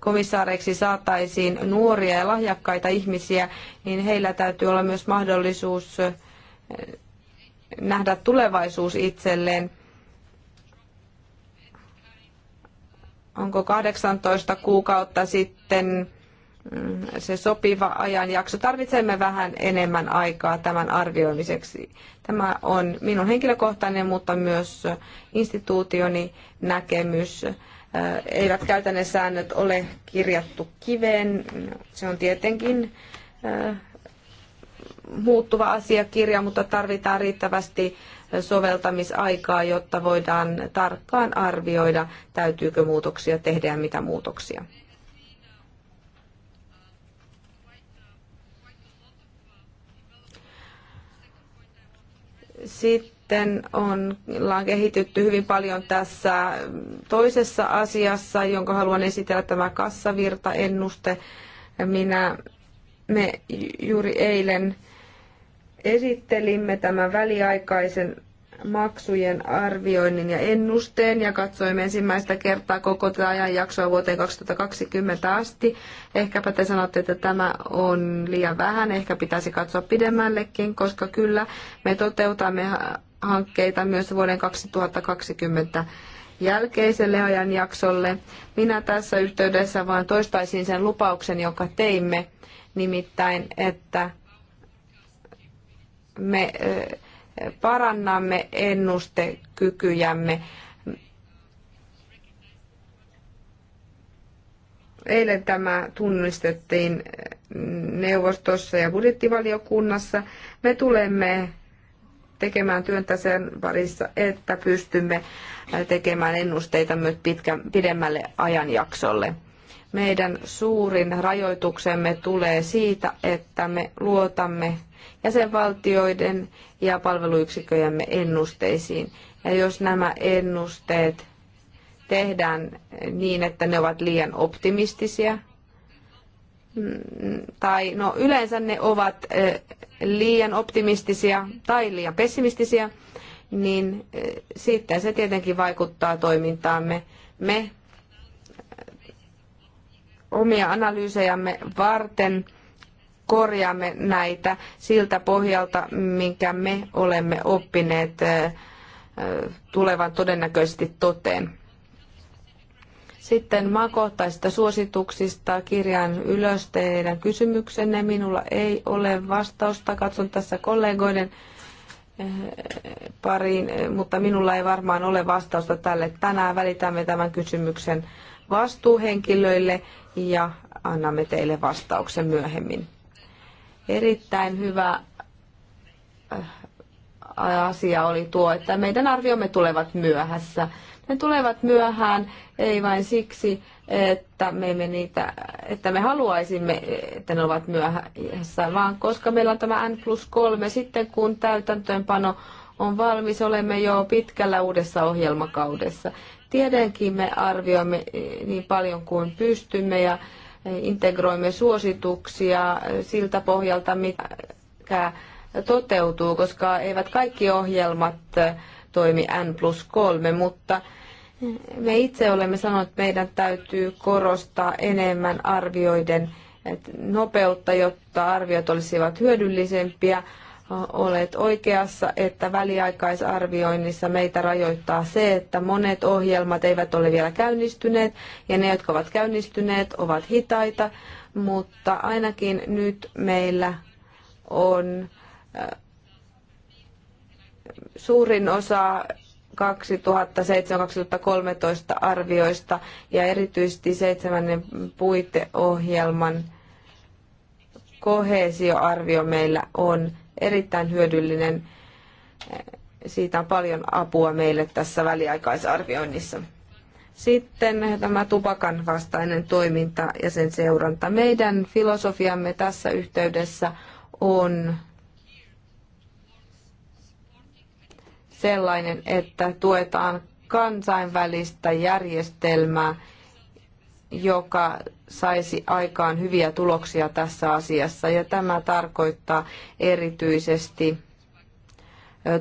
komissaareiksi saataisiin nuoria ja lahjakkaita ihmisiä, niin heillä täytyy olla myös mahdollisuus äh, nähdä tulevaisuus itselleen. Onko 18 kuukautta sitten mm, se sopiva ajanjakso. Tarvitsemme vähän enemmän aikaa tämän arvioimiseksi. Tämä on minun henkilökohtainen, mutta myös instituutioni näkemys. Eivät käytännön säännöt ole kirjattu kiveen. Se on tietenkin muuttuva asiakirja, mutta tarvitaan riittävästi soveltamisaikaa, jotta voidaan tarkkaan arvioida, täytyykö muutoksia tehdä ja mitä muutoksia. Sitten on, ollaan kehitytty hyvin paljon tässä toisessa asiassa, jonka haluan esitellä tämä kassavirtaennuste. Minä, me juuri eilen esittelimme tämän väliaikaisen maksujen arvioinnin ja ennusteen ja katsoimme ensimmäistä kertaa koko tätä ajanjaksoa vuoteen 2020 asti. Ehkäpä te sanotte, että tämä on liian vähän, ehkä pitäisi katsoa pidemmällekin, koska kyllä me toteutamme hankkeita myös vuoden 2020 jälkeiselle ajanjaksolle. Minä tässä yhteydessä vain toistaisin sen lupauksen, jonka teimme, nimittäin, että me parannamme ennustekykyjämme. Eilen tämä tunnistettiin neuvostossa ja budjettivaliokunnassa. Me tulemme tekemään työntä sen parissa, että pystymme tekemään ennusteita myös pitkä, pidemmälle ajanjaksolle. Meidän suurin rajoituksemme tulee siitä, että me luotamme jäsenvaltioiden ja palveluyksikköjemme ennusteisiin. Ja jos nämä ennusteet tehdään niin, että ne ovat liian optimistisia, mm, tai no yleensä ne ovat liian optimistisia tai liian pessimistisiä, niin sitten se tietenkin vaikuttaa toimintaamme. Me omia analyysejämme varten – korjaamme näitä siltä pohjalta, minkä me olemme oppineet tulevan todennäköisesti toteen. Sitten maakohtaisista suosituksista kirjaan ylös teidän kysymyksenne. Minulla ei ole vastausta. Katson tässä kollegoiden pariin, mutta minulla ei varmaan ole vastausta tälle. Tänään välitämme tämän kysymyksen vastuuhenkilöille ja annamme teille vastauksen myöhemmin. Erittäin hyvä äh, asia oli tuo, että meidän arviomme tulevat myöhässä. Ne tulevat myöhään ei vain siksi, että me, emme niitä, että me haluaisimme, että ne ovat myöhässä, vaan koska meillä on tämä N plus 3, sitten kun täytäntöönpano on valmis, olemme jo pitkällä uudessa ohjelmakaudessa. Tietenkin me arvioimme niin paljon kuin pystymme ja integroimme suosituksia siltä pohjalta, mikä toteutuu, koska eivät kaikki ohjelmat toimi N plus 3, mutta me itse olemme sanoneet, että meidän täytyy korostaa enemmän arvioiden nopeutta, jotta arviot olisivat hyödyllisempiä, olet oikeassa, että väliaikaisarvioinnissa meitä rajoittaa se, että monet ohjelmat eivät ole vielä käynnistyneet ja ne, jotka ovat käynnistyneet, ovat hitaita, mutta ainakin nyt meillä on äh, suurin osa 2007-2013 arvioista ja erityisesti seitsemännen puiteohjelman kohesioarvio meillä on erittäin hyödyllinen. Siitä on paljon apua meille tässä väliaikaisarvioinnissa. Sitten tämä tupakan vastainen toiminta ja sen seuranta. Meidän filosofiamme tässä yhteydessä on sellainen, että tuetaan kansainvälistä järjestelmää, joka saisi aikaan hyviä tuloksia tässä asiassa. Ja tämä tarkoittaa erityisesti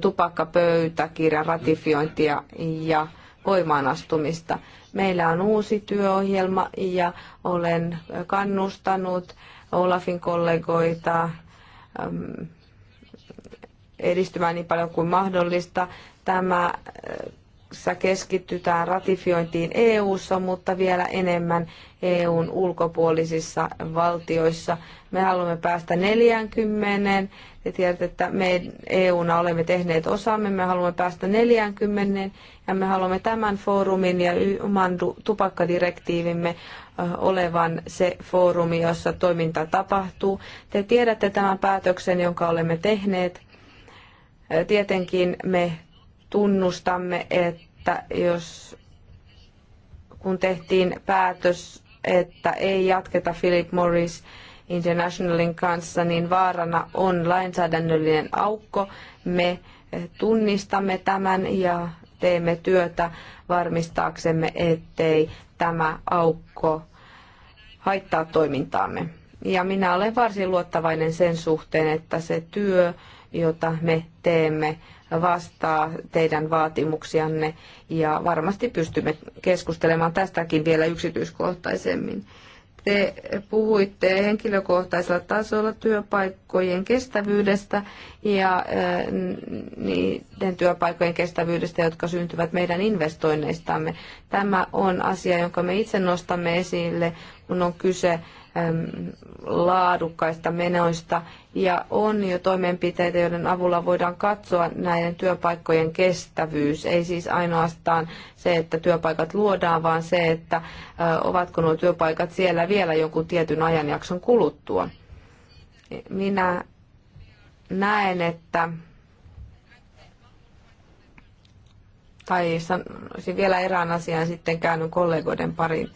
tupakkapöytäkirjan ratifiointia ja voimaanastumista. Meillä on uusi työohjelma ja olen kannustanut Olafin kollegoita edistymään niin paljon kuin mahdollista. Tämä keskitytään ratifiointiin EU:ssa, mutta vielä enemmän EUn ulkopuolisissa valtioissa. Me haluamme päästä 40. Te tiedätte, että me EUna olemme tehneet osamme. Me haluamme päästä 40 ja me haluamme tämän foorumin ja oman tupakkadirektiivimme olevan se foorumi, jossa toiminta tapahtuu. Te tiedätte tämän päätöksen, jonka olemme tehneet. Tietenkin me tunnustamme, että jos kun tehtiin päätös, että ei jatketa Philip Morris Internationalin kanssa, niin vaarana on lainsäädännöllinen aukko. Me tunnistamme tämän ja teemme työtä varmistaaksemme, ettei tämä aukko haittaa toimintaamme. Ja minä olen varsin luottavainen sen suhteen, että se työ, jota me teemme, vastaa teidän vaatimuksianne ja varmasti pystymme keskustelemaan tästäkin vielä yksityiskohtaisemmin. Te puhuitte henkilökohtaisella tasolla työpaikkojen kestävyydestä ja eh, niiden työpaikkojen kestävyydestä, jotka syntyvät meidän investoinneistamme. Tämä on asia, jonka me itse nostamme esille, kun on kyse laadukkaista menoista ja on jo toimenpiteitä, joiden avulla voidaan katsoa näiden työpaikkojen kestävyys. Ei siis ainoastaan se, että työpaikat luodaan, vaan se, että ovatko nuo työpaikat siellä vielä jonkun tietyn ajanjakson kuluttua. Minä näen, että tai sanoisin vielä erään asian sitten käynyt kollegoiden parin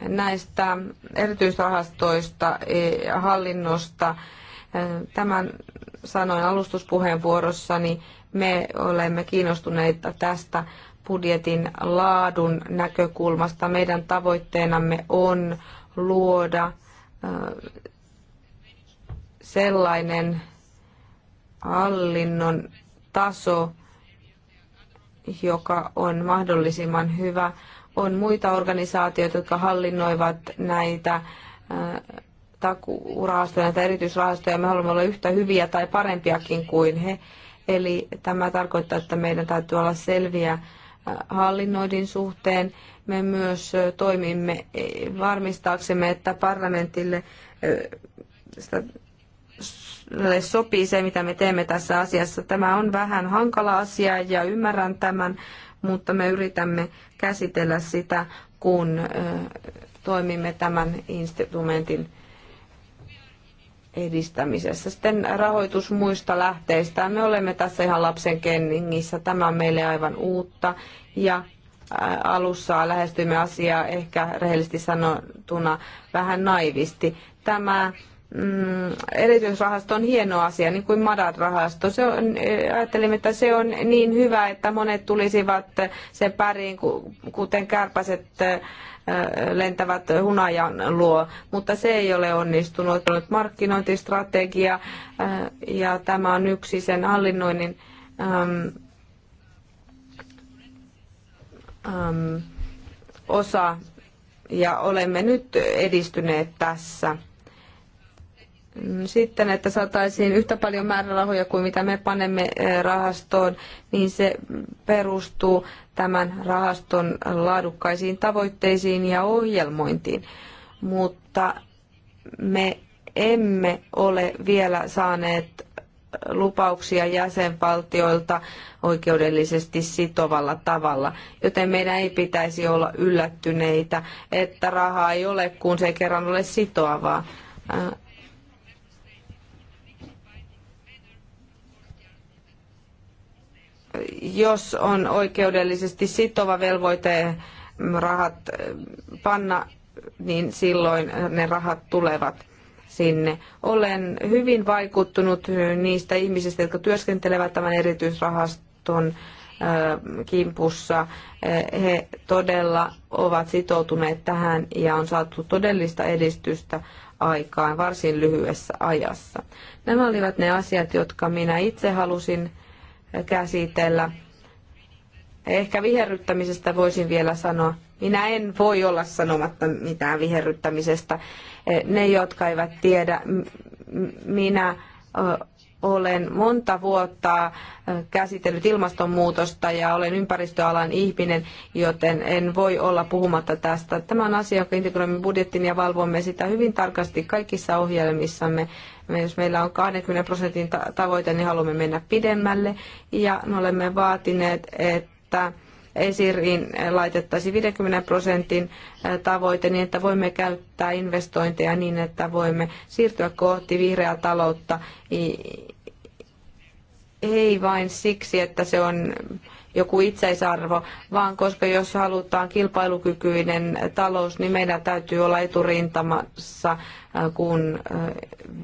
näistä erityisrahastoista ja hallinnosta. Tämän sanoin alustuspuheenvuorossani, me olemme kiinnostuneita tästä budjetin laadun näkökulmasta. Meidän tavoitteenamme on luoda sellainen hallinnon taso, joka on mahdollisimman hyvä on muita organisaatioita, jotka hallinnoivat näitä äh, takurahastoja, näitä erityisrahastoja. Me haluamme olla yhtä hyviä tai parempiakin kuin he. Eli tämä tarkoittaa, että meidän täytyy olla selviä äh, hallinnoidin suhteen. Me myös äh, toimimme eh, varmistaaksemme, että parlamentille sitä sopii se, mitä me teemme tässä asiassa. Tämä on vähän hankala asia ja ymmärrän tämän, mutta me yritämme käsitellä sitä, kun toimimme tämän instrumentin edistämisessä. Sitten rahoitus muista lähteistä. Me olemme tässä ihan lapsen kenningissä. Tämä on meille aivan uutta. Ja alussa lähestymme asiaa ehkä rehellisesti sanottuna vähän naivisti. Tämä mm, erityisrahasto on hieno asia, niin kuin Madad-rahasto. Se on, e, ajattelimme, että se on niin hyvä, että monet tulisivat sen päriin, kuten kärpäset e, lentävät hunajan luo, mutta se ei ole onnistunut. Markkinointistrategia e, ja tämä on yksi sen hallinnoinnin äm, äm, osa ja olemme nyt edistyneet tässä sitten, että saataisiin yhtä paljon määrärahoja kuin mitä me panemme eh, rahastoon, niin se perustuu tämän rahaston laadukkaisiin tavoitteisiin ja ohjelmointiin. Mutta me emme ole vielä saaneet lupauksia jäsenvaltioilta oikeudellisesti sitovalla tavalla, joten meidän ei pitäisi olla yllättyneitä, että rahaa ei ole, kun se ei kerran ole sitoavaa äh, jos on oikeudellisesti sitova velvoite rahat eh, panna, niin silloin ne rahat tulevat sinne. Olen hyvin vaikuttunut niistä ihmisistä, jotka työskentelevät tämän erityisrahaston eh, kimpussa. Eh, he todella ovat sitoutuneet tähän ja on saatu todellista edistystä aikaan varsin lyhyessä ajassa. Nämä olivat ne asiat, jotka minä itse halusin käsitellä. Ehkä viherryttämisestä voisin vielä sanoa. Minä en voi olla sanomatta mitään viherryttämisestä. Eh, ne, jotka eivät tiedä, minä olen monta vuotta käsitellyt ilmastonmuutosta ja olen ympäristöalan ihminen, joten en voi olla puhumatta tästä. Tämä on asia, joka integroimme budjettin ja valvomme sitä hyvin tarkasti kaikissa ohjelmissamme. Jos meillä on 20 prosentin tavoite, niin haluamme mennä pidemmälle ja me olemme vaatineet, että Esiriin laitettaisiin 50 prosentin tavoite niin, että voimme käyttää investointeja niin, että voimme siirtyä kohti vihreää taloutta. Ei vain siksi, että se on joku itseisarvo, vaan koska jos halutaan kilpailukykyinen talous, niin meidän täytyy olla eturintamassa, äh, kun äh,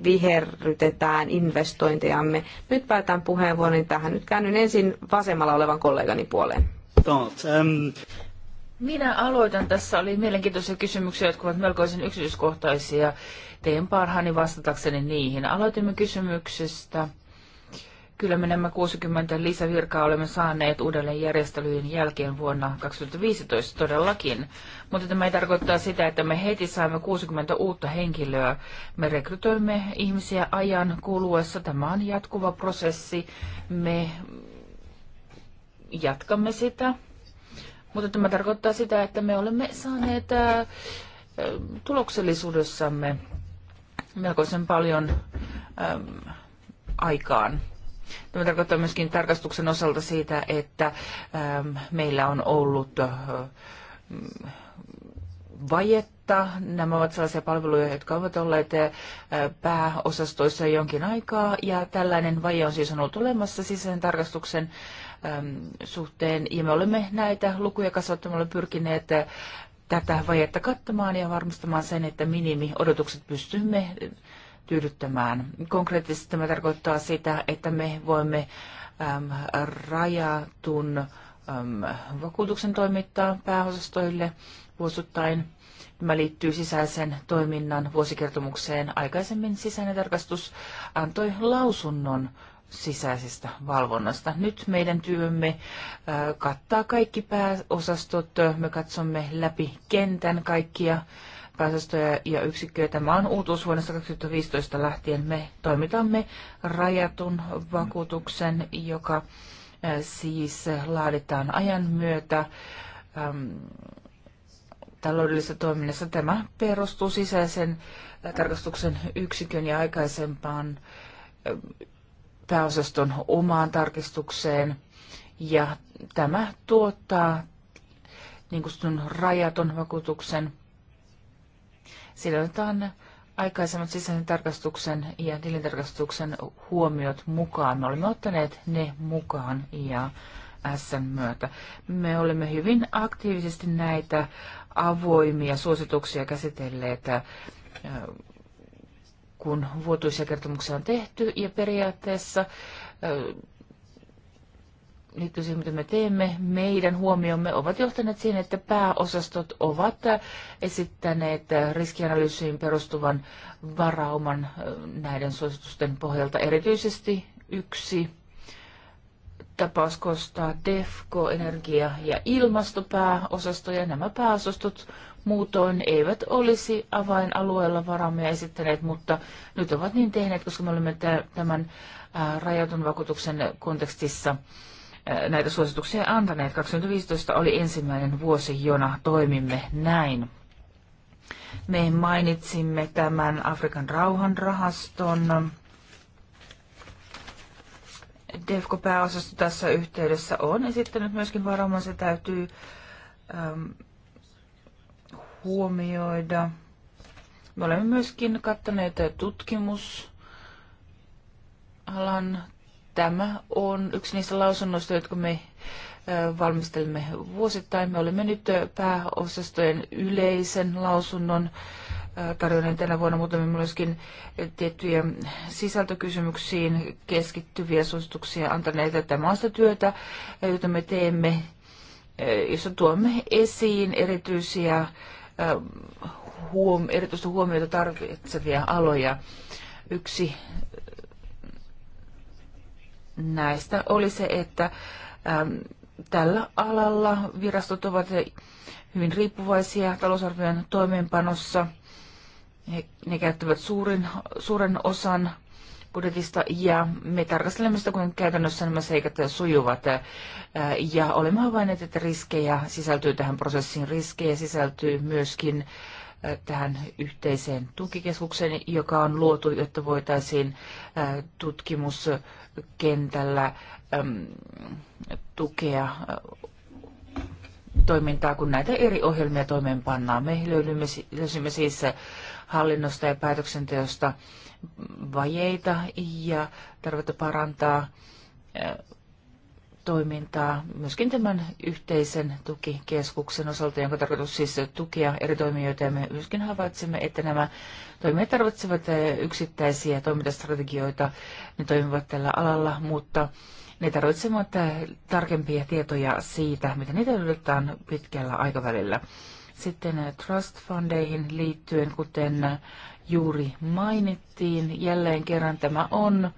viherrytetään investointejamme. Nyt päätän puheenvuoron tähän. Nyt käännyn ensin vasemmalla olevan kollegani puoleen. Um. Minä aloitan. Tässä oli mielenkiintoisia kysymyksiä, jotka ovat melkoisen yksityiskohtaisia. Teen parhaani vastatakseni niihin. Aloitimme kysymyksestä Kyllä me nämä 60 lisävirkaa olemme saaneet uudelleen järjestelyyn jälkeen vuonna 2015 todellakin, mutta tämä ei tarkoittaa sitä, että me heti saamme 60 uutta henkilöä. Me rekrytoimme ihmisiä ajan kuluessa. Tämä on jatkuva prosessi. Me jatkamme sitä, mutta tämä tarkoittaa sitä, että me olemme saaneet äh, tuloksellisuudessamme melkoisen paljon äm, aikaan. Tämä tarkoittaa myöskin tarkastuksen osalta siitä, että ähm, meillä on ollut äh, mm, vajetta. Nämä ovat sellaisia palveluja, jotka ovat olleet äh, pääosastoissa jonkin aikaa, ja tällainen vaje on siis ollut olemassa sisäisen tarkastuksen ähm, suhteen, ja me olemme näitä lukuja kasvattamalla pyrkineet äh, tätä vajetta kattamaan ja varmistamaan sen, että minimi odotukset pystymme tyydyttämään. Konkreettisesti tämä tarkoittaa sitä, että me voimme äm, rajatun äm, vakuutuksen toimittaa pääosastoille vuosittain. Tämä liittyy sisäisen toiminnan vuosikertomukseen. Aikaisemmin sisäinen tarkastus antoi lausunnon sisäisestä valvonnasta. Nyt meidän työmme kattaa kaikki pääosastot. Me katsomme läpi kentän kaikkia pääosastoja ja yksikköjä. Tämä on uutuus vuodesta 2015 lähtien. Me toimitamme rajatun vakuutuksen, joka äh, siis laaditaan ajan myötä ähm, taloudellisessa toiminnassa. Tämä perustuu sisäisen äh, tarkastuksen yksikön ja aikaisempaan äh, pääosaston omaan tarkistukseen. Ja tämä tuottaa niin kutsutun rajaton vakuutuksen. Sillä otetaan aikaisemmat sisäisen tarkastuksen ja tilintarkastuksen huomiot mukaan. Me olemme ottaneet ne mukaan ja SN myötä. Me olemme hyvin aktiivisesti näitä avoimia suosituksia käsitelleet, äh, kun vuotuisia kertomuksia on tehty ja periaatteessa äh, liittyy siihen, mitä me teemme. Meidän huomiomme ovat johtaneet siihen, että pääosastot ovat esittäneet riskianalyysiin perustuvan varauman äh, näiden suositusten pohjalta. Erityisesti yksi tapaus kostaa DEFCO, energia- ja ilmastopääosasto, ja nämä pääosastot muutoin eivät olisi avainalueella varaamia esittäneet, mutta nyt ovat niin tehneet, koska me olemme tämän äh, rajatun vakuutuksen kontekstissa näitä suosituksia antaneet. 2015 oli ensimmäinen vuosi, jona toimimme näin. Me mainitsimme tämän Afrikan rauhanrahaston. DEFCO-pääosasto tässä yhteydessä on esittänyt myöskin varauman, se täytyy ähm, huomioida. Me olemme myöskin kattaneet tutkimusalan Tämä on yksi niistä lausunnoista, jotka me valmistelemme vuosittain. Me olemme nyt pääosastojen yleisen lausunnon tarjonneet tänä vuonna, mutta me myöskin tiettyjä sisältökysymyksiin keskittyviä suosituksia antaneita Tämä on sitä työtä, jota me teemme, jossa tuomme esiin erityisiä huom- erityistä huomiota tarvitsevia aloja. Yksi näistä oli se, että äm, tällä alalla virastot ovat hyvin riippuvaisia talousarvion toimeenpanossa. He, ne käyttävät suurin, suuren osan budjetista ja me tarkastelemme sitä, kun käytännössä nämä seikat sujuvat. Ja olemme havainneet, että riskejä sisältyy tähän prosessiin, riskejä sisältyy myöskin tähän yhteiseen tukikeskukseen, joka on luotu, jotta voitaisiin tutkimus- kentällä tukea äh, toimintaa, kun näitä eri ohjelmia toimeenpannaan. Me löydymme, löysimme siis äh, hallinnosta ja päätöksenteosta vajeita ja tarvetta parantaa äh, toimintaa myöskin tämän yhteisen tukikeskuksen osalta, jonka tarkoitus siis tukea eri toimijoita. Ja me myöskin havaitsemme, että nämä toimijat tarvitsevat eh, yksittäisiä toimintastrategioita. Ne toimivat tällä alalla, mutta ne tarvitsevat eh, tarkempia tietoja siitä, mitä niitä yritetään pitkällä aikavälillä. Sitten eh, trust fundeihin liittyen, kuten juuri mainittiin, jälleen kerran tämä on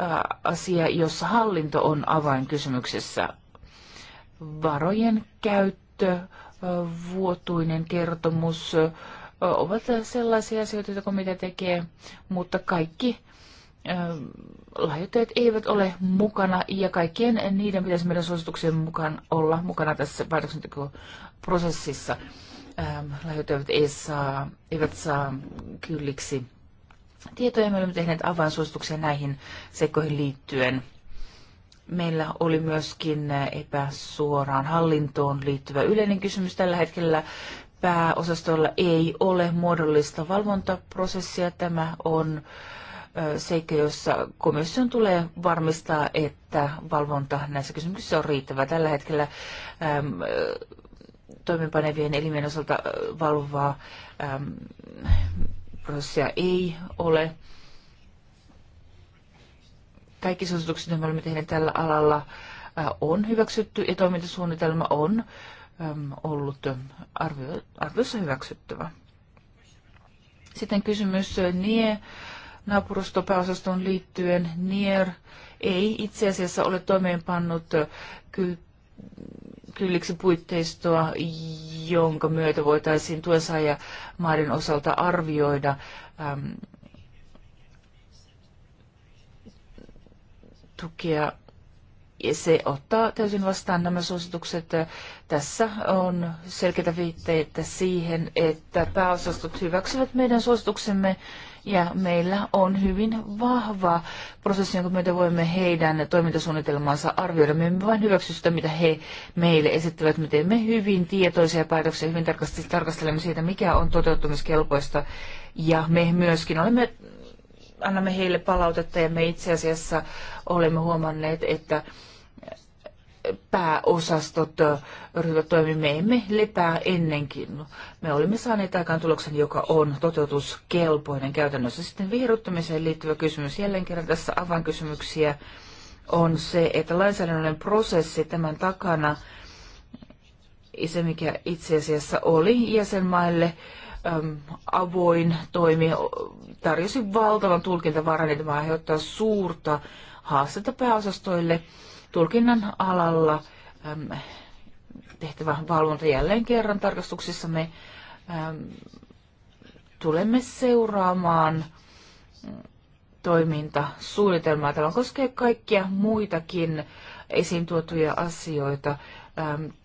Äh, asia, jossa hallinto on avainkysymyksessä. Varojen käyttö, äh, vuotuinen kertomus äh, ovat sellaisia asioita, joita komitea tekee, mutta kaikki lahjoittajat eivät ole mukana ja kaikkien niiden pitäisi meidän suosituksien mukaan olla mukana tässä päätöksentekoprosessissa. Ähm, lahjoittajat eivät saa, eivät saa kylliksi tietoja. Me olemme tehneet avainsuosituksia näihin sekoihin liittyen. Meillä oli myöskin epäsuoraan hallintoon liittyvä yleinen kysymys. Tällä hetkellä pääosastolla ei ole muodollista valvontaprosessia. Tämä on seikka, jossa komission tulee varmistaa, että valvonta näissä kysymyksissä on riittävä. Tällä hetkellä äm, toimenpanevien elimien osalta valvovaa äm, prosessia ei ole. Kaikki suositukset, joita me olemme tehneet tällä alalla, äh, on hyväksytty ja toimintasuunnitelma on ähm, ollut ähm, arvio, arviossa hyväksyttävä. Sitten kysymys äh, NIE naapurustopääosastoon liittyen. NIER ei itse asiassa ole toimeenpannut äh, kylliksi puitteistoa, jonka myötä voitaisiin tuensaajamaiden osalta arvioida äm, tukea. Ja se ottaa täysin vastaan nämä suositukset. Tässä on selkeitä viitteitä siihen, että pääosastot hyväksyvät meidän suosituksemme ja meillä on hyvin vahva prosessi, jonka myötä voimme heidän toimintasuunnitelmansa arvioida. Me emme vain hyväksy sitä, mitä he meille esittävät. Me teemme hyvin tietoisia päätöksiä, hyvin tarkasti tarkastelemme siitä, mikä on toteuttamiskelpoista. Ja me myöskin olemme, annamme heille palautetta ja me itse asiassa olemme huomanneet, että pääosastot ryhtyvät toimimaan. Me emme lepää ennenkin. Me olimme saaneet aikaan tuloksen, joka on toteutuskelpoinen käytännössä. Sitten viheruttamiseen liittyvä kysymys. Jälleen kerran tässä avainkysymyksiä on se, että lainsäädännön prosessi tämän takana, se mikä itse asiassa oli jäsenmaille, avoin toimi tarjosi valtavan tulkintavaran, että aiheuttaa suurta haastetta pääosastoille tulkinnan alalla tehtävä valvonta jälleen kerran tarkastuksissa me tulemme seuraamaan mm, toimintasuunnitelmaa. Tämä koskee kaikkia muitakin esiin tuotuja asioita.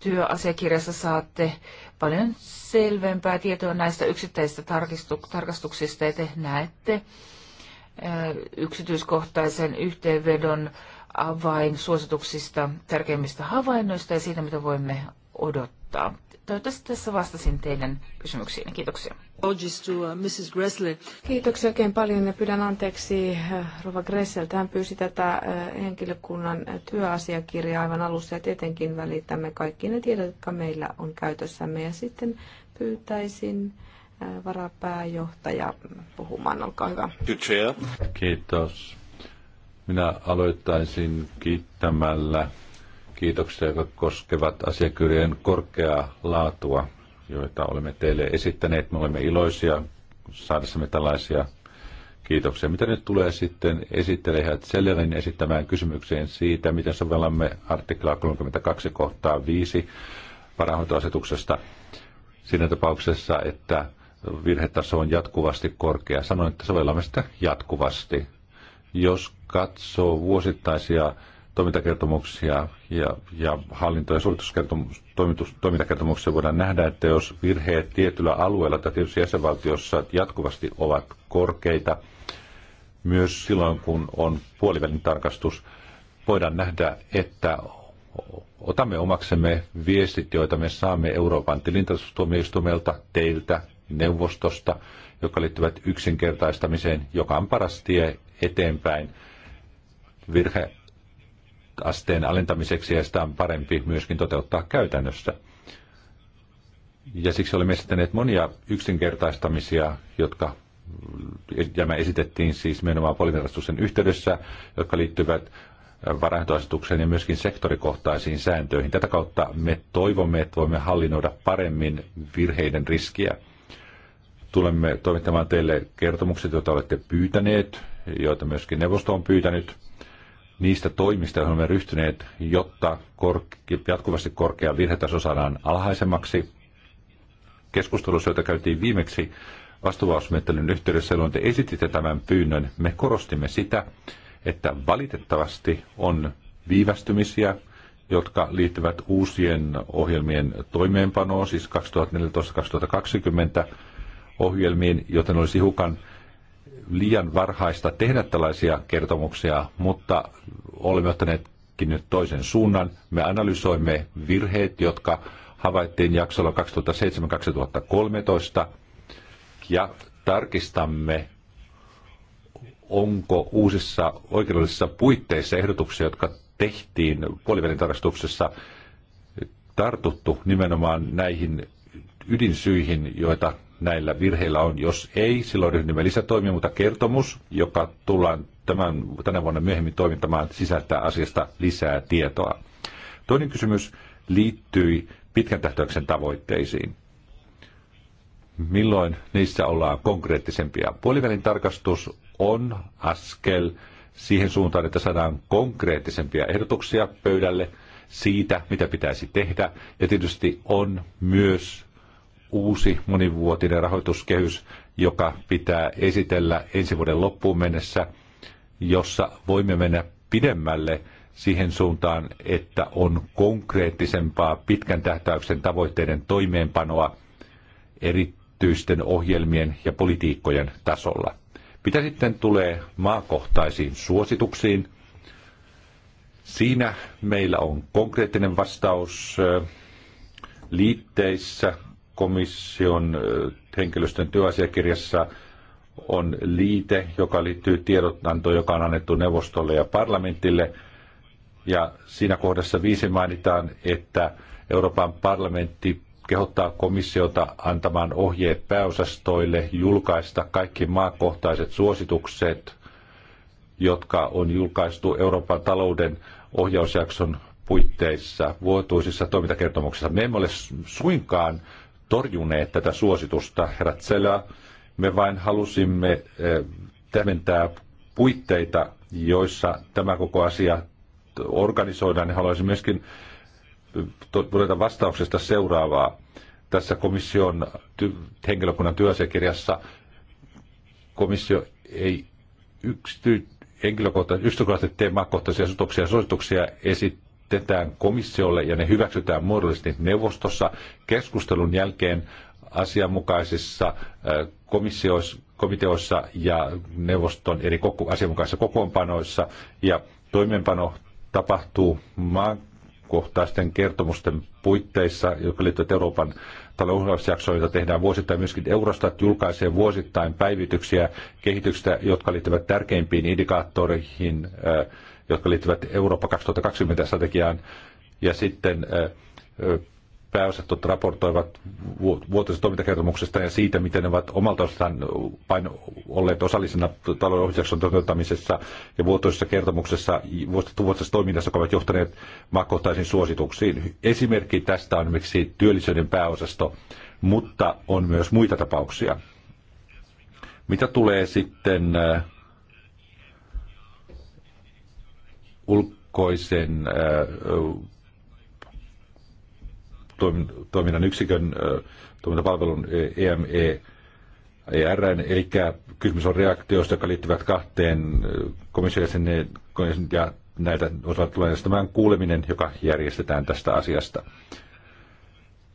Työasiakirjassa saatte paljon selvempää tietoa näistä yksittäisistä tarkastuksista ja te näette yksityiskohtaisen yhteenvedon avainsuosituksista, tärkeimmistä havainnoista ja siitä, mitä voimme odottaa. Toivottavasti tässä vastasin teidän kysymyksiin. Kiitoksia. Uh, Kiitoksia oikein paljon ja pyydän anteeksi uh, Rova Gressel. Hän pyysi tätä uh, henkilökunnan työasiakirjaa aivan alussa ja tietenkin välitämme kaikki ne tiedot, jotka meillä on käytössämme. Ja sitten pyytäisin varapääjohtaja puhumaan. Olkaa hyvä. Kiitos minä aloittaisin kiittämällä kiitoksia, jotka koskevat asiakirjojen korkeaa laatua, joita olemme teille esittäneet. Me olemme iloisia saadessamme tällaisia kiitoksia. Mitä nyt tulee sitten esittelejät Sellerin esittämään kysymykseen siitä, miten sovellamme artiklaa 32 kohtaa 5 varainhoitoasetuksesta siinä tapauksessa, että virhetaso on jatkuvasti korkea. Sanoin, että sovellamme sitä jatkuvasti. Jos katsoo vuosittaisia toimintakertomuksia ja, ja hallinto- ja toimintakertomuksia voidaan nähdä, että jos virheet tietyllä alueella tai tietyssä jäsenvaltiossa jatkuvasti ovat korkeita, myös silloin kun on puolivälin tarkastus, voidaan nähdä, että otamme omaksemme viestit, joita me saamme Euroopan tilintarkastustuomioistuimelta, teiltä, neuvostosta, jotka liittyvät yksinkertaistamiseen, joka on paras tie eteenpäin – virheasteen alentamiseksi ja sitä on parempi myöskin toteuttaa käytännössä. Ja siksi olemme esittäneet monia yksinkertaistamisia, jotka ja me esitettiin siis menomaan poliivirastuksen yhteydessä, jotka liittyvät varainhoitoasetukseen ja myöskin sektorikohtaisiin sääntöihin. Tätä kautta me toivomme, että voimme hallinnoida paremmin virheiden riskiä. Tulemme toimittamaan teille kertomukset, joita olette pyytäneet, joita myöskin neuvosto on pyytänyt niistä toimista, joihin olemme ryhtyneet, jotta korke- jatkuvasti korkea virhetaso saadaan alhaisemmaksi. Keskustelussa, jota käytiin viimeksi vastuvausmenettelyn yhteydessä, jolloin te esititte tämän pyynnön, me korostimme sitä, että valitettavasti on viivästymisiä, jotka liittyvät uusien ohjelmien toimeenpanoon, siis 2014-2020 ohjelmiin, joten olisi hukan liian varhaista tehdä tällaisia kertomuksia, mutta olemme ottaneetkin nyt toisen suunnan. Me analysoimme virheet, jotka havaittiin jaksolla 2007-2013 ja tarkistamme, onko uusissa oikeudellisissa puitteissa ehdotuksia, jotka tehtiin puolivälin tarkastuksessa, tartuttu nimenomaan näihin ydinsyihin, joita näillä virheillä on. Jos ei, silloin ryhdymme lisätoimia, mutta kertomus, joka tullaan tämän, tänä vuonna myöhemmin toimittamaan, sisältää asiasta lisää tietoa. Toinen kysymys liittyi pitkän tähtäyksen tavoitteisiin. Milloin niissä ollaan konkreettisempia? Puolivälin tarkastus on askel siihen suuntaan, että saadaan konkreettisempia ehdotuksia pöydälle siitä, mitä pitäisi tehdä. Ja tietysti on myös uusi monivuotinen rahoituskehys, joka pitää esitellä ensi vuoden loppuun mennessä, jossa voimme mennä pidemmälle siihen suuntaan, että on konkreettisempaa pitkän tähtäyksen tavoitteiden toimeenpanoa erityisten ohjelmien ja politiikkojen tasolla. Mitä sitten tulee maakohtaisiin suosituksiin? Siinä meillä on konkreettinen vastaus liitteissä komission henkilöstön työasiakirjassa on liite, joka liittyy tiedotantoon, joka on annettu neuvostolle ja parlamentille. Ja siinä kohdassa viisi mainitaan, että Euroopan parlamentti kehottaa komissiota antamaan ohjeet pääosastoille julkaista kaikki maakohtaiset suositukset, jotka on julkaistu Euroopan talouden ohjausjakson puitteissa vuotuisissa toimintakertomuksissa. Me emme ole suinkaan torjuneet tätä suositusta, Ratselä. Me vain halusimme eh, täventää puitteita, joissa tämä koko asia organisoidaan, niin haluaisin myöskin eh, todeta vastauksesta seuraavaa. Tässä komission ty- henkilökunnan työasiakirjassa komissio ei yksity, henkilökohtaisesti, yksityiskohtaisesti tee maakohtaisia suosituksia, esittää esit, esitetään komissiolle ja ne hyväksytään muodollisesti neuvostossa keskustelun jälkeen asianmukaisissa komiteoissa ja neuvoston eri asianmukaisissa kokoonpanoissa ja toimeenpano tapahtuu maankohtaisten kertomusten puitteissa, jotka liittyvät Euroopan talousohjausjaksoon, jota tehdään vuosittain. Myöskin Eurostat julkaisee vuosittain päivityksiä kehityksistä, jotka liittyvät tärkeimpiin indikaattoreihin jotka liittyvät Eurooppa 2020-strategiaan. Ja sitten pääosastot raportoivat vuotuisesta toimintakertomuksesta ja siitä, miten ne ovat omalta osaltaan vain olleet osallisena talouden ohjauksen toteuttamisessa ja vuotuisessa kertomuksessa vuotuisessa toiminnassa, jotka ovat johtaneet maakohtaisiin suosituksiin. Esimerkki tästä on miksi työllisyyden pääosasto, mutta on myös muita tapauksia. Mitä tulee sitten ulkoisen äh, toiminnan yksikön äh, toimintapalvelun EME ER, e, e eli kysymys on reaktioista, jotka liittyvät kahteen äh, komissiojäsenen ja näitä osalta tulee järjestämään kuuleminen, joka järjestetään tästä asiasta.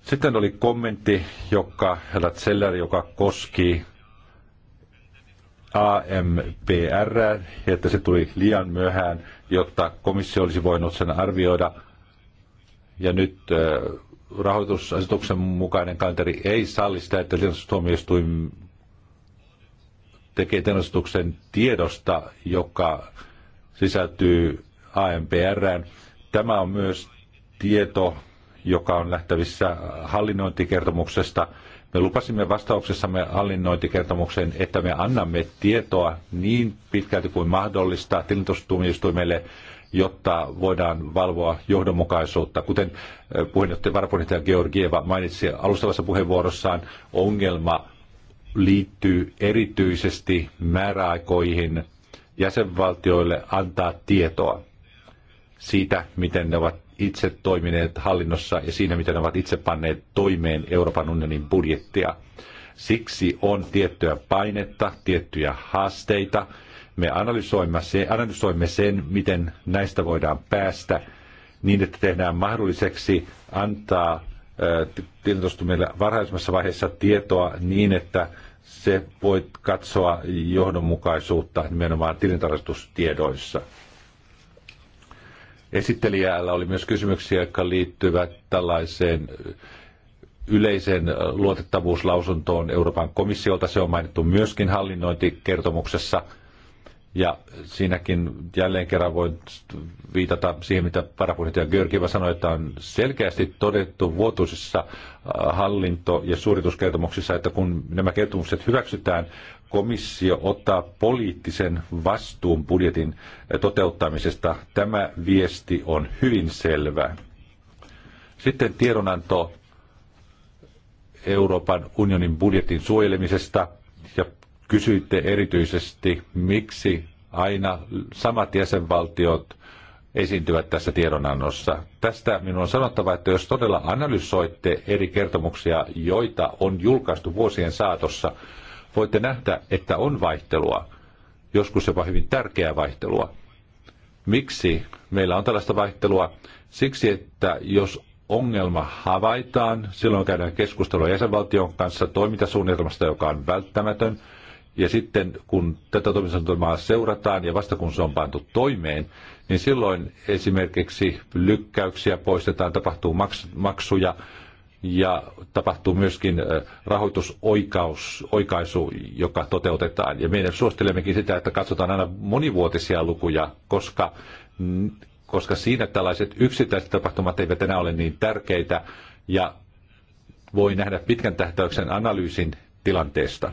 Sitten oli kommentti, joka Latseller, joka koski AMPR, että se tuli liian myöhään jotta komissio olisi voinut sen arvioida. Ja nyt rahoitusasetuksen mukainen kanteri ei salli sitä, että tuomioistuin tekee tiedostuksen tiedosta, joka sisältyy AMPRään. Tämä on myös tieto, joka on lähtevissä hallinnointikertomuksesta – me lupasimme vastauksessamme hallinnointikertomukseen, että me annamme tietoa niin pitkälti kuin mahdollista tilintostuomioistuimelle, jotta voidaan valvoa johdonmukaisuutta. Kuten puheenjohtaja varapuheenjohtaja Georgieva mainitsi alustavassa puheenvuorossaan, ongelma liittyy erityisesti määräaikoihin jäsenvaltioille antaa tietoa siitä, miten ne ovat itse toimineet hallinnossa ja siinä, miten ne ovat itse panneet toimeen Euroopan unionin budjettia. Siksi on tiettyä painetta, tiettyjä haasteita. Me analysoimme, se, analysoimme sen, miten näistä voidaan päästä niin, että tehdään mahdolliseksi antaa tilintustumille varhaisemmassa vaiheessa tietoa niin, että se voi katsoa johdonmukaisuutta nimenomaan tilintarkastustiedoissa. Esittelijällä oli myös kysymyksiä, jotka liittyvät tällaiseen yleiseen luotettavuuslausuntoon Euroopan komissiolta. Se on mainittu myöskin hallinnointikertomuksessa. Ja siinäkin jälleen kerran voin viitata siihen, mitä varapuheenjohtaja Georgieva sanoi, että on selkeästi todettu vuotuisissa äh, hallinto- ja suorituskertomuksissa, että kun nämä kertomukset hyväksytään, komissio ottaa poliittisen vastuun budjetin toteuttamisesta. Tämä viesti on hyvin selvä. Sitten tiedonanto Euroopan unionin budjetin suojelemisesta ja kysyitte erityisesti, miksi aina samat jäsenvaltiot esiintyvät tässä tiedonannossa. Tästä minun on sanottava, että jos todella analysoitte eri kertomuksia, joita on julkaistu vuosien saatossa, voitte nähdä, että on vaihtelua, joskus jopa hyvin tärkeää vaihtelua. Miksi meillä on tällaista vaihtelua? Siksi, että jos ongelma havaitaan, silloin käydään keskustelua jäsenvaltion kanssa toimintasuunnitelmasta, joka on välttämätön, ja sitten kun tätä toimintasuunnitelmaa seurataan ja vasta kun se on pantu toimeen, niin silloin esimerkiksi lykkäyksiä poistetaan, tapahtuu maksuja, ja tapahtuu myöskin rahoitusoikaisu, joka toteutetaan. Ja meidän suosittelemmekin sitä, että katsotaan aina monivuotisia lukuja, koska, koska siinä tällaiset yksittäiset tapahtumat eivät enää ole niin tärkeitä ja voi nähdä pitkän tähtäyksen analyysin tilanteesta.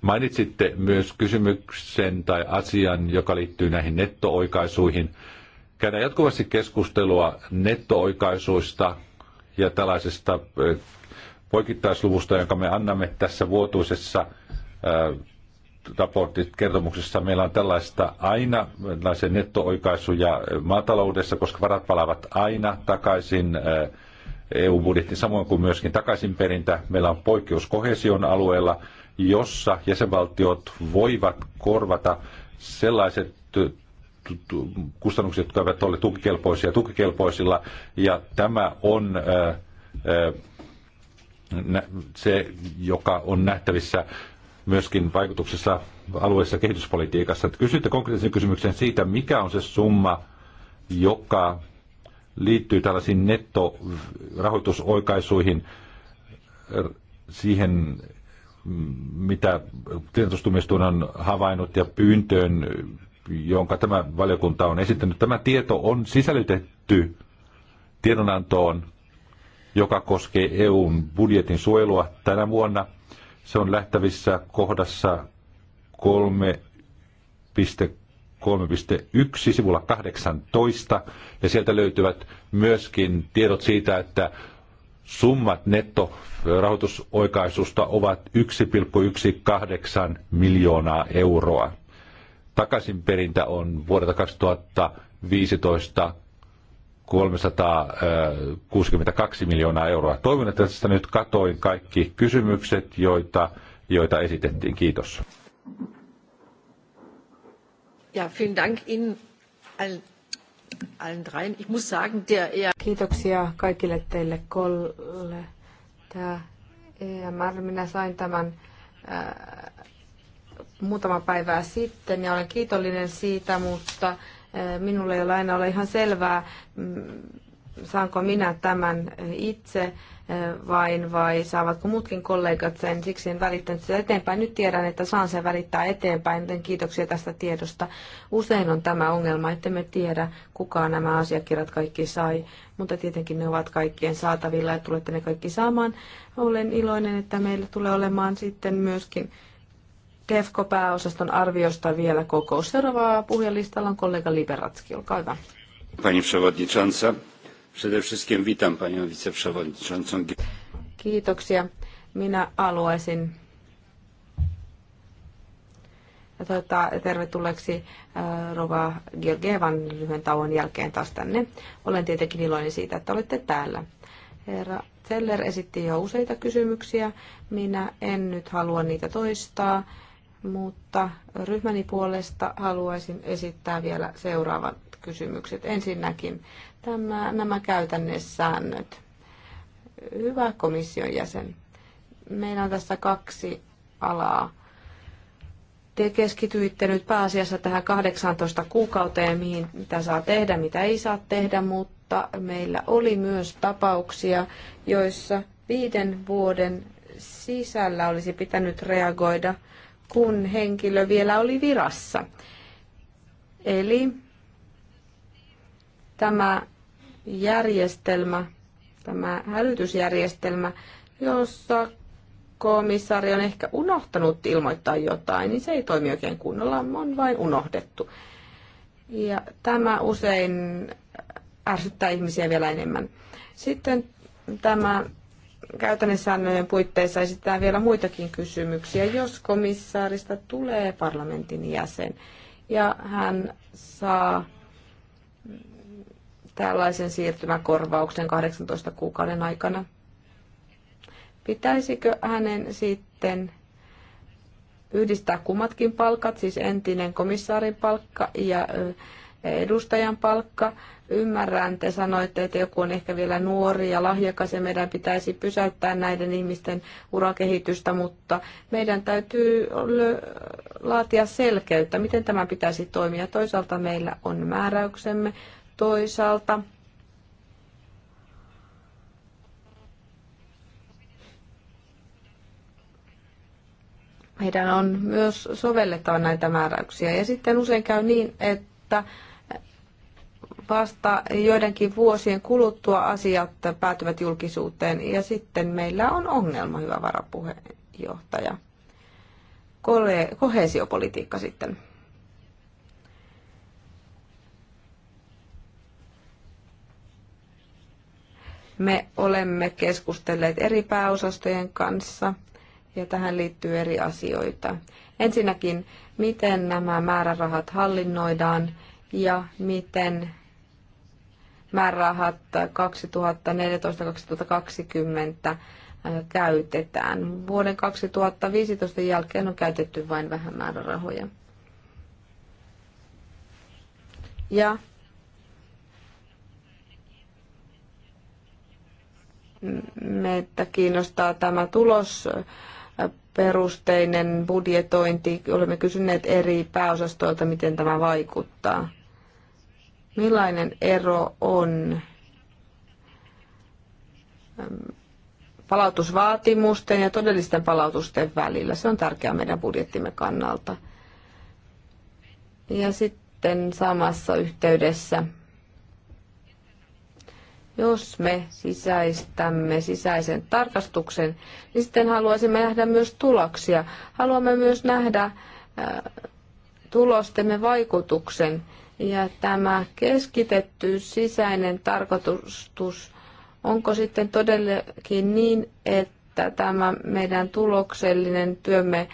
Mainitsitte myös kysymyksen tai asian, joka liittyy näihin nettooikaisuihin. Käydään jatkuvasti keskustelua nettooikaisuista ja tällaisesta poikittaisluvusta, jonka me annamme tässä vuotuisessa raportit kertomuksessa meillä on tällaista aina, tällaisia netto-oikaisuja maataloudessa, koska varat palaavat aina takaisin EU-budjetti, samoin kuin myöskin takaisinperintä. Meillä on poikkeus kohesion alueella, jossa jäsenvaltiot voivat korvata sellaiset kustannuksia, jotka eivät ole tukikelpoisia tukikelpoisilla. Ja tämä on se, joka on nähtävissä myöskin vaikutuksessa alueessa kehityspolitiikassa. Kysytte konkreettisen kysymyksen siitä, mikä on se summa, joka liittyy tällaisiin nettorahoitusoikaisuihin siihen, mitä tietostumistuun on havainnut ja pyyntöön jonka tämä valiokunta on esittänyt. Tämä tieto on sisällytetty tiedonantoon, joka koskee EUn budjetin suojelua tänä vuonna. Se on lähtävissä kohdassa 3.3.1 sivulla 18, ja sieltä löytyvät myöskin tiedot siitä, että summat netto rahoitusoikaisusta ovat 1,18 miljoonaa euroa takaisinperintä on vuodelta 2015 362 miljoonaa euroa. Toivon, että tästä nyt katoin kaikki kysymykset, joita, joita esitettiin. Kiitos. Ja, vielen Dank Ihnen allen dreien. Ich muss sagen, der ER... Kiitoksia kaikille teille kolle. Tämä EMR, minä sain tämän äh, muutama päivää sitten ja olen kiitollinen siitä, mutta eh, minulle ei ole aina ole ihan selvää, mm, saanko minä tämän itse eh, vain vai saavatko muutkin kollegat sen. Siksi en välittänyt sitä eteenpäin. Nyt tiedän, että saan sen välittää eteenpäin, joten kiitoksia tästä tiedosta. Usein on tämä ongelma, että me tiedä, kuka nämä asiakirjat kaikki sai, mutta tietenkin ne ovat kaikkien saatavilla ja tulette ne kaikki saamaan. Olen iloinen, että meillä tulee olemaan sitten myöskin KEFKO-pääosaston arviosta vielä kokous. Seuraavaa puhujalistalla on kollega Liberatski, olkaa hyvä. Pani przewodnicząca, przede wszystkim witam panią wiceprzewodniczącą. Kiitoksia. Minä haluaisin tuota, tervetulleeksi äh, Rova Georgievan lyhyen tauon jälkeen taas tänne. Olen tietenkin iloinen siitä, että olette täällä. Herra Zeller esitti jo useita kysymyksiä. Minä en nyt halua niitä toistaa mutta ryhmäni puolesta haluaisin esittää vielä seuraavat kysymykset. Ensinnäkin tämä, nämä käytännessäännöt. Hyvä komission jäsen. Meillä on tässä kaksi alaa. Te keskityitte nyt pääasiassa tähän 18 kuukauteen, mihin mitä saa tehdä, mitä ei saa tehdä, mutta meillä oli myös tapauksia, joissa viiden vuoden sisällä olisi pitänyt reagoida – kun henkilö vielä oli virassa. Eli tämä järjestelmä, tämä hälytysjärjestelmä, jossa komissaari on ehkä unohtanut ilmoittaa jotain, niin se ei toimi oikein kunnolla, on vain unohdettu. Ja tämä usein ärsyttää ihmisiä vielä enemmän. Sitten tämä käytännön säännöjen puitteissa esitetään vielä muitakin kysymyksiä, jos komissaarista tulee parlamentin jäsen ja hän saa tällaisen siirtymäkorvauksen 18 kuukauden aikana. Pitäisikö hänen sitten yhdistää kummatkin palkat, siis entinen komissaarin palkka ja edustajan palkka, Ymmärrän, te sanoitte, että joku on ehkä vielä nuori ja lahjakas ja meidän pitäisi pysäyttää näiden ihmisten urakehitystä, mutta meidän täytyy laatia selkeyttä, miten tämä pitäisi toimia. Toisaalta meillä on määräyksemme, toisaalta meidän on myös sovellettava näitä määräyksiä. Ja sitten usein käy niin, että vasta joidenkin vuosien kuluttua asiat päätyvät julkisuuteen ja sitten meillä on ongelma, hyvä varapuheenjohtaja. Kohesiopolitiikka sitten. Me olemme keskustelleet eri pääosastojen kanssa ja tähän liittyy eri asioita. Ensinnäkin, miten nämä määrärahat hallinnoidaan ja miten määrärahat 2014-2020 äh, käytetään. Vuoden 2015 jälkeen on käytetty vain vähän määrärahoja. Ja meitä kiinnostaa tämä tulos perusteinen budjetointi. Olemme kysyneet eri pääosastoilta, miten tämä vaikuttaa millainen ero on ähm, palautusvaatimusten ja todellisten palautusten välillä. Se on tärkeää meidän budjettimme kannalta. Ja sitten samassa yhteydessä, jos me sisäistämme sisäisen tarkastuksen, niin sitten haluaisimme nähdä myös tuloksia. Haluamme myös nähdä äh, tulostemme vaikutuksen ja tämä keskitetty sisäinen tarkoitus, onko sitten todellakin niin, että tämä meidän tuloksellinen työmme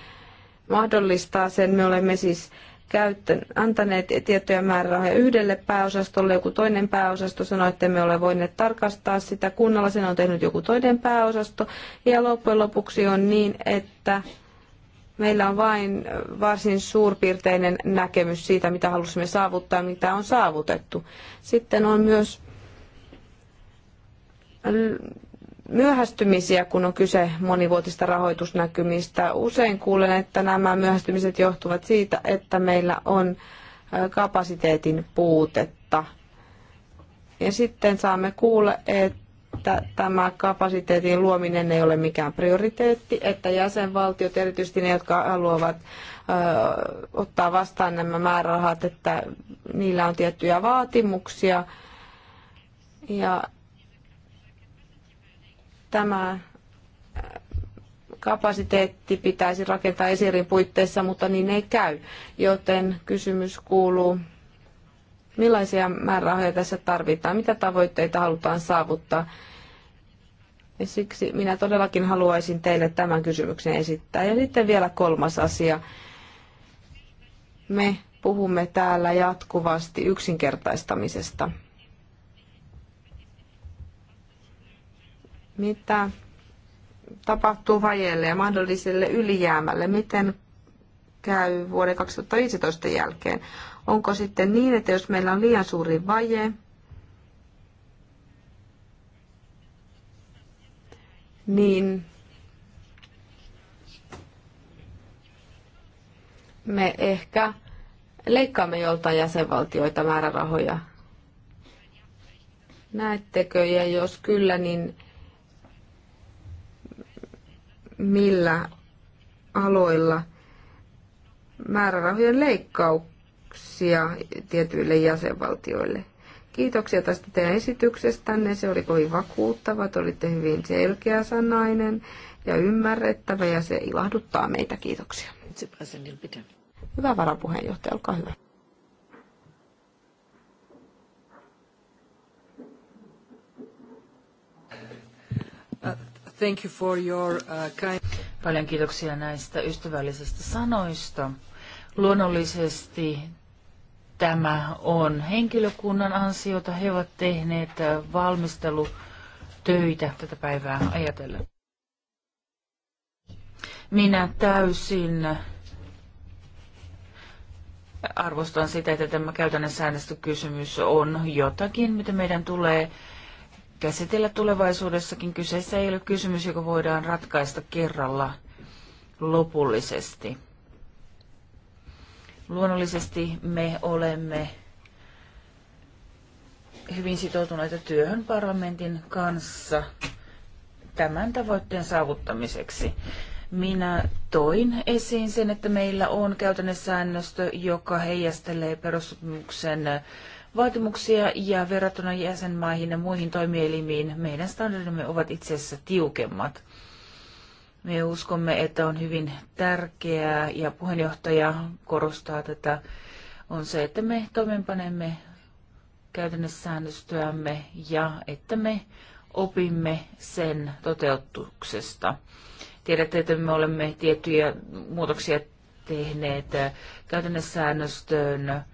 mahdollistaa sen, me olemme siis käyttön, antaneet tiettyjä määrärahoja yhdelle pääosastolle, joku toinen pääosasto sanoi, että me ole voineet tarkastaa sitä kunnalla sen on tehnyt joku toinen pääosasto. Ja loppujen lopuksi on niin, että Meillä on vain äh, varsin suurpiirteinen näkemys siitä, mitä halusimme saavuttaa ja mitä on saavutettu. Sitten on myös myöhästymisiä, kun on kyse monivuotista rahoitusnäkymistä. Usein kuulen, että nämä myöhästymiset johtuvat siitä, että meillä on äh, kapasiteetin puutetta. Ja sitten saamme kuulla, että että tämä kapasiteetin luominen ei ole mikään prioriteetti, että jäsenvaltiot, erityisesti ne, jotka haluavat ottaa vastaan nämä määrärahat, että niillä on tiettyjä vaatimuksia. Ja tämä kapasiteetti pitäisi rakentaa esirin puitteissa, mutta niin ei käy. Joten kysymys kuuluu, millaisia määrärahoja tässä tarvitaan, mitä tavoitteita halutaan saavuttaa. Ja siksi minä todellakin haluaisin teille tämän kysymyksen esittää. Ja sitten vielä kolmas asia. Me puhumme täällä jatkuvasti yksinkertaistamisesta. Mitä tapahtuu vajeelle ja mahdolliselle ylijäämälle? Miten käy vuoden 2015 jälkeen? Onko sitten niin, että jos meillä on liian suuri vaje, niin me ehkä leikkaamme joltain jäsenvaltioita määrärahoja. Näettekö, ja jos kyllä, niin millä aloilla määrärahojen leikkauksia tietyille jäsenvaltioille? Kiitoksia tästä teidän esityksestänne. Se oli kovin vakuuttava. Te olitte hyvin selkeäsanainen ja ymmärrettävä ja se ilahduttaa meitä. Kiitoksia. Hyvä varapuheenjohtaja, olkaa hyvä. Thank you for your, uh, kind... Paljon kiitoksia näistä ystävällisistä sanoista. Luonnollisesti tämä on henkilökunnan ansiota. He ovat tehneet äh, valmistelutöitä tätä päivää ajatellen. Minä täysin arvostan sitä, että tämä käytännön säännöstökysymys on jotakin, mitä meidän tulee käsitellä tulevaisuudessakin. Kyseessä ei ole kysymys, joka voidaan ratkaista kerralla lopullisesti. Luonnollisesti me olemme hyvin sitoutuneita työhön parlamentin kanssa tämän tavoitteen saavuttamiseksi. Minä toin esiin sen, että meillä on käytännön säännöstö, joka heijastelee perussopimuksen vaatimuksia ja verrattuna jäsenmaihin ja muihin toimielimiin meidän standardimme ovat itse asiassa tiukemmat. Me uskomme, että on hyvin tärkeää, ja puheenjohtaja korostaa tätä, on se, että me toimeenpanemme käytännössä säännöstöämme ja että me opimme sen toteutuksesta. Tiedätte, että me olemme tiettyjä muutoksia tehneet käytännössä säännöstöön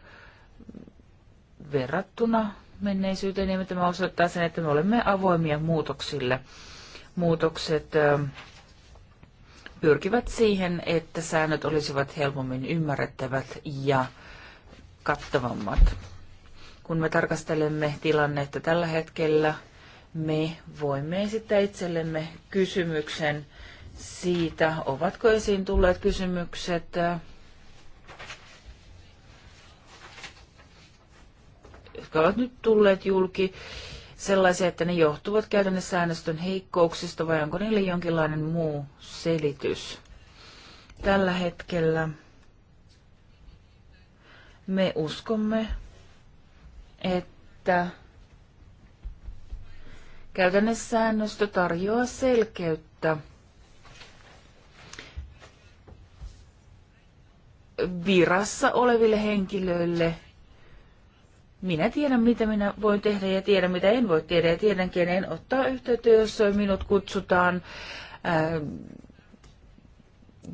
verrattuna menneisyyteen, ja tämä osoittaa sen, että me olemme avoimia muutoksille. Muutokset pyrkivät siihen, että säännöt olisivat helpommin ymmärrettävät ja kattavammat. Kun me tarkastelemme tilannetta tällä hetkellä, me voimme esittää itsellemme kysymyksen siitä, ovatko esiin tulleet kysymykset jotka ovat nyt tulleet julki, sellaisia, että ne johtuvat käytännössä säännöstön heikkouksista vai onko niille jonkinlainen muu selitys? Tällä hetkellä me uskomme, että käytännössä säännöstö tarjoaa selkeyttä virassa oleville henkilöille – minä tiedän, mitä minä voin tehdä ja tiedän, mitä en voi tehdä ja tiedän, kenen ottaa yhteyttä, jos minut kutsutaan ää, äh,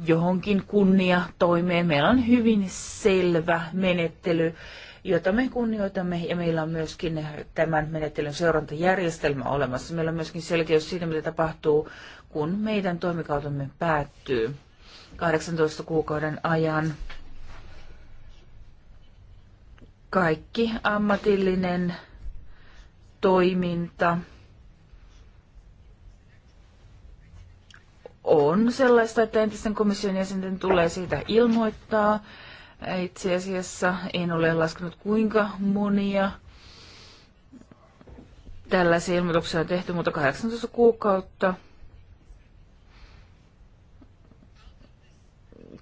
johonkin kunnia toimeen. Meillä on hyvin selvä menettely, jota me kunnioitamme ja meillä on myöskin tämän menettelyn seurantajärjestelmä olemassa. Meillä on myöskin selkeys siitä, mitä tapahtuu, kun meidän toimikautemme päättyy 18 kuukauden ajan kaikki ammatillinen toiminta on sellaista, että entisten komission jäsenten tulee siitä ilmoittaa. Itse asiassa en ole laskenut kuinka monia tällaisia ilmoituksia on tehty, mutta 18 kuukautta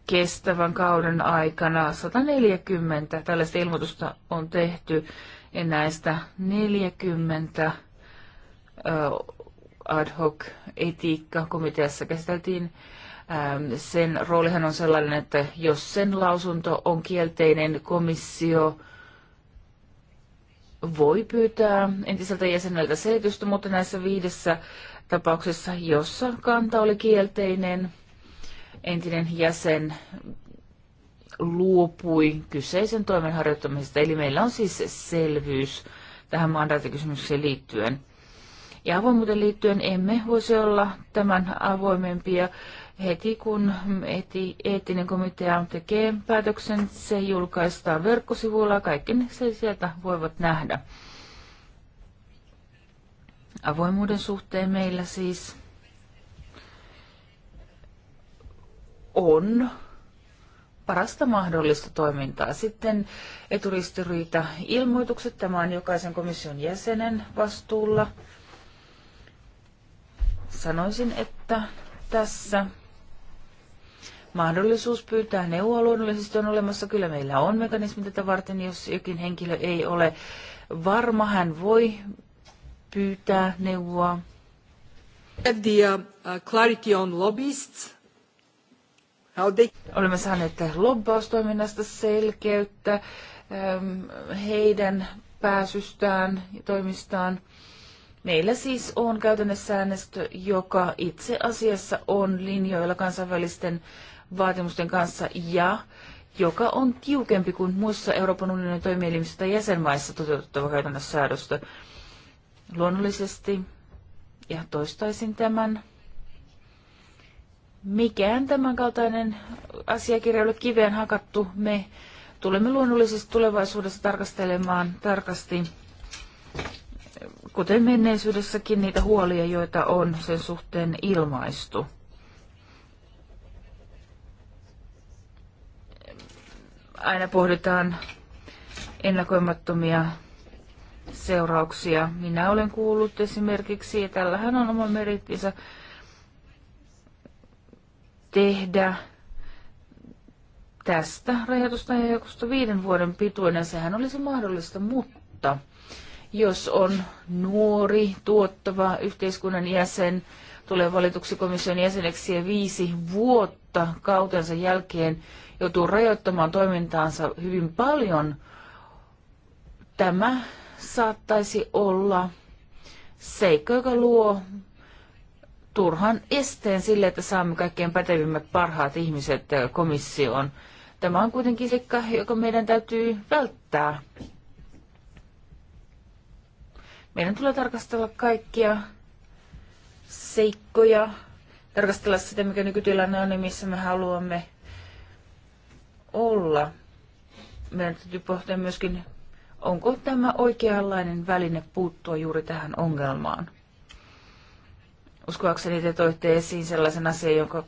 kestävän kauden aikana 140 tällaista ilmoitusta on tehty ja näistä 40 ad hoc etiikkakomiteassa käsiteltiin. Ähm, sen roolihan on sellainen, että jos sen lausunto on kielteinen, komissio voi pyytää entiseltä jäseneltä selitystä, mutta näissä viidessä tapauksessa, jossa kanta oli kielteinen, entinen jäsen luopui kyseisen toimen harjoittamisesta. Eli meillä on siis selvyys tähän mandaattikysymykseen liittyen. Ja avoimuuteen liittyen emme voisi olla tämän avoimempia. Heti kun eti, eettinen komitea tekee päätöksen, se julkaistaan verkkosivuilla. Kaikki se sieltä voivat nähdä. Avoimuuden suhteen meillä siis on parasta mahdollista toimintaa. Sitten eturistiriita ilmoitukset, tämä on jokaisen komission jäsenen vastuulla. Sanoisin, että tässä mahdollisuus pyytää neuvoa luonnollisesti on olemassa. Kyllä meillä on mekanismi tätä varten, jos jokin henkilö ei ole varma, hän voi pyytää neuvoa. The, uh, clarity on lobbyists Olemme saaneet lobbaustoiminnasta selkeyttä ähm, heidän pääsystään ja toimistaan. Meillä siis on käytännössä säännöstö, joka itse asiassa on linjoilla kansainvälisten vaatimusten kanssa ja joka on tiukempi kuin muissa Euroopan unionin toimielimissä tai jäsenmaissa toteutettava käytännössä säädöstö. Luonnollisesti, ja toistaisin tämän, mikään tämänkaltainen asiakirja ole kiveen hakattu. Me tulemme luonnollisesti tulevaisuudessa tarkastelemaan tarkasti, kuten menneisyydessäkin, niitä huolia, joita on sen suhteen ilmaistu. Aina pohditaan ennakoimattomia seurauksia. Minä olen kuullut esimerkiksi, ja tällähän on oma merittinsä, tehdä tästä rajoitusta jokusta viiden vuoden pituinen. Sehän olisi mahdollista, mutta jos on nuori, tuottava yhteiskunnan jäsen, tulee valituksi komission jäseneksi ja viisi vuotta kautensa jälkeen joutuu rajoittamaan toimintaansa hyvin paljon, tämä saattaisi olla seikka, joka luo turhan esteen sille, että saamme kaikkein pätevimmät parhaat ihmiset komissioon. Tämä on kuitenkin seikka, joka meidän täytyy välttää. Meidän tulee tarkastella kaikkia seikkoja, tarkastella sitä, mikä nykytilanne on ja missä me haluamme olla. Meidän täytyy pohtia myöskin, onko tämä oikeanlainen väline puuttua juuri tähän ongelmaan. Uskoakseni te toitte esiin sellaisen asian, jonka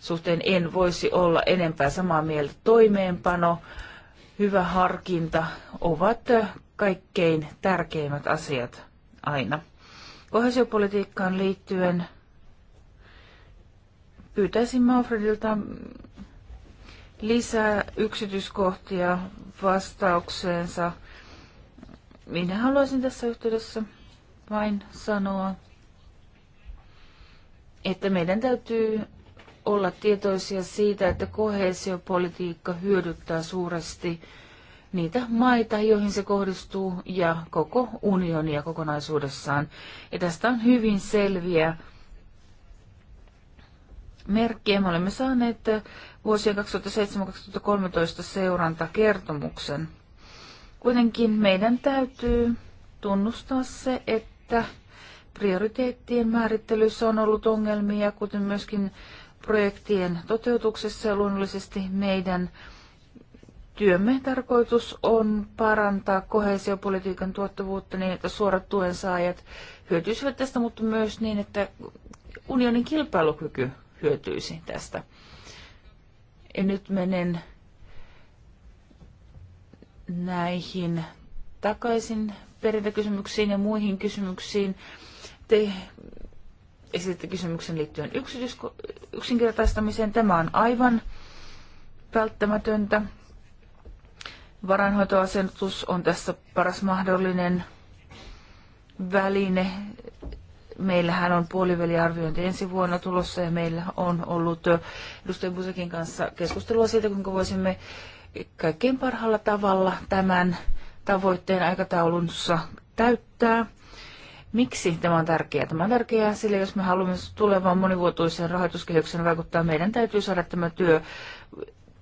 suhteen en voisi olla enempää samaa mieltä. Toimeenpano, hyvä harkinta ovat kaikkein tärkeimmät asiat aina. Kohesiopolitiikkaan liittyen pyytäisin Manfredilta lisää yksityiskohtia vastaukseensa. Minä haluaisin tässä yhteydessä vain sanoa, että meidän täytyy olla tietoisia siitä, että kohesiopolitiikka hyödyttää suuresti niitä maita, joihin se kohdistuu, ja koko unionia kokonaisuudessaan. Ja tästä on hyvin selviä merkkejä. Me olemme saaneet vuosien 2007-2013 seurantakertomuksen. Kuitenkin meidän täytyy tunnustaa se, että prioriteettien määrittelyssä on ollut ongelmia, kuten myöskin projektien toteutuksessa ja luonnollisesti meidän työmme tarkoitus on parantaa kohesiopolitiikan tuottavuutta niin, että suorat tuen saajat hyötyisivät tästä, mutta myös niin, että unionin kilpailukyky hyötyisi tästä. Ja nyt menen näihin takaisin perintäkysymyksiin ja muihin kysymyksiin. Te esititte kysymyksen liittyen yksityisko- yksinkertaistamiseen. Tämä on aivan välttämätöntä. Varainhoitoasetus on tässä paras mahdollinen väline. Meillähän on puoliväliarviointi ensi vuonna tulossa ja meillä on ollut edustaja Busekin kanssa keskustelua siitä, kuinka voisimme kaikkein parhaalla tavalla tämän tavoitteen aikataulunsa täyttää. Miksi tämä on tärkeää? Tämä on tärkeää, sillä jos me haluamme tulevaan monivuotuiseen rahoituskehykseen vaikuttaa, meidän täytyy saada tämä työ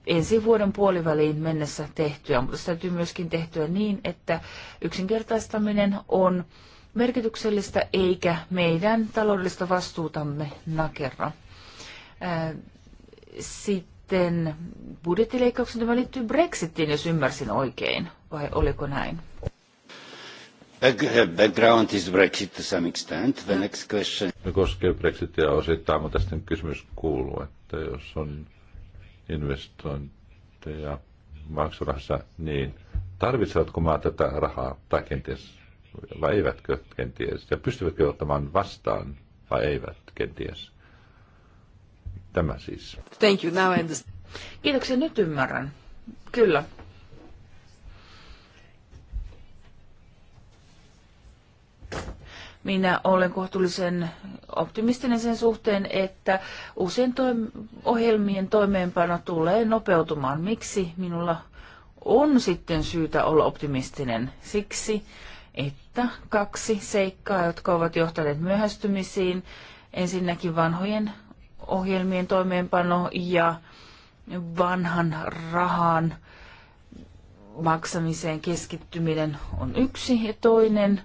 ensi vuoden puoliväliin mennessä tehtyä, mutta se täytyy myöskin tehtyä niin, että yksinkertaistaminen on merkityksellistä eikä meidän taloudellista vastuutamme nakerra. Sitten budjettileikkauksen tämä liittyy Brexitiin, jos ymmärsin oikein, vai oliko näin? Background is Brexit to some extent. The next question. koskee Brexitia osittain, mutta sitten kysymys kuuluu, että jos on investointeja maksurahassa, niin tarvitsevatko maat tätä rahaa tai kenties, vai eivätkö kenties, ja pystyvätkö ottamaan vastaan vai eivät kenties. Tämä siis. Thank you, now I Kiitoksia, nyt ymmärrän. Kyllä, minä olen kohtuullisen optimistinen sen suhteen, että uusien toim- ohjelmien toimeenpano tulee nopeutumaan. Miksi minulla on sitten syytä olla optimistinen? Siksi, että kaksi seikkaa, jotka ovat johtaneet myöhästymisiin, ensinnäkin vanhojen ohjelmien toimeenpano ja vanhan rahan maksamiseen keskittyminen on yksi ja toinen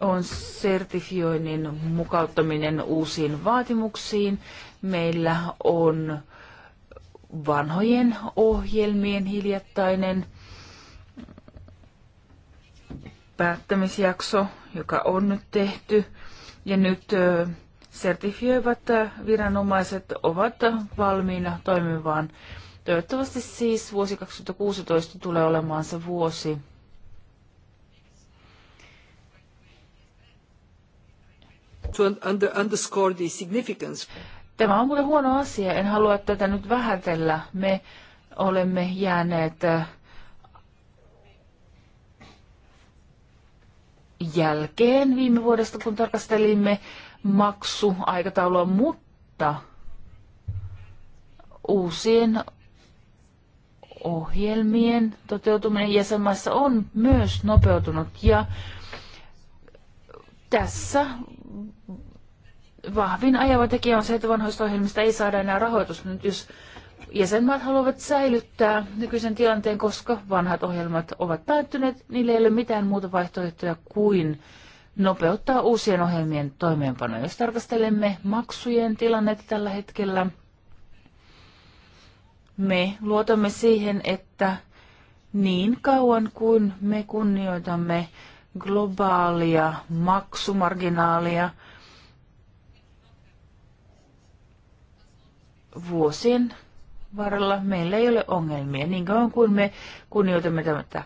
on sertifioinnin mukauttaminen uusiin vaatimuksiin. Meillä on vanhojen ohjelmien hiljattainen päättämisjakso, joka on nyt tehty. Ja nyt sertifioivat viranomaiset ovat valmiina toimivaan. Toivottavasti siis vuosi 2016 tulee olemaan se vuosi, to underscore the significance. Tämä on muuten huono asia. En halua tätä nyt vähätellä. Me olemme jääneet äh, jälkeen viime vuodesta, kun tarkastelimme maksuaikataulua, mutta uusien ohjelmien toteutuminen jäsenmaissa on myös nopeutunut ja tässä vahvin ajava tekijä on se, että vanhoista ohjelmista ei saada enää rahoitusta. Nyt jos jäsenmaat haluavat säilyttää nykyisen tilanteen, koska vanhat ohjelmat ovat päättyneet, niillä ei ole mitään muuta vaihtoehtoja kuin nopeuttaa uusien ohjelmien toimeenpanoa. Jos tarkastelemme maksujen tilannetta tällä hetkellä, me luotamme siihen, että niin kauan kuin me kunnioitamme globaalia maksumarginaalia vuosien varrella meillä ei ole ongelmia niin kauan kuin me kunnioitamme tätä.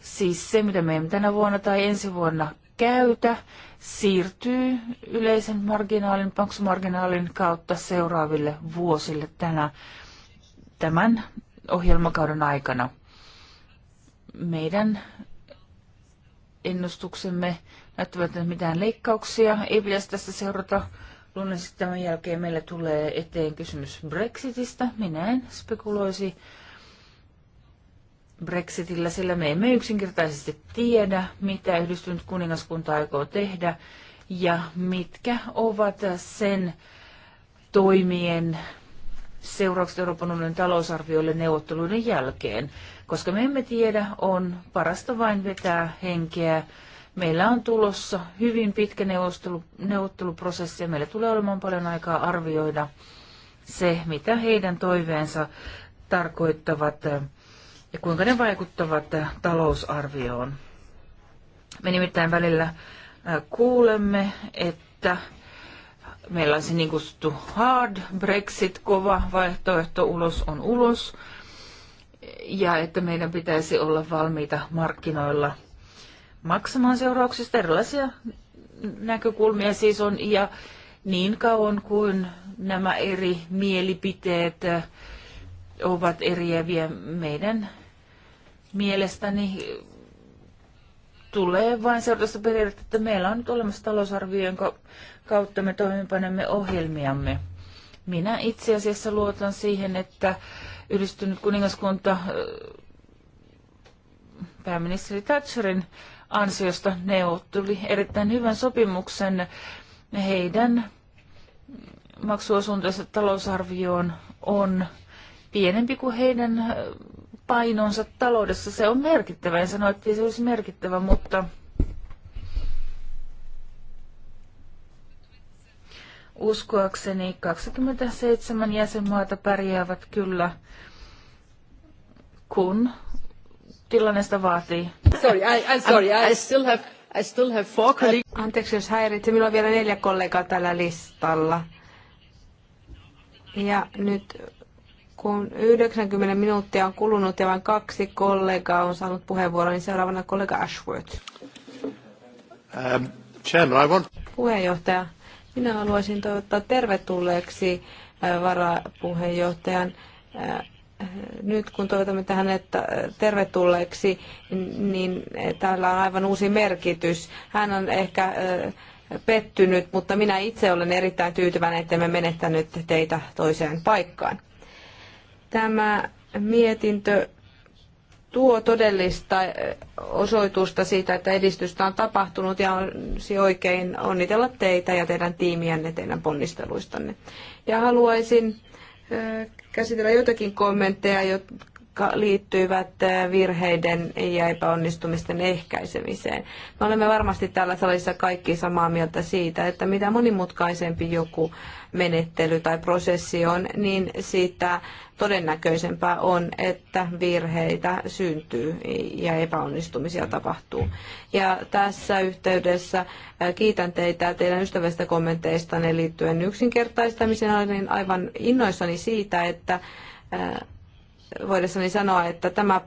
Siis se, mitä me emme tänä vuonna tai ensi vuonna käytä, siirtyy yleisen marginaalin, maksumarginaalin kautta seuraaville vuosille tänä, tämän ohjelmakauden aikana. Meidän ennustuksemme näyttävät mitään leikkauksia. Ei pitäisi tässä seurata. Luonnollisesti tämän jälkeen meillä tulee eteen kysymys Brexitistä. Minä en spekuloisi Brexitillä, sillä me emme yksinkertaisesti tiedä, mitä yhdistynyt kuningaskunta aikoo tehdä ja mitkä ovat sen toimien seuraukset Euroopan unionin talousarvioille neuvotteluiden jälkeen koska me emme tiedä, on parasta vain vetää henkeä. Meillä on tulossa hyvin pitkä neuvottelu, neuvotteluprosessi ja meillä tulee olemaan paljon aikaa arvioida se, mitä heidän toiveensa tarkoittavat ja kuinka ne vaikuttavat talousarvioon. Me nimittäin välillä äh, kuulemme, että meillä on se niin kutsuttu hard Brexit, kova vaihtoehto, ulos on ulos ja että meidän pitäisi olla valmiita markkinoilla maksamaan seurauksista. Erilaisia näkökulmia siis on ja niin kauan kuin nämä eri mielipiteet äh, ovat eriäviä meidän mielestäni tulee vain seurata periaatetta, että meillä on nyt olemassa talousarvio, jonka kautta me toimeenpanemme ohjelmiamme. Minä itse asiassa luotan siihen, että yhdistynyt kuningaskunta äh, pääministeri Thatcherin ansiosta neuvotteli erittäin hyvän sopimuksen heidän maksuosuutensa talousarvioon on pienempi kuin heidän äh, painonsa taloudessa. Se on merkittävä. En sano, että se olisi merkittävä, mutta uskoakseni 27 jäsenmaata pärjäävät kyllä, kun tilanne sitä vaatii. Sorry, I, I'm sorry, I still have, I still have four colleagues. Anteeksi, jos häiritse, minulla on vielä neljä kollegaa tällä listalla. Ja nyt kun 90 minuuttia on kulunut ja vain kaksi kollegaa on saanut puheenvuoron, niin seuraavana kollega Ashworth. Um, chairman, I want... Puheenjohtaja, minä haluaisin toivottaa tervetulleeksi varapuheenjohtajan nyt kun toivotamme tähän että tervetulleeksi, niin täällä on aivan uusi merkitys. Hän on ehkä pettynyt, mutta minä itse olen erittäin tyytyväinen, että me menettänyt teitä toiseen paikkaan. Tämä mietintö tuo todellista eh, osoitusta siitä, että edistystä on tapahtunut ja on oikein onnitella teitä ja teidän tiimiänne teidän ponnisteluistanne. Ja haluaisin eh, käsitellä joitakin kommentteja, jotka liittyivät eh, virheiden ja epäonnistumisten ehkäisemiseen. Me olemme varmasti täällä salissa kaikki samaa mieltä siitä, että mitä monimutkaisempi joku menettely tai prosessi on, niin sitä todennäköisempää on, että virheitä syntyy ja epäonnistumisia tapahtuu. Ja tässä yhteydessä eh, kiitän teitä teidän ystävästä kommenteistanne liittyen yksinkertaistamiseen. Olen aivan innoissani siitä, että eh, voidessani sanoa, että tämä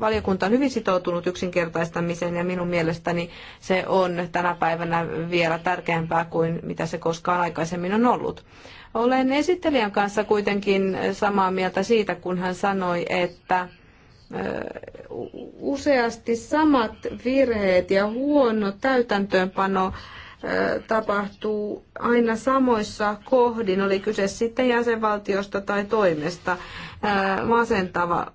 valiokunta on hyvin sitoutunut yksinkertaistamiseen ja minun mielestäni se on tänä päivänä vielä tärkeämpää kuin mitä se koskaan aikaisemmin on ollut. Olen esittelijän kanssa kuitenkin samaa mieltä siitä, kun hän sanoi, että useasti samat virheet ja huono täytäntöönpano tapahtuu aina samoissa kohdin, oli kyse sitten jäsenvaltiosta tai toimesta. Masentava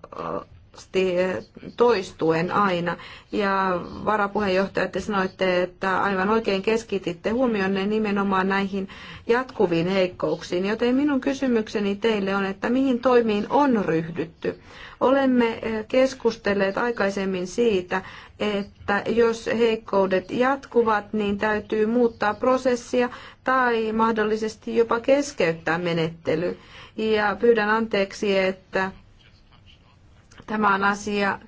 jatkuvasti toistuen aina. Ja varapuheenjohtaja, te sanoitte, että aivan oikein keskititte huomionne nimenomaan näihin jatkuviin heikkouksiin. Joten minun kysymykseni teille on, että mihin toimiin on ryhdytty? Olemme eh, keskustelleet aikaisemmin siitä, että jos heikkoudet jatkuvat, niin täytyy muuttaa prosessia tai mahdollisesti jopa keskeyttää menettely. Ja pyydän anteeksi, että Tämä on asia,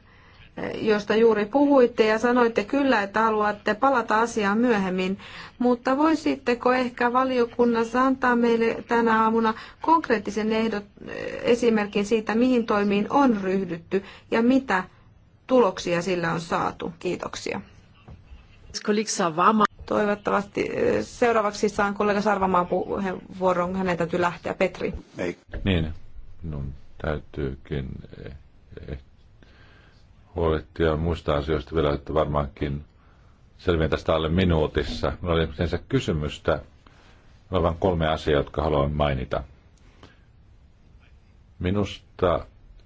josta juuri puhuitte ja sanoitte kyllä, että haluatte palata asiaan myöhemmin, mutta voisitteko ehkä valiokunnassa antaa meille tänä aamuna konkreettisen ehdot, esimerkin siitä, mihin toimiin on ryhdytty ja mitä tuloksia sillä on saatu? Kiitoksia. Toivottavasti eh, seuraavaksi saan kollega Sarvamaan puheenvuoron. Hänen täytyy lähteä. Petri. Ei. Niin, minun täytyykin eh, huolehtia muista asioista vielä, että varmaankin selviän tästä alle minuutissa. Minulla oli ensin kysymystä. Minulla on vain kolme asiaa, jotka haluan mainita. Minusta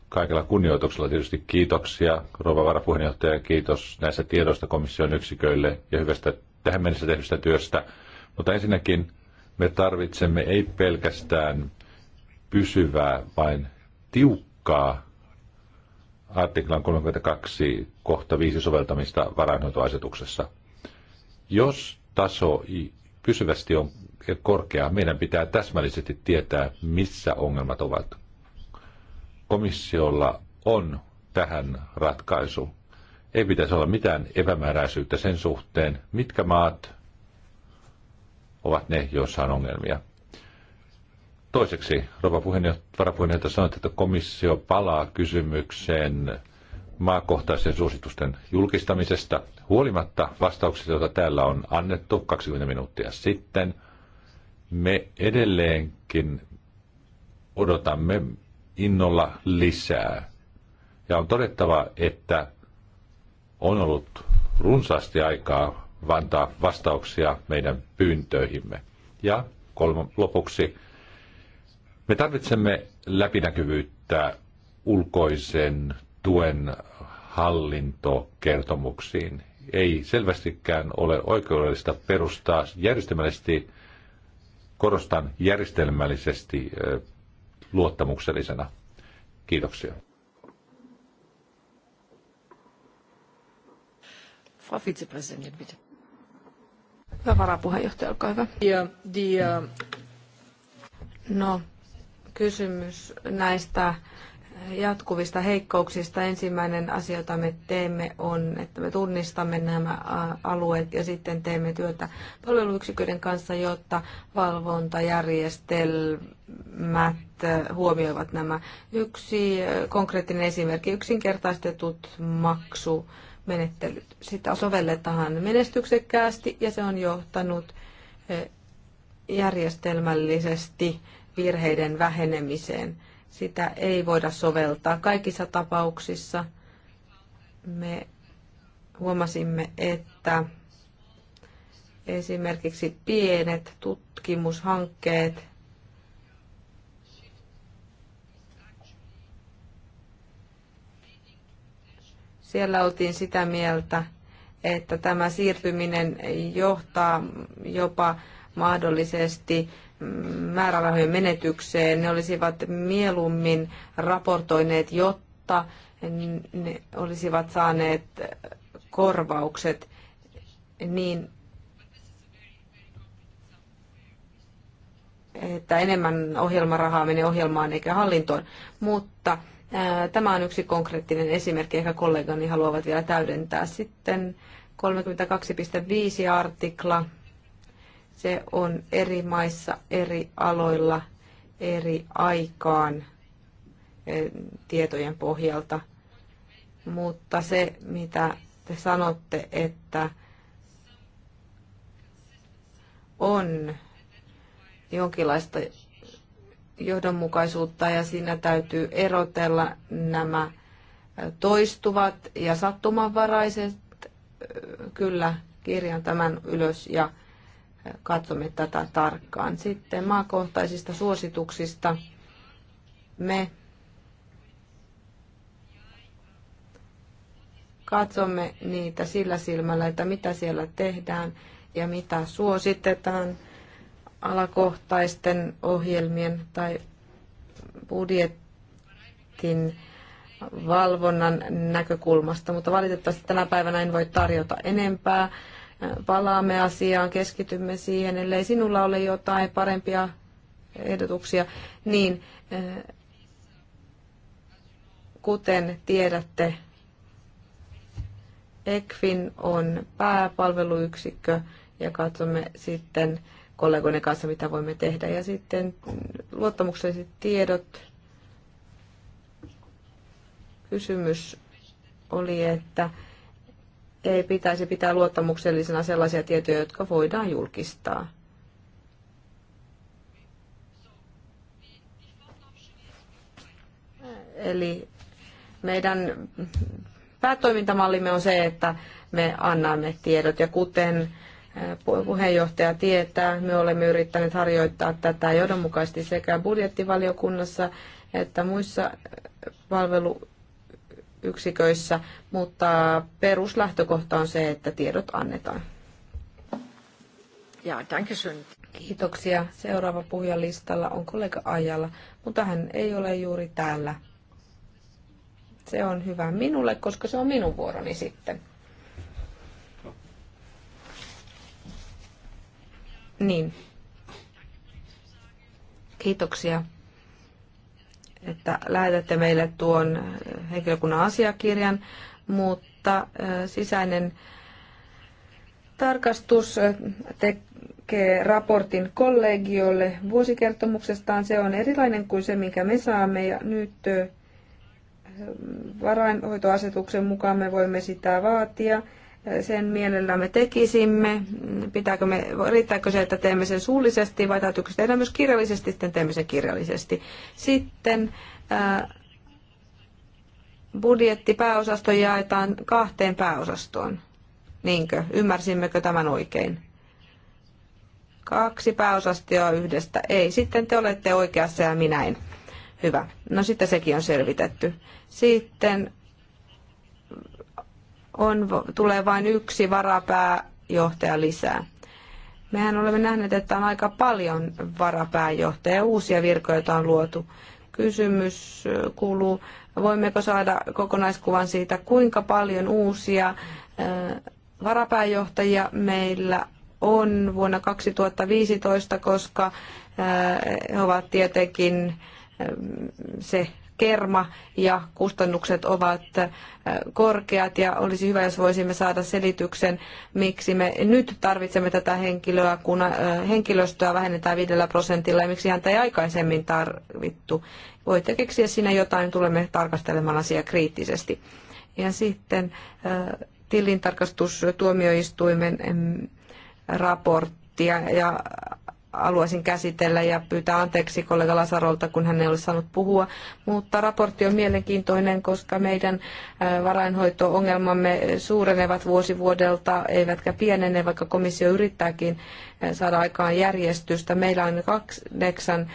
kaikella kunnioituksella tietysti kiitoksia, rouva varapuheenjohtaja, kiitos näistä tiedoista komission yksiköille ja hyvästä tähän mennessä tehdystä työstä. Mutta ensinnäkin me tarvitsemme ei pelkästään pysyvää, vain tiukkaa artiklan 32 kohta 5 soveltamista varainhoitoasetuksessa. Jos taso pysyvästi on korkea, meidän pitää täsmällisesti tietää, missä ongelmat ovat. Komissiolla on tähän ratkaisu. Ei pitäisi olla mitään epämääräisyyttä sen suhteen, mitkä maat ovat ne, joissa on ongelmia. Toiseksi, rouva puheenjohtaja, varapuheenjohtaja sanoi, että komissio palaa kysymykseen maakohtaisen suositusten julkistamisesta. Huolimatta vastauksista, joita täällä on annettu 20 minuuttia sitten, me edelleenkin odotamme innolla lisää. Ja on todettava, että on ollut runsaasti aikaa vantaa vastauksia meidän pyyntöihimme. Ja kolman, lopuksi me tarvitsemme läpinäkyvyyttä ulkoisen tuen hallintokertomuksiin. Ei selvästikään ole oikeudellista perustaa järjestelmällisesti, korostan järjestelmällisesti luottamuksellisena. Kiitoksia. Hyvä varapuheenjohtaja, olkaa hyvä. Ja, die, äh, No, kysymys näistä jatkuvista heikkouksista. Ensimmäinen asia, jota me teemme, on, että me tunnistamme nämä alueet ja sitten teemme työtä palveluyksiköiden kanssa, jotta valvontajärjestelmät huomioivat nämä. Yksi konkreettinen esimerkki, yksinkertaistetut maksumenettelyt. Sitä sovelletaan menestyksekkäästi ja se on johtanut eh, järjestelmällisesti virheiden vähenemiseen. Sitä ei voida soveltaa kaikissa tapauksissa. Me huomasimme, että esimerkiksi pienet tutkimushankkeet siellä oltiin sitä mieltä, että tämä siirtyminen johtaa jopa mahdollisesti määrärahojen menetykseen. Ne olisivat mieluummin raportoineet, jotta ne olisivat saaneet korvaukset niin, että enemmän ohjelmarahaa menee ohjelmaan eikä hallintoon. Mutta ää, tämä on yksi konkreettinen esimerkki, ehkä kollegani haluavat vielä täydentää. Sitten 32.5 artikla se on eri maissa, eri aloilla, eri aikaan eh, tietojen pohjalta. Mutta se, mitä te sanotte, että on jonkinlaista johdonmukaisuutta ja siinä täytyy erotella nämä eh, toistuvat ja sattumanvaraiset. Eh, kyllä, kirjan tämän ylös ja katsomme tätä tarkkaan. Sitten maakohtaisista suosituksista me katsomme niitä sillä silmällä, että mitä siellä tehdään ja mitä suositetaan alakohtaisten ohjelmien tai budjetin valvonnan näkökulmasta, mutta valitettavasti tänä päivänä en voi tarjota enempää palaamme asiaan, keskitymme siihen, ellei sinulla ole jotain parempia ehdotuksia, niin eh, kuten tiedätte, ECFIN on pääpalveluyksikkö ja katsomme sitten kollegoiden kanssa, mitä voimme tehdä. Ja sitten luottamukselliset tiedot. Kysymys oli, että ei pitäisi pitää luottamuksellisena sellaisia tietoja, jotka voidaan julkistaa. Eli meidän päätoimintamallimme on se, että me annamme tiedot. Ja kuten eh, puheenjohtaja tietää, me olemme yrittäneet harjoittaa tätä johdonmukaisesti sekä budjettivaliokunnassa että muissa eh, palvelu- yksiköissä, mutta peruslähtökohta on se, että tiedot annetaan. Ja, danke schön. Kiitoksia. Seuraava puhuja listalla on kollega Ajalla, mutta hän ei ole juuri täällä. Se on hyvä minulle, koska se on minun vuoroni sitten. Niin. Kiitoksia että lähetätte meille tuon henkilökunnan asiakirjan, mutta sisäinen tarkastus tekee raportin kollegiolle vuosikertomuksestaan. Se on erilainen kuin se, minkä me saamme ja nyt varainhoitoasetuksen mukaan me voimme sitä vaatia sen mielellämme tekisimme. Pitääkö me, riittääkö se, että teemme sen suullisesti vai täytyykö tehdä myös kirjallisesti, sitten teemme sen kirjallisesti. Sitten äh, budjettipääosasto jaetaan kahteen pääosastoon. Niinkö? Ymmärsimmekö tämän oikein? Kaksi pääosastoa yhdestä. Ei, sitten te olette oikeassa ja minä en. Hyvä. No sitten sekin on selvitetty. Sitten on, tulee vain yksi varapääjohtaja lisää. Mehän olemme nähneet, että on aika paljon varapääjohtajia, uusia virkoja, joita on luotu. Kysymys kuuluu, voimmeko saada kokonaiskuvan siitä, kuinka paljon uusia varapääjohtajia meillä on vuonna 2015, koska he ovat tietenkin se kerma ja kustannukset ovat äh, korkeat ja olisi hyvä, jos voisimme saada selityksen, miksi me nyt tarvitsemme tätä henkilöä, kun äh, henkilöstöä vähennetään viidellä prosentilla ja miksi häntä ei aikaisemmin tarvittu. Voitte keksiä siinä jotain, tulemme tarkastelemaan asiaa kriittisesti. Ja sitten äh, tilintarkastustuomioistuimen raporttia ja haluaisin käsitellä ja pyytää anteeksi kollega Lasarolta, kun hän ei ole saanut puhua. Mutta raportti on mielenkiintoinen, koska meidän varainhoito-ongelmamme suurenevat vuosi vuodelta, eivätkä pienene, vaikka komissio yrittääkin saada aikaan järjestystä. Meillä on kahdeksan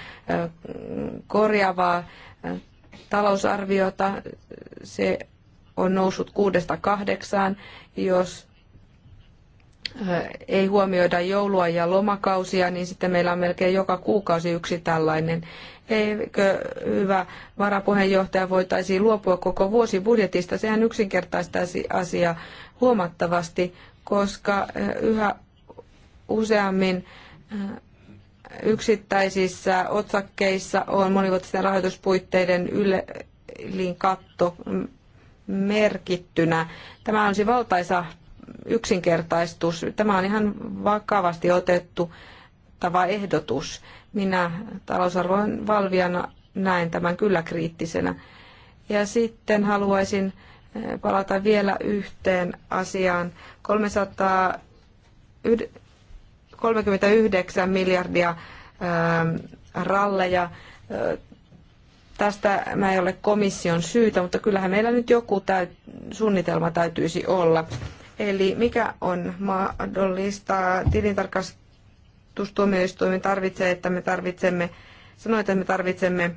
korjaavaa talousarviota. Se on noussut kuudesta kahdeksaan, jos ei huomioida joulua ja lomakausia, niin sitten meillä on melkein joka kuukausi yksi tällainen. Eikö hyvä varapuheenjohtaja voitaisiin luopua koko vuosi budjetista? Sehän yksinkertaistaisi asiaa huomattavasti, koska eh, yhä useammin eh, yksittäisissä otsakkeissa on monivuotisten rahoituspuitteiden ylin katto mm, merkittynä. Tämä olisi siis valtaisa yksinkertaistus. Tämä on ihan vakavasti otettu tava ehdotus. Minä talousarvoin valvijana näen tämän kyllä kriittisenä. Ja sitten haluaisin eh, palata vielä yhteen asiaan. 339 miljardia ehm, ralleja. Eh, tästä mä ei ole komission syytä, mutta kyllähän meillä nyt joku suunnitelma täytyisi olla. Eli mikä on mahdollista tilintarkastustuomioistuimen tarvitsee, että me tarvitsemme, sanoi, että me tarvitsemme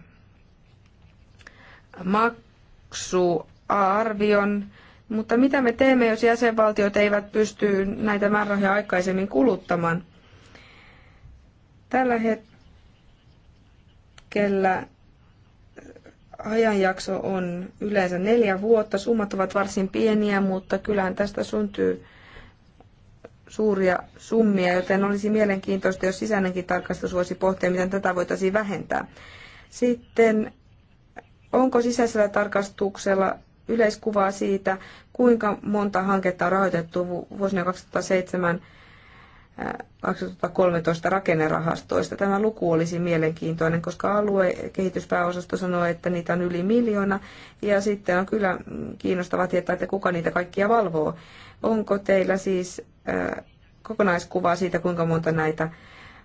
maksuarvion, mutta mitä me teemme, jos jäsenvaltiot eivät pysty näitä määrärahoja aikaisemmin kuluttamaan? Tällä hetkellä ajanjakso on yleensä neljä vuotta. Summat ovat varsin pieniä, mutta kyllähän tästä syntyy suuria summia, joten olisi mielenkiintoista, jos sisäinenkin tarkastus voisi pohtia, miten tätä voitaisiin vähentää. Sitten onko sisäisellä tarkastuksella yleiskuvaa siitä, kuinka monta hanketta on rahoitettu vuosina 2007 2013 rakennerahastoista. Tämä luku olisi mielenkiintoinen, koska aluekehityspääosasto sanoo, että niitä on yli miljoona. Ja sitten on kyllä kiinnostava tietää, että kuka niitä kaikkia valvoo. Onko teillä siis kokonaiskuvaa siitä, kuinka monta näitä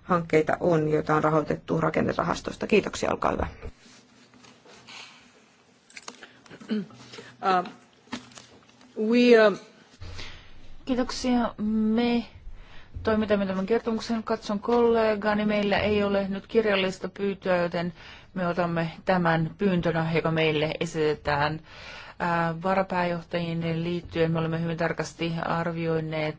hankkeita on, joita on rahoitettu rakennerahastosta? Kiitoksia, olkaa hyvä. Uh, we, uh... Kiitoksia. Me toimitamme tämän kertomuksen. Katson kollegaani, niin meillä ei ole nyt kirjallista pyytöä, joten me otamme tämän pyyntönä, joka meille esitetään varapääjohtajien liittyen. Me olemme hyvin tarkasti arvioineet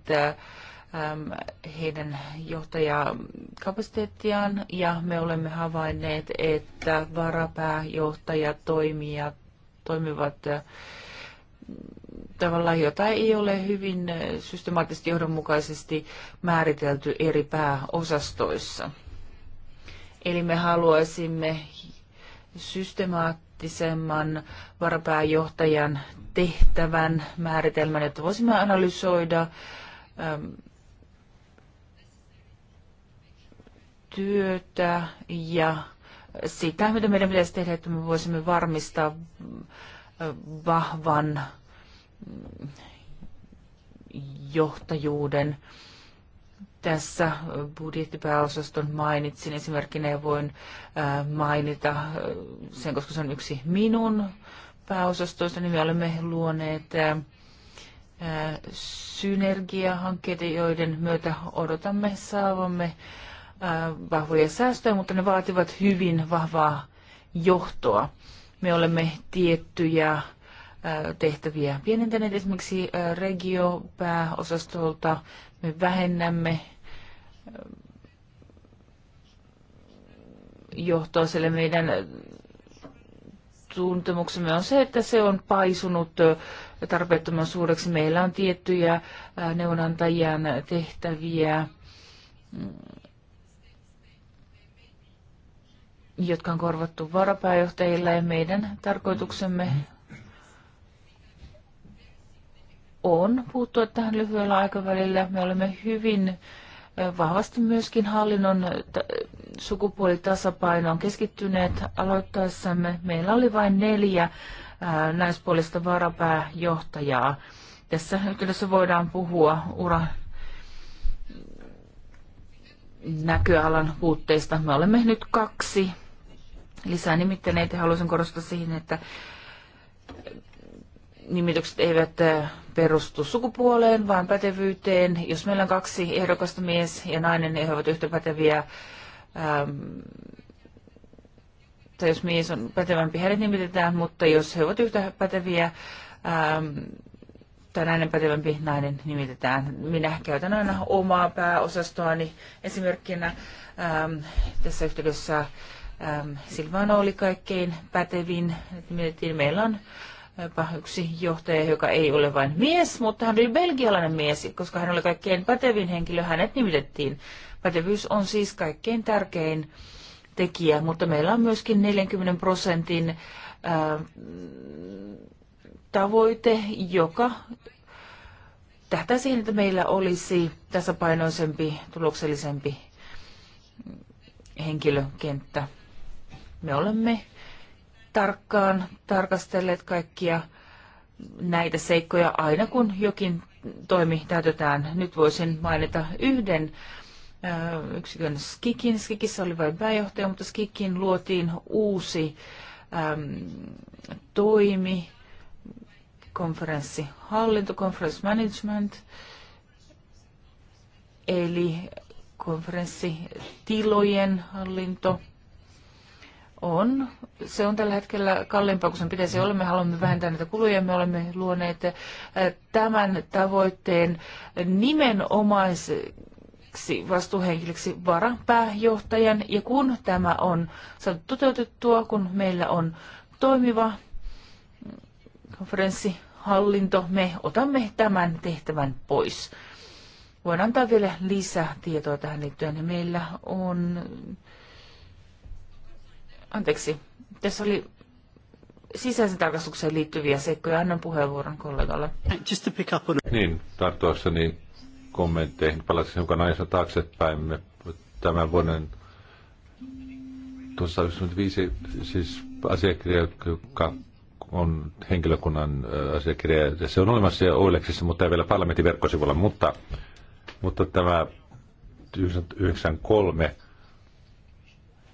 heidän johtajakapasiteettiaan ja me olemme havainneet, että varapääjohtajat toimivat tavallaan jotain ei ole hyvin systemaattisesti johdonmukaisesti määritelty eri pääosastoissa. Eli me haluaisimme systemaattisemman varapääjohtajan tehtävän määritelmän, että voisimme analysoida ähm, työtä ja sitä, mitä meidän pitäisi tehdä, että me voisimme varmistaa vahvan johtajuuden. Tässä budjettipääosaston mainitsin esimerkkinä ja voin mainita sen, koska se on yksi minun pääosastoista, niin me olemme luoneet synergiahankkeita, joiden myötä odotamme saavamme vahvoja säästöjä, mutta ne vaativat hyvin vahvaa johtoa. Me olemme tiettyjä tehtäviä pienentäneet esimerkiksi regiopääosastolta. Me vähennämme johtoa, sille meidän tuntemuksemme on se, että se on paisunut tarpeettoman suureksi. Meillä on tiettyjä neuvonantajien tehtäviä mm. jotka on korvattu varapääjohtajilla ja meidän tarkoituksemme on puuttua tähän lyhyellä aikavälillä. Me olemme hyvin vahvasti myöskin hallinnon sukupuolitasapainoon keskittyneet aloittaessamme. Meillä oli vain neljä naispuolista varapääjohtajaa. Tässä yhteydessä voidaan puhua ura näköalan puutteista. Me olemme nyt kaksi lisää nimittäneitä. Haluaisin korostaa siihen, että nimitykset eivät äh, perustu sukupuoleen, vaan pätevyyteen. Jos meillä on kaksi ehdokasta, mies ja nainen, niin he ovat yhtä päteviä. Ähm, tai jos mies on pätevämpi, hänet nimitetään, mutta jos he ovat yhtä päteviä, ähm, tai nainen pätevämpi nainen nimitetään. Minä käytän aina omaa pääosastoani esimerkkinä ähm, tässä yhteydessä Ähm, Silvano oli kaikkein pätevin. Mietin, meillä on äh, yksi johtaja, joka ei ole vain mies, mutta hän oli belgialainen mies, koska hän oli kaikkein pätevin henkilö. Hänet nimitettiin. Pätevyys on siis kaikkein tärkein tekijä, mutta meillä on myöskin 40 prosentin ää, ähm, tavoite, joka tähtää siihen, että meillä olisi tasapainoisempi, tuloksellisempi henkilökenttä. Me olemme tarkkaan tarkastelleet kaikkia näitä seikkoja aina, kun jokin toimi täytetään. Nyt voisin mainita yhden yksikön Skikin. Skikissä oli vain pääjohtaja, mutta Skikin luotiin uusi äm, toimi, hallinto, conference management, eli konferenssitilojen hallinto – on. Se on tällä hetkellä kalliimpaa kuin sen pitäisi olla. Me haluamme vähentää näitä kuluja. Me olemme luoneet eh, tämän tavoitteen nimenomaiseksi vastuuhenkilöksi varapääjohtajan. Ja kun tämä on saatu toteutettua, kun meillä on toimiva konferenssihallinto, me otamme tämän tehtävän pois. Voin antaa vielä lisätietoa tähän liittyen. Meillä on Anteeksi, tässä oli sisäisen tarkastukseen liittyviä seikkoja. Annan puheenvuoron kollegalle. Just to pick up on... Niin, tarttuakseni kommentteihin, Palasin hiukan ajassa taaksepäin. Me tämän vuoden 1995 siis asiakirja, joka on henkilökunnan asiakirja, ja se on olemassa jo Oileksissa, mutta ei vielä parlamentin verkkosivulla, mutta, mutta tämä 1993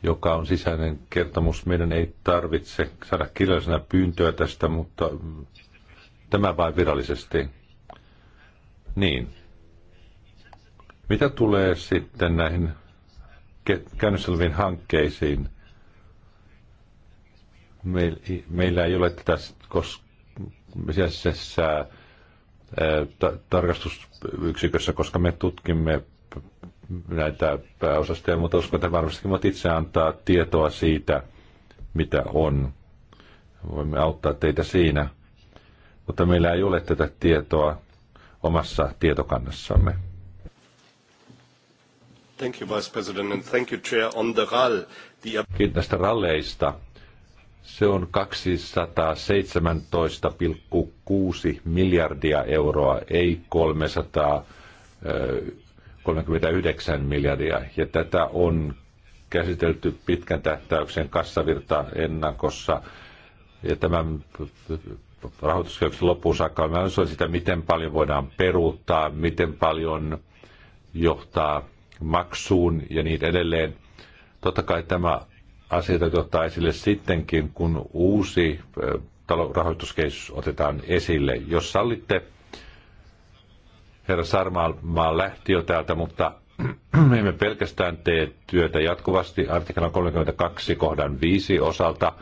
joka on sisäinen kertomus. Meidän ei tarvitse saada kirjallisena pyyntöä tästä, mutta tämä vain virallisesti. Niin. Mitä tulee sitten näihin käynnissä oleviin hankkeisiin? Meillä ei ole tätä koska, tarkastusyksikössä, koska me tutkimme näitä pääosastoja, mutta uskon, että varmastikin voit itse antaa tietoa siitä, mitä on. Voimme auttaa teitä siinä, mutta meillä ei ole tätä tietoa omassa tietokannassamme. Thank you, Vice President, and thank you, Chair, on the RAL. The... Kiitos näistä ralleista. Se on 217,6 miljardia euroa, ei 300 39 miljardia. Ja tätä on käsitelty pitkän tähtäyksen kassavirta ennakossa. Ja tämän rahoituskehyksen loppuun saakka on myös sitä, miten paljon voidaan peruuttaa, miten paljon johtaa maksuun ja niin edelleen. Totta kai tämä asia täytyy ottaa esille sittenkin, kun uusi rahoituskehys otetaan esille. Jos sallitte, Herra Sarmaa lähti jo täältä, mutta me emme pelkästään tee työtä jatkuvasti artiklan 32 kohdan 5 osalta.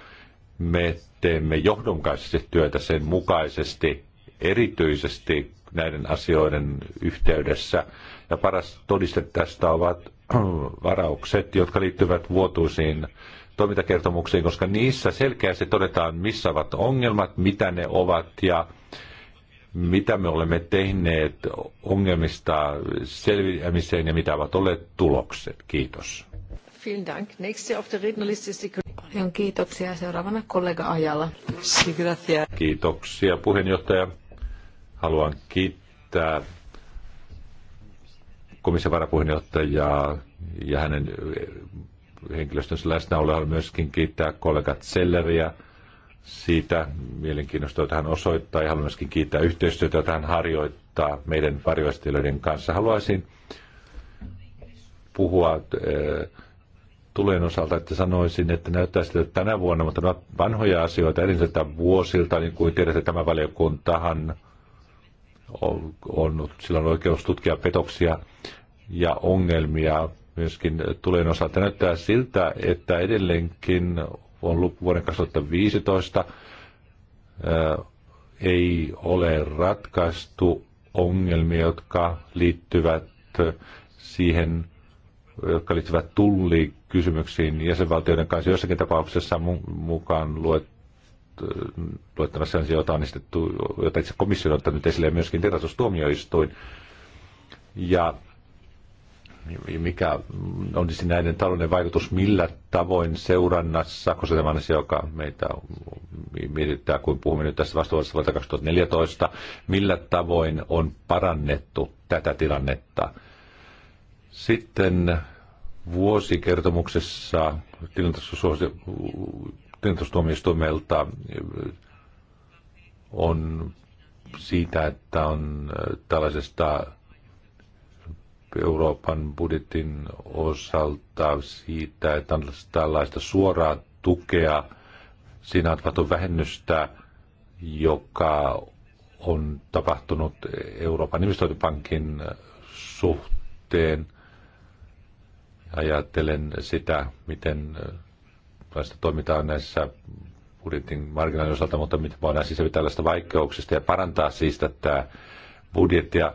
Me teemme johdonkaisesti työtä sen mukaisesti, erityisesti näiden asioiden yhteydessä. Ja paras todiste tästä ovat varaukset, jotka liittyvät vuotuisiin toimintakertomuksiin, koska niissä selkeästi todetaan, missä ovat ongelmat, mitä ne ovat ja mitä me olemme tehneet ongelmista selviämiseen ja mitä ovat olleet tulokset. Kiitos. Vielen Dank. auf der Paljon kiitoksia. Seuraavana kollega Ajala. Kiitoksia puheenjohtaja. Haluan kiittää komission varapuheenjohtajaa ja hänen henkilöstönsä läsnäoloa. Haluan myöskin kiittää kollega Zelleriä siitä mielenkiinnosta, jota hän osoittaa ja haluan myöskin kiittää yhteistyötä, jota hän harjoittaa meidän varjoistelijoiden kanssa. Haluaisin puhua äh, tulen osalta, että sanoisin, että näyttää siltä, että tänä vuonna, mutta nämä no, vanhoja asioita edelliseltä vuosilta, niin kuin tiedätte, tämä valiokuntahan on, on silloin oikeus tutkia petoksia ja ongelmia myöskin tulen osalta. Näyttää siltä, että edelleenkin on vuoden 2015, ei ole ratkaistu ongelmia, jotka liittyvät siihen, jotka liittyvät tullikysymyksiin jäsenvaltioiden kanssa. Jossakin tapauksessa mukaan luet, luettuna sellaisia, joita on istettu, joita itse komissio on ottanut esille ja myöskin tietoisuustuomioistuin. Ja mikä on siis näiden talouden vaikutus, millä tavoin seurannassa, koska tämä on se, joka meitä mietittää, kun puhumme nyt tässä vastuullisesta vuotta 2014, millä tavoin on parannettu tätä tilannetta. Sitten vuosikertomuksessa tilintarkastustuomioistuimelta on siitä, että on tällaisesta Euroopan budjetin osalta siitä, että on tällaista suoraa tukea. Siinä on vähennystä, joka on tapahtunut Euroopan investointipankin suhteen. Ajattelen sitä, miten tällaista toimitaan näissä budjetin marginaalin osalta, mutta miten voidaan siis tällaista vaikeuksista ja parantaa siis tätä budjettia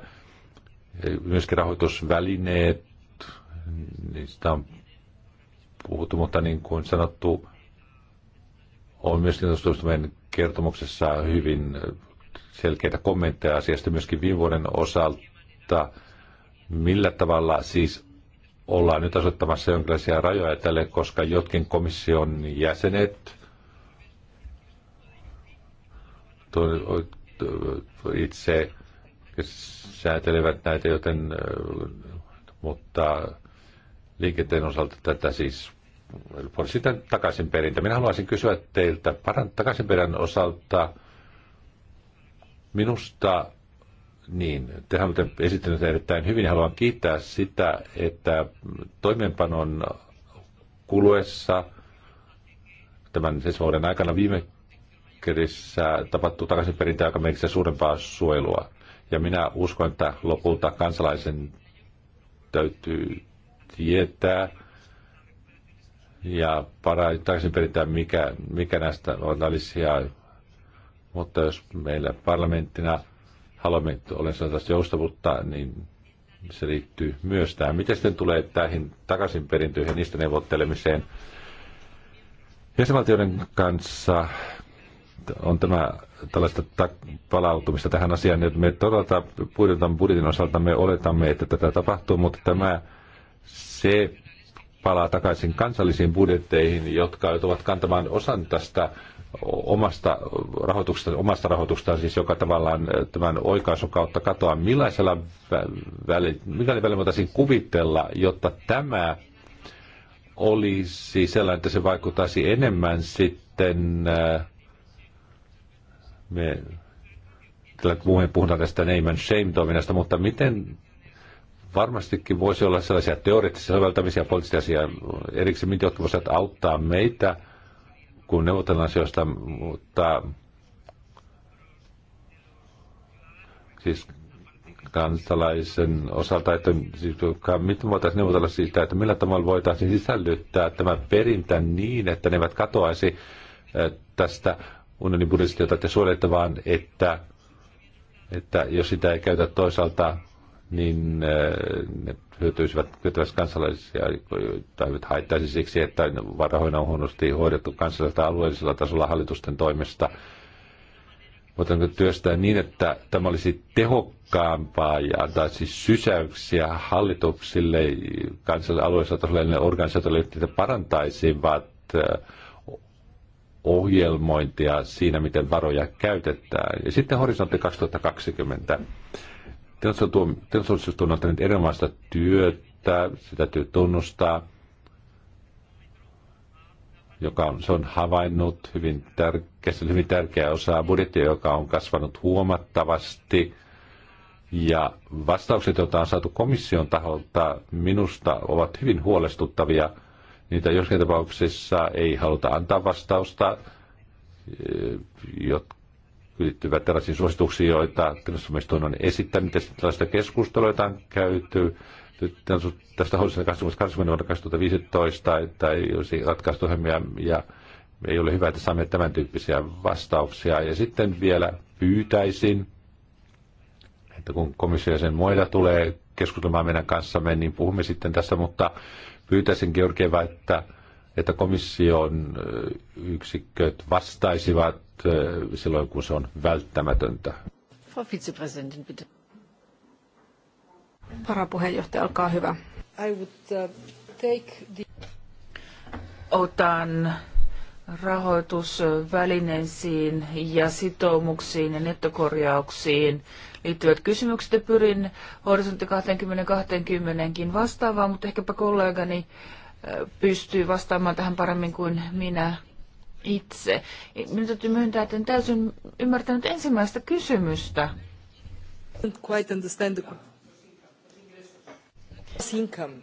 myöskin rahoitusvälineet, niistä on puhuttu, mutta niin kuin sanottu, on myöskin meidän kertomuksessa hyvin selkeitä kommentteja asiasta myöskin viime vuoden osalta, millä tavalla siis ollaan nyt asettamassa jonkinlaisia rajoja tälle, koska jotkin komission jäsenet itse säätelevät näitä, joten, mutta liikenteen osalta tätä siis sitten takaisin perintä. Minä haluaisin kysyä teiltä takaisin perän osalta minusta, niin, tehän olette esittänyt erittäin hyvin haluan kiittää sitä, että toimeenpanon kuluessa tämän siis vuoden aikana viime kerissä tapahtuu takaisinperintää, joka merkitsee suurempaa suojelua. Ja minä uskon, että lopulta kansalaisen täytyy tietää ja takaisin perintään, mikä, mikä näistä on tällaisia. Mutta jos meillä parlamenttina haluamme, olen sanotaan joustavuutta, niin se liittyy myös tähän. Miten sitten tulee näihin ja niistä neuvottelemiseen? Jäsenvaltioiden kanssa on tämä tällaista palautumista tähän asiaan. Nyt me todella budjetin, budjetin osalta me oletamme, että tätä tapahtuu, mutta tämä se palaa takaisin kansallisiin budjetteihin, jotka ovat kantamaan osan tästä omasta rahoituksesta, omasta rahoituksesta, siis joka tavallaan eh, tämän oikaisun kautta katoaa. Millaisella väli, mikäli voitaisiin kuvitella, jotta tämä olisi sellainen, että se vaikuttaisi enemmän sitten äh, me tällä muuhun puhutaan tästä name and shame toiminnasta, mutta miten varmastikin voisi olla sellaisia teoreettisia soveltamisia poliittisia asioita, erikseen, mitkä jotka voisivat auttaa meitä, kun neuvotellaan asioista, mutta siis kansalaisen osalta, että siis, miten voitaisiin neuvotella siitä, että millä tavalla voitaisiin sisällyttää tämä perintä niin, että ne eivät katoaisi eh, tästä unionin budjetista, jota te suojelette, vaan että, että jos sitä ei käytä toisaalta, niin äh, ne hyötyisivät, hyötyisivät kansalaisia tai haittaisi siksi, että varahoina on huonosti hoidettu kansallisella alueellisella tasolla hallitusten toimesta. Voitanko työstää niin, että tämä olisi tehokkaampaa ja antaa siis sysäyksiä hallituksille kansallisella alueellisella tasolla ja organisaatioille, että parantaisivat äh, ohjelmointia siinä, miten varoja käytetään. Ja sitten horisontti 2020. Teollisuus on tehnyt erilaista työtä, sitä täytyy tunnustaa, joka on, se on havainnut hyvin, tärkeä, hyvin tärkeä osa budjettia, joka on kasvanut huomattavasti. Ja vastaukset, joita on saatu komission taholta, minusta ovat hyvin huolestuttavia – niitä joskin tapauksissa ei haluta antaa vastausta, jotka liittyvät tällaisiin suosituksiin, joita tilastomistoon on esittänyt. Tällaista keskustelua, jota on käyty tästä hoidosta 2020 vuonna 2015, että ei olisi ratkaistu ohjelmia ja ei ole hyvä, että saamme tämän tyyppisiä vastauksia. Ja sitten vielä pyytäisin, että kun komissio sen muida tulee keskustelemaan meidän kanssamme, niin puhumme sitten tässä, mutta Pyytäisin Georgieva, että, että komission yksiköt vastaisivat silloin, kun se on välttämätöntä. Varapuheenjohtaja, olkaa hyvä. I would, uh, take the... Otan rahoitusvälineisiin ja sitoumuksiin ja nettokorjauksiin liittyvät kysymykset ja pyrin horisontti 2020 kin vastaavaan, mutta ehkäpä kollegani pystyy vastaamaan tähän paremmin kuin minä itse. Minun täytyy myöntää, että en täysin ymmärtänyt ensimmäistä kysymystä. Quite understand the... income.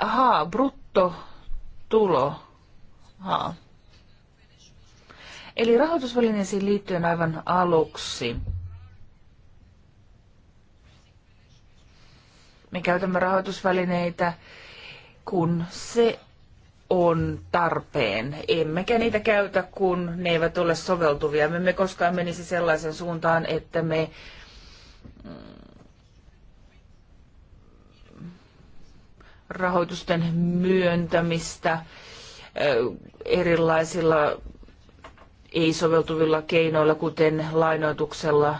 Ahaa, tulo. Ahaa. Eli rahoitusvälineisiin liittyen aivan aluksi. me käytämme rahoitusvälineitä, kun se on tarpeen. Emmekä niitä käytä, kun ne eivät ole soveltuvia. Me emme koskaan menisi sellaisen suuntaan, että me mm, rahoitusten myöntämistä erilaisilla ei-soveltuvilla keinoilla, kuten lainoituksella,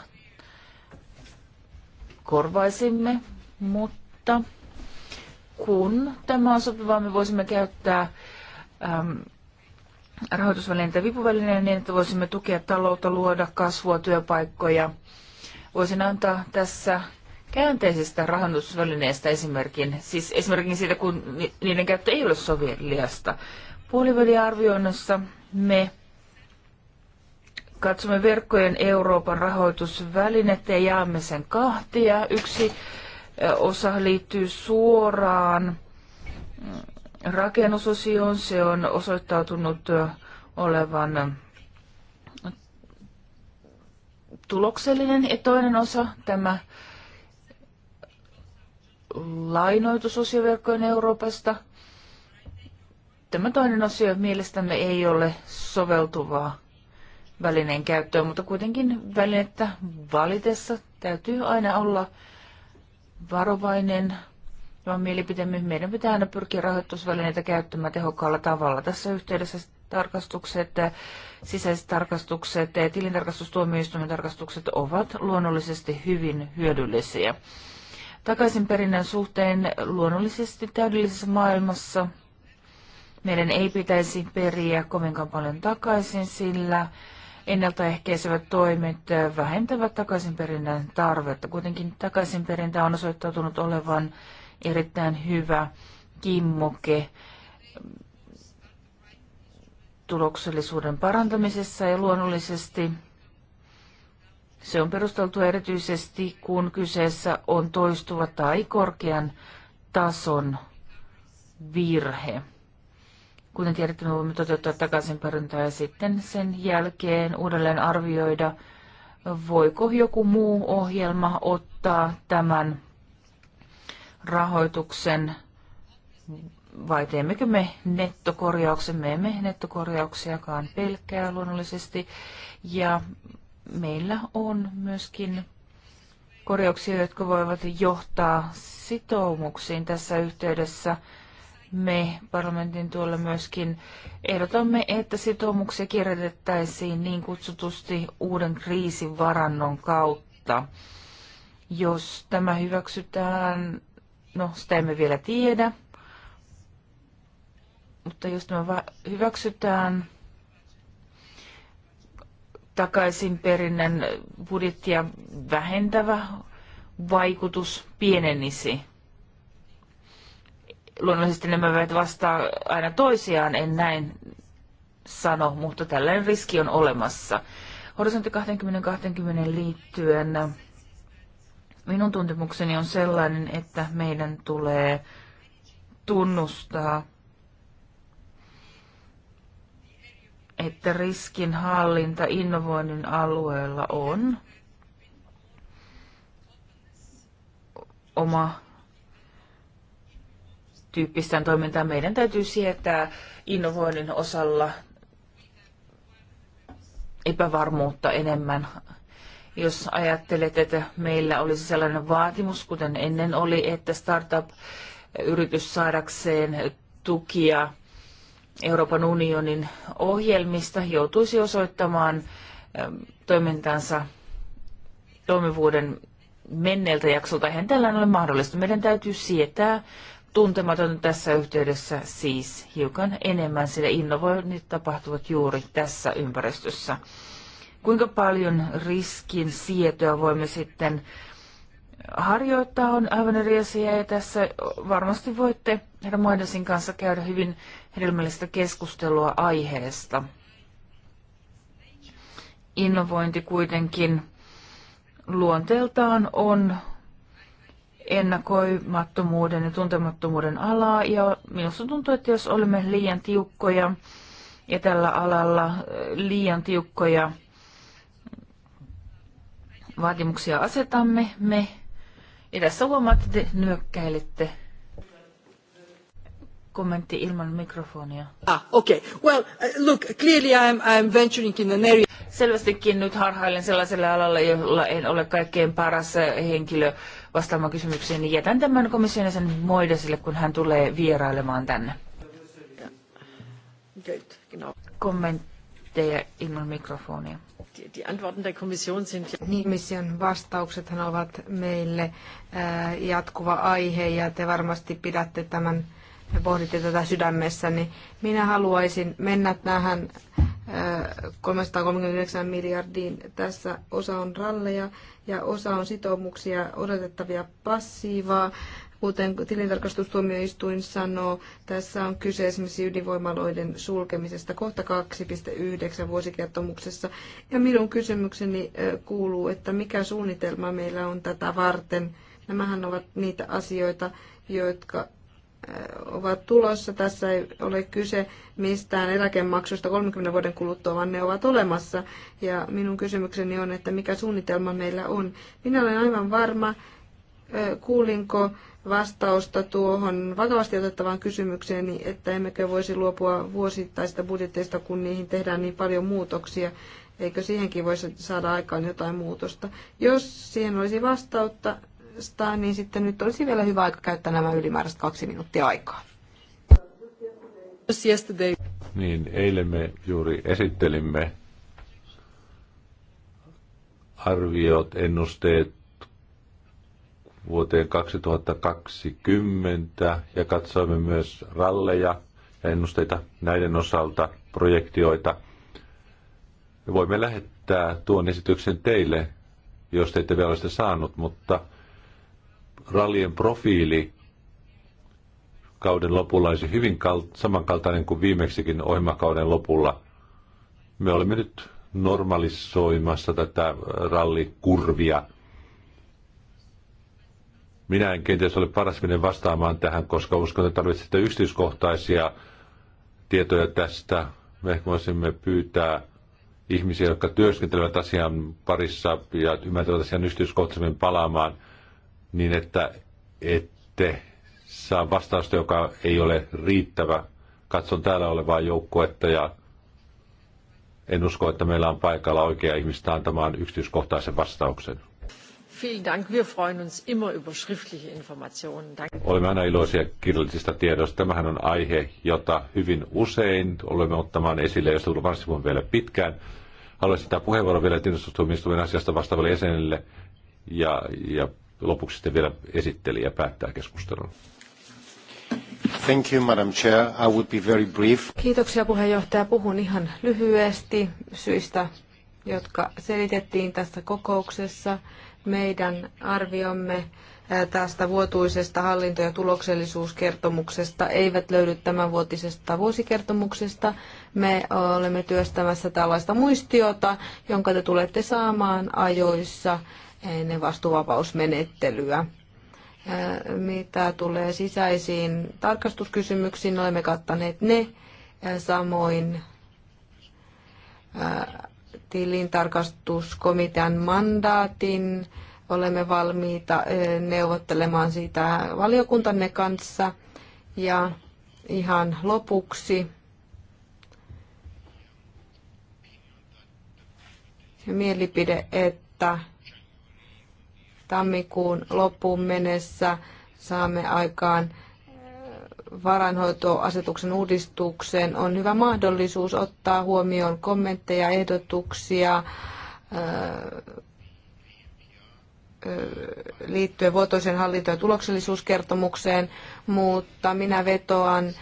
korvaisimme, mutta mutta kun tämä on sopiva, me voisimme käyttää ähm, rahoitusvälineitä vipuvälineenä niin, että voisimme tukea taloutta, luoda kasvua, työpaikkoja. Voisin antaa tässä käänteisestä rahoitusvälineestä esimerkin, siis esimerkin siitä, kun niiden käyttö ei ole soveliasta. Puoliväliarvioinnissa me katsomme verkkojen Euroopan rahoitusvälinettä ja jaamme sen kahtia. Yksi osa liittyy suoraan rakennusosioon. Se on osoittautunut olevan tuloksellinen ja toinen osa, tämä lainoitusosioverkkojen Euroopasta. Tämä toinen osio mielestämme ei ole soveltuvaa välineen käyttöön, mutta kuitenkin välinettä valitessa täytyy aina olla varovainen vaan mielipiteemme. Meidän pitää aina pyrkiä rahoitusvälineitä käyttämään tehokkaalla tavalla. Tässä yhteydessä tarkastukset, sisäiset tarkastukset ja tilintarkastustuomioistuimen tarkastukset ovat luonnollisesti hyvin hyödyllisiä. Takaisin suhteen luonnollisesti täydellisessä maailmassa meidän ei pitäisi periä kovinkaan paljon takaisin, sillä ennaltaehkäisevät toimet vähentävät takaisinperinnän tarvetta. Kuitenkin takaisinperintä on osoittautunut olevan erittäin hyvä kimmoke tuloksellisuuden parantamisessa ja luonnollisesti se on perusteltu erityisesti, kun kyseessä on toistuva tai korkean tason virhe. Kuten tiedätte, me voimme toteuttaa takaisinperintää ja sitten sen jälkeen uudelleen arvioida, voiko joku muu ohjelma ottaa tämän rahoituksen vai teemmekö me nettokorjauksen? Me emme nettokorjauksiakaan pelkkää luonnollisesti. Ja meillä on myöskin korjauksia, jotka voivat johtaa sitoumuksiin tässä yhteydessä me parlamentin tuolla myöskin ehdotamme, että sitoumuksia kirjoitettaisiin niin kutsutusti uuden kriisivarannon kautta. Jos tämä hyväksytään, no sitä emme vielä tiedä, mutta jos tämä hyväksytään, takaisin perinnän budjettia vähentävä vaikutus pienenisi. Luonnollisesti nämä eivät vastaa aina toisiaan, en näin sano, mutta tällainen riski on olemassa. Horisontti 2020 liittyen minun tuntemukseni on sellainen, että meidän tulee tunnustaa, että riskin hallinta innovoinnin alueella on oma tyyppistään toimintaa meidän täytyy sietää innovoinnin osalla epävarmuutta enemmän. Jos ajattelet, että meillä olisi sellainen vaatimus, kuten ennen oli, että startup-yritys saadakseen tukia Euroopan unionin ohjelmista joutuisi osoittamaan ähm, toimintansa toimivuuden menneeltä jaksolta. Eihän tällainen ole mahdollista. Meidän täytyy sietää tuntematon tässä yhteydessä siis hiukan enemmän, sillä innovoinnit tapahtuvat juuri tässä ympäristössä. Kuinka paljon riskin sietoa voimme sitten harjoittaa on aivan eri asia ja tässä varmasti voitte herra Moidasin kanssa käydä hyvin hedelmällistä keskustelua aiheesta. Innovointi kuitenkin luonteeltaan on ennakoimattomuuden ja tuntemattomuuden alaa. Ja minusta tuntuu, että jos olemme liian tiukkoja ja tällä alalla äh, liian tiukkoja vaatimuksia asetamme, me ja tässä huomaatte, te nyökkäilette. Kommentti ilman mikrofonia. Ah, okay. Well, uh, look, clearly I'm, I'm venturing in an area. Selvästikin nyt harhailen sellaiselle alalle, jolla en ole kaikkein paras äh, henkilö vastaamaan kysymykseen, niin jätän tämän komission sen Moidesille, kun hän tulee vierailemaan tänne. Kommentteja ilman mikrofonia. Die Antworten der Kommission sind niin, komission vastauksethan ovat meille äh, jatkuva aihe ja te varmasti pidätte tämän ja pohditte tätä sydämessä, niin minä haluaisin mennä tähän 339 äh, miljardiin. Tässä osa on ralleja, ja osa on sitoumuksia odotettavia passiivaa. Kuten tilintarkastustuomioistuin sanoo, tässä on kyse esimerkiksi ydinvoimaloiden sulkemisesta kohta 2.9 vuosikertomuksessa. Ja minun kysymykseni kuuluu, että mikä suunnitelma meillä on tätä varten? Nämähän ovat niitä asioita, jotka ovat tulossa. Tässä ei ole kyse mistään eläkemaksusta 30 vuoden kuluttua, vaan ne ovat olemassa. Ja minun kysymykseni on, että mikä suunnitelma meillä on. Minä olen aivan varma, kuulinko vastausta tuohon vakavasti otettavaan kysymykseen, niin että emmekö voisi luopua vuosittaisista budjetteista, kun niihin tehdään niin paljon muutoksia. Eikö siihenkin voisi saada aikaan jotain muutosta? Jos siihen olisi vastautta, puolesta, niin sitten nyt olisi vielä hyvä aika käyttää nämä ylimääräiset kaksi minuuttia aikaa. Niin, eilen me juuri esittelimme arviot, ennusteet vuoteen 2020 ja katsoimme myös ralleja ja ennusteita näiden osalta, projektioita. Voimme lähettää tuon esityksen teille, jos te ette vielä ole sitä saanut, mutta rallien profiili kauden lopulla olisi hyvin samankaltainen kuin viimeksikin ohjelmakauden lopulla. Me olemme nyt normalisoimassa tätä rallikurvia. Minä en kenties ole paras minen vastaamaan tähän, koska uskon, että tarvitsette yksityiskohtaisia tietoja tästä. Me voisimme pyytää ihmisiä, jotka työskentelevät asian parissa ja ymmärtävät asian yksityiskohtaisemmin palaamaan – niin että ette saa vastausta, joka ei ole riittävä. Katson täällä olevaa joukkuetta ja en usko, että meillä on paikalla oikea ihmistä antamaan yksityiskohtaisen vastauksen. Olemme aina iloisia kirjallisista tiedoista. Tämähän on aihe, jota hyvin usein olemme ottamaan esille, jos varsin vielä pitkään. Haluaisin tämä puheenvuoro vielä tiedostustuomioistuimen asiasta vastaavalle jäsenelle ja, ja lopuksi sitten vielä ja päättää keskustelun. Thank you, Madam Chair. I would be very brief. Kiitoksia puheenjohtaja. Puhun ihan lyhyesti syistä, jotka selitettiin tässä kokouksessa. Meidän arviomme tästä vuotuisesta hallinto- ja tuloksellisuuskertomuksesta eivät löydy tämänvuotisesta vuosikertomuksesta. Me olemme työstämässä tällaista muistiota, jonka te tulette saamaan ajoissa ennen vastuuvapausmenettelyä. Mitä tulee sisäisiin tarkastuskysymyksiin, niin olemme kattaneet ne samoin tilintarkastuskomitean mandaatin. Olemme valmiita neuvottelemaan siitä valiokuntanne kanssa. Ja ihan lopuksi mielipide, että Tammikuun loppuun mennessä saamme aikaan äh, varainhoitoasetuksen uudistukseen on hyvä mahdollisuus ottaa huomioon kommentteja, ehdotuksia äh, äh, liittyen vuotoisen hallinto- ja tuloksellisuuskertomukseen, mutta minä vetoan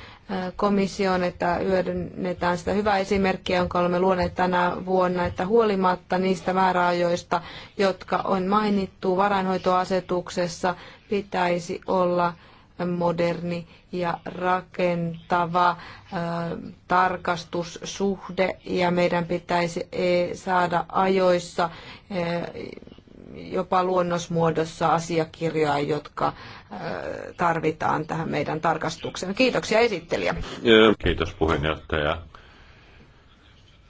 komissioon, että hyödynnetään sitä hyvää esimerkkiä, jonka olemme luoneet tänä vuonna, että huolimatta niistä määräajoista, jotka on mainittu varainhoitoasetuksessa, pitäisi olla moderni ja rakentava tarkastussuhde ja meidän pitäisi e, saada ajoissa jopa luonnosmuodossa asiakirjoja, jotka äh, tarvitaan tähän meidän tarkastukseen. Kiitoksia esittelijä. Kiitos puheenjohtaja.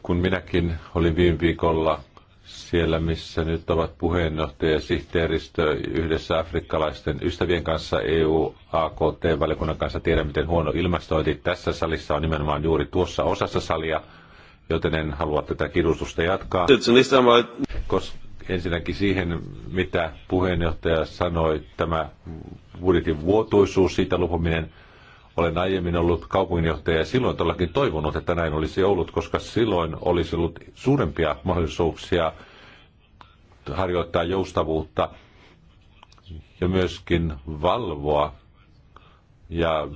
Kun minäkin olin viime viikolla siellä, missä nyt ovat puheenjohtaja ja sihteeristö yhdessä afrikkalaisten ystävien kanssa EU-AKT-valikunnan kanssa. Tiedän, miten huono ilmastointi tässä salissa on nimenomaan juuri tuossa osassa salia, joten en halua tätä kidutusta jatkaa. Koska ensinnäkin siihen, mitä puheenjohtaja sanoi, tämä budjetin vuotuisuus, siitä lupuminen. Olen aiemmin ollut kaupunginjohtaja ja silloin todellakin toivonut, että näin olisi ollut, koska silloin olisi ollut suurempia mahdollisuuksia harjoittaa joustavuutta ja myöskin valvoa. Ja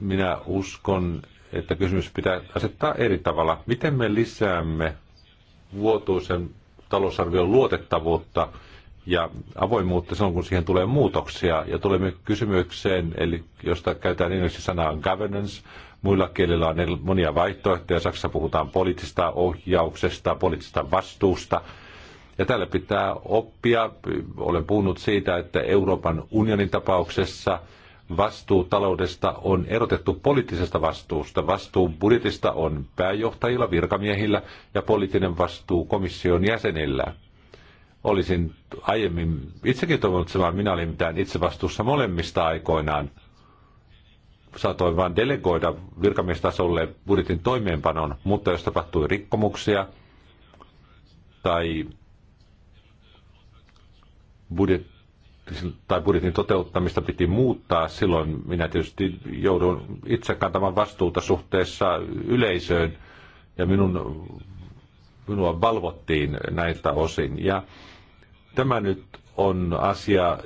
minä uskon, että kysymys pitää asettaa eri tavalla. Miten me lisäämme vuotuisen talousarvion luotettavuutta ja avoimuutta silloin, kun siihen tulee muutoksia. Ja tulemme kysymykseen, eli josta käytetään englanniksi sanaa governance, muilla kielillä on monia vaihtoehtoja. Saksassa puhutaan poliittisesta ohjauksesta, poliittisesta vastuusta. Ja täällä pitää oppia. Olen puhunut siitä, että Euroopan unionin tapauksessa – vastuu taloudesta on erotettu poliittisesta vastuusta. Vastuu budjetista on pääjohtajilla, virkamiehillä ja poliittinen vastuu komission jäsenillä. Olisin aiemmin itsekin toivonut että minä olin mitään itse vastuussa molemmista aikoinaan. Saatoin vain delegoida virkamiestasolle budjetin toimeenpanon, mutta jos tapahtui rikkomuksia tai budjet, Siis- tai budjetin toteuttamista piti muuttaa, silloin minä tietysti joudun itse kantamaan vastuuta suhteessa yleisöön ja minun, minua valvottiin näiltä osin. Ja tämä nyt on asia,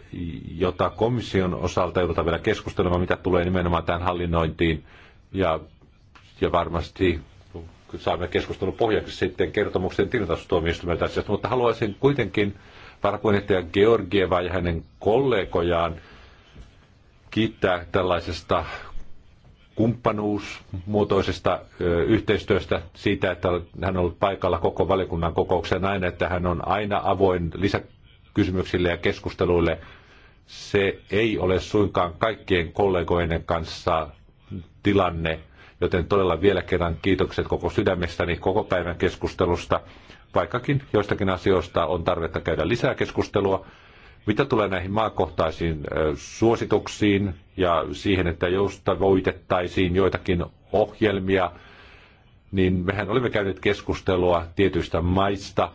jota komission osalta joudutaan vielä keskustelemaan, mitä tulee nimenomaan tähän hallinnointiin. Ja, ja varmasti saamme keskustelun pohjaksi sitten kertomuksen tilintasustuomioistumilta asiasta, mutta haluaisin kuitenkin varapuheenjohtaja Georgieva ja hänen kollegojaan kiittää tällaisesta kumppanuusmuotoisesta yhteistyöstä siitä, että hän on ollut paikalla koko valiokunnan kokoukseen aina, että hän on aina avoin lisäkysymyksille ja keskusteluille. Se ei ole suinkaan kaikkien kollegoiden kanssa tilanne, joten todella vielä kerran kiitokset koko sydämestäni koko päivän keskustelusta vaikkakin joistakin asioista on tarvetta käydä lisää keskustelua. Mitä tulee näihin maakohtaisiin suosituksiin ja siihen, että voitettaisiin joitakin ohjelmia, niin mehän olemme käyneet keskustelua tietyistä maista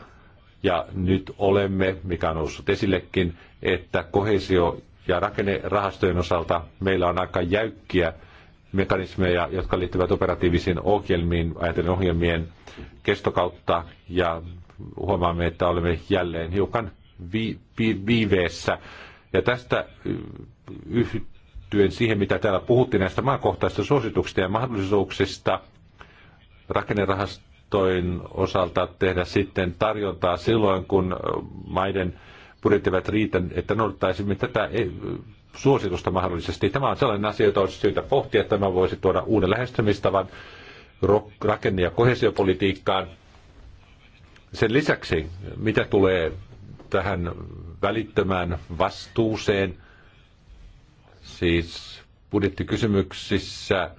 ja nyt olemme, mikä on noussut esillekin, että kohesio- ja rakennerahastojen osalta meillä on aika jäykkiä mekanismeja, jotka liittyvät operatiivisiin ohjelmiin, ajatellen ohjelmien kestokautta, ja huomaamme, että olemme jälleen hiukan vi- vi- viiveessä. Ja tästä yhtyen siihen, mitä täällä puhuttiin näistä maakohtaisista suosituksista ja mahdollisuuksista rakennerahastoin osalta tehdä sitten tarjontaa silloin, kun maiden budjettivät riitä, että noudattaisimme tätä suositusta mahdollisesti. Tämä on sellainen asia, jota olisi syytä pohtia, että tämä voisi tuoda uuden lähestymistavan rakenne- ja kohesiopolitiikkaan. Sen lisäksi, mitä tulee tähän välittömään vastuuseen, siis budjettikysymyksissä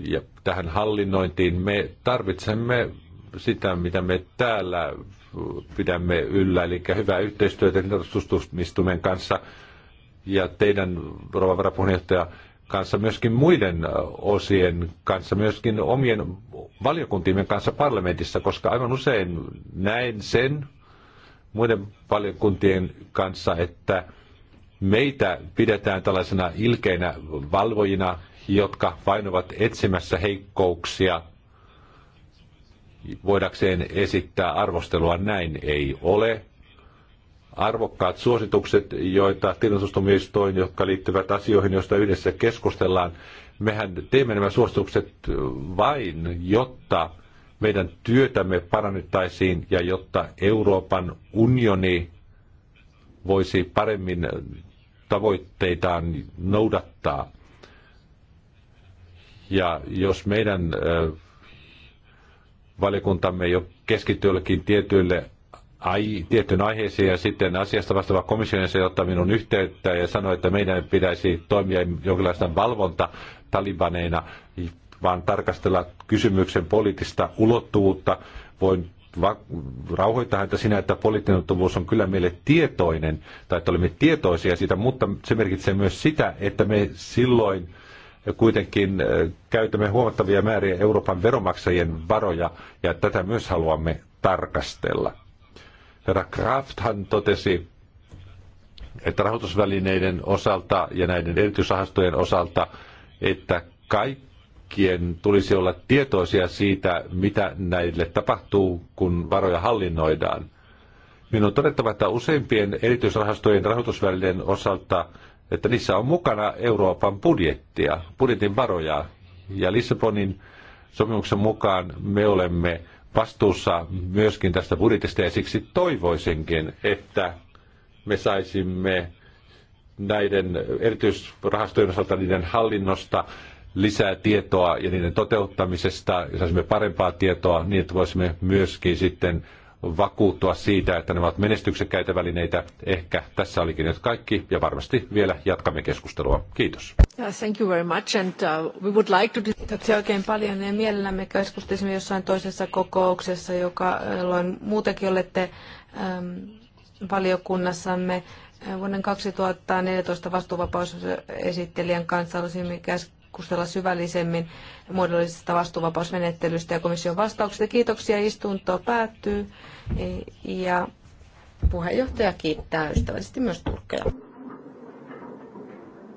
ja tähän hallinnointiin, me tarvitsemme sitä, mitä me täällä pidämme yllä, eli hyvää yhteistyötä tutustumistumien kanssa ja teidän, rouva varapuheenjohtaja, kanssa myöskin muiden osien kanssa, myöskin omien valiokuntiimme kanssa parlamentissa, koska aivan usein näen sen muiden valiokuntien kanssa, että meitä pidetään tällaisena ilkeinä valvojina, jotka vain ovat etsimässä heikkouksia – voidakseen esittää arvostelua. Näin ei ole. Arvokkaat suositukset, joita tilintustumistoin, jotka liittyvät asioihin, joista yhdessä keskustellaan, mehän teemme nämä suositukset vain, jotta meidän työtämme parannettaisiin ja jotta Euroopan unioni voisi paremmin tavoitteitaan noudattaa. Ja jos meidän valiokuntamme jo keskittyy jollekin tietyille ai, tiettyyn aiheeseen ja sitten asiasta vastaava komission se ottaa minun yhteyttä ja sanoi, että meidän pitäisi toimia jonkinlaista valvonta talibaneina, vaan tarkastella kysymyksen poliittista ulottuvuutta. Voin va- rauhoittaa häntä sinä, että poliittinen ulottuvuus on kyllä meille tietoinen, tai että olemme tietoisia siitä, mutta se merkitsee myös sitä, että me silloin kuitenkin äh, käytämme huomattavia määriä Euroopan veromaksajien varoja, ja tätä myös haluamme tarkastella. Herra Krafthan totesi, että rahoitusvälineiden osalta ja näiden erityisrahastojen osalta, että kaikkien tulisi olla tietoisia siitä, mitä näille tapahtuu, kun varoja hallinnoidaan. Minun on todettava, että useimpien erityisrahastojen rahoitusvälineiden osalta – että niissä on mukana Euroopan budjettia, budjetin varoja. Ja Lissabonin sopimuksen mukaan me olemme vastuussa myöskin tästä budjetista ja siksi toivoisinkin, että me saisimme näiden erityisrahastojen osalta niiden hallinnosta lisää tietoa ja niiden toteuttamisesta, ja saisimme parempaa tietoa niin, että voisimme myöskin sitten vakuuttua siitä, että ne ovat menestyksekkäitä välineitä. Ehkä tässä olikin nyt kaikki ja varmasti vielä jatkamme keskustelua. Kiitos. Thank you very much and uh, we would like to... Kiitoksia oikein paljon ja mielellämme keskustelisimme jossain toisessa kokouksessa, joka äh, on muutenkin olette ähm, valiokunnassamme äh, vuoden 2014 vastuuvapausesittelijän kanssa olisimme keskustella syvällisemmin muodollisesta vastuuvapausmenettelystä ja komission vastauksesta. Kiitoksia, istunto päättyy ja puheenjohtaja kiittää ystävällisesti myös Turkkeja.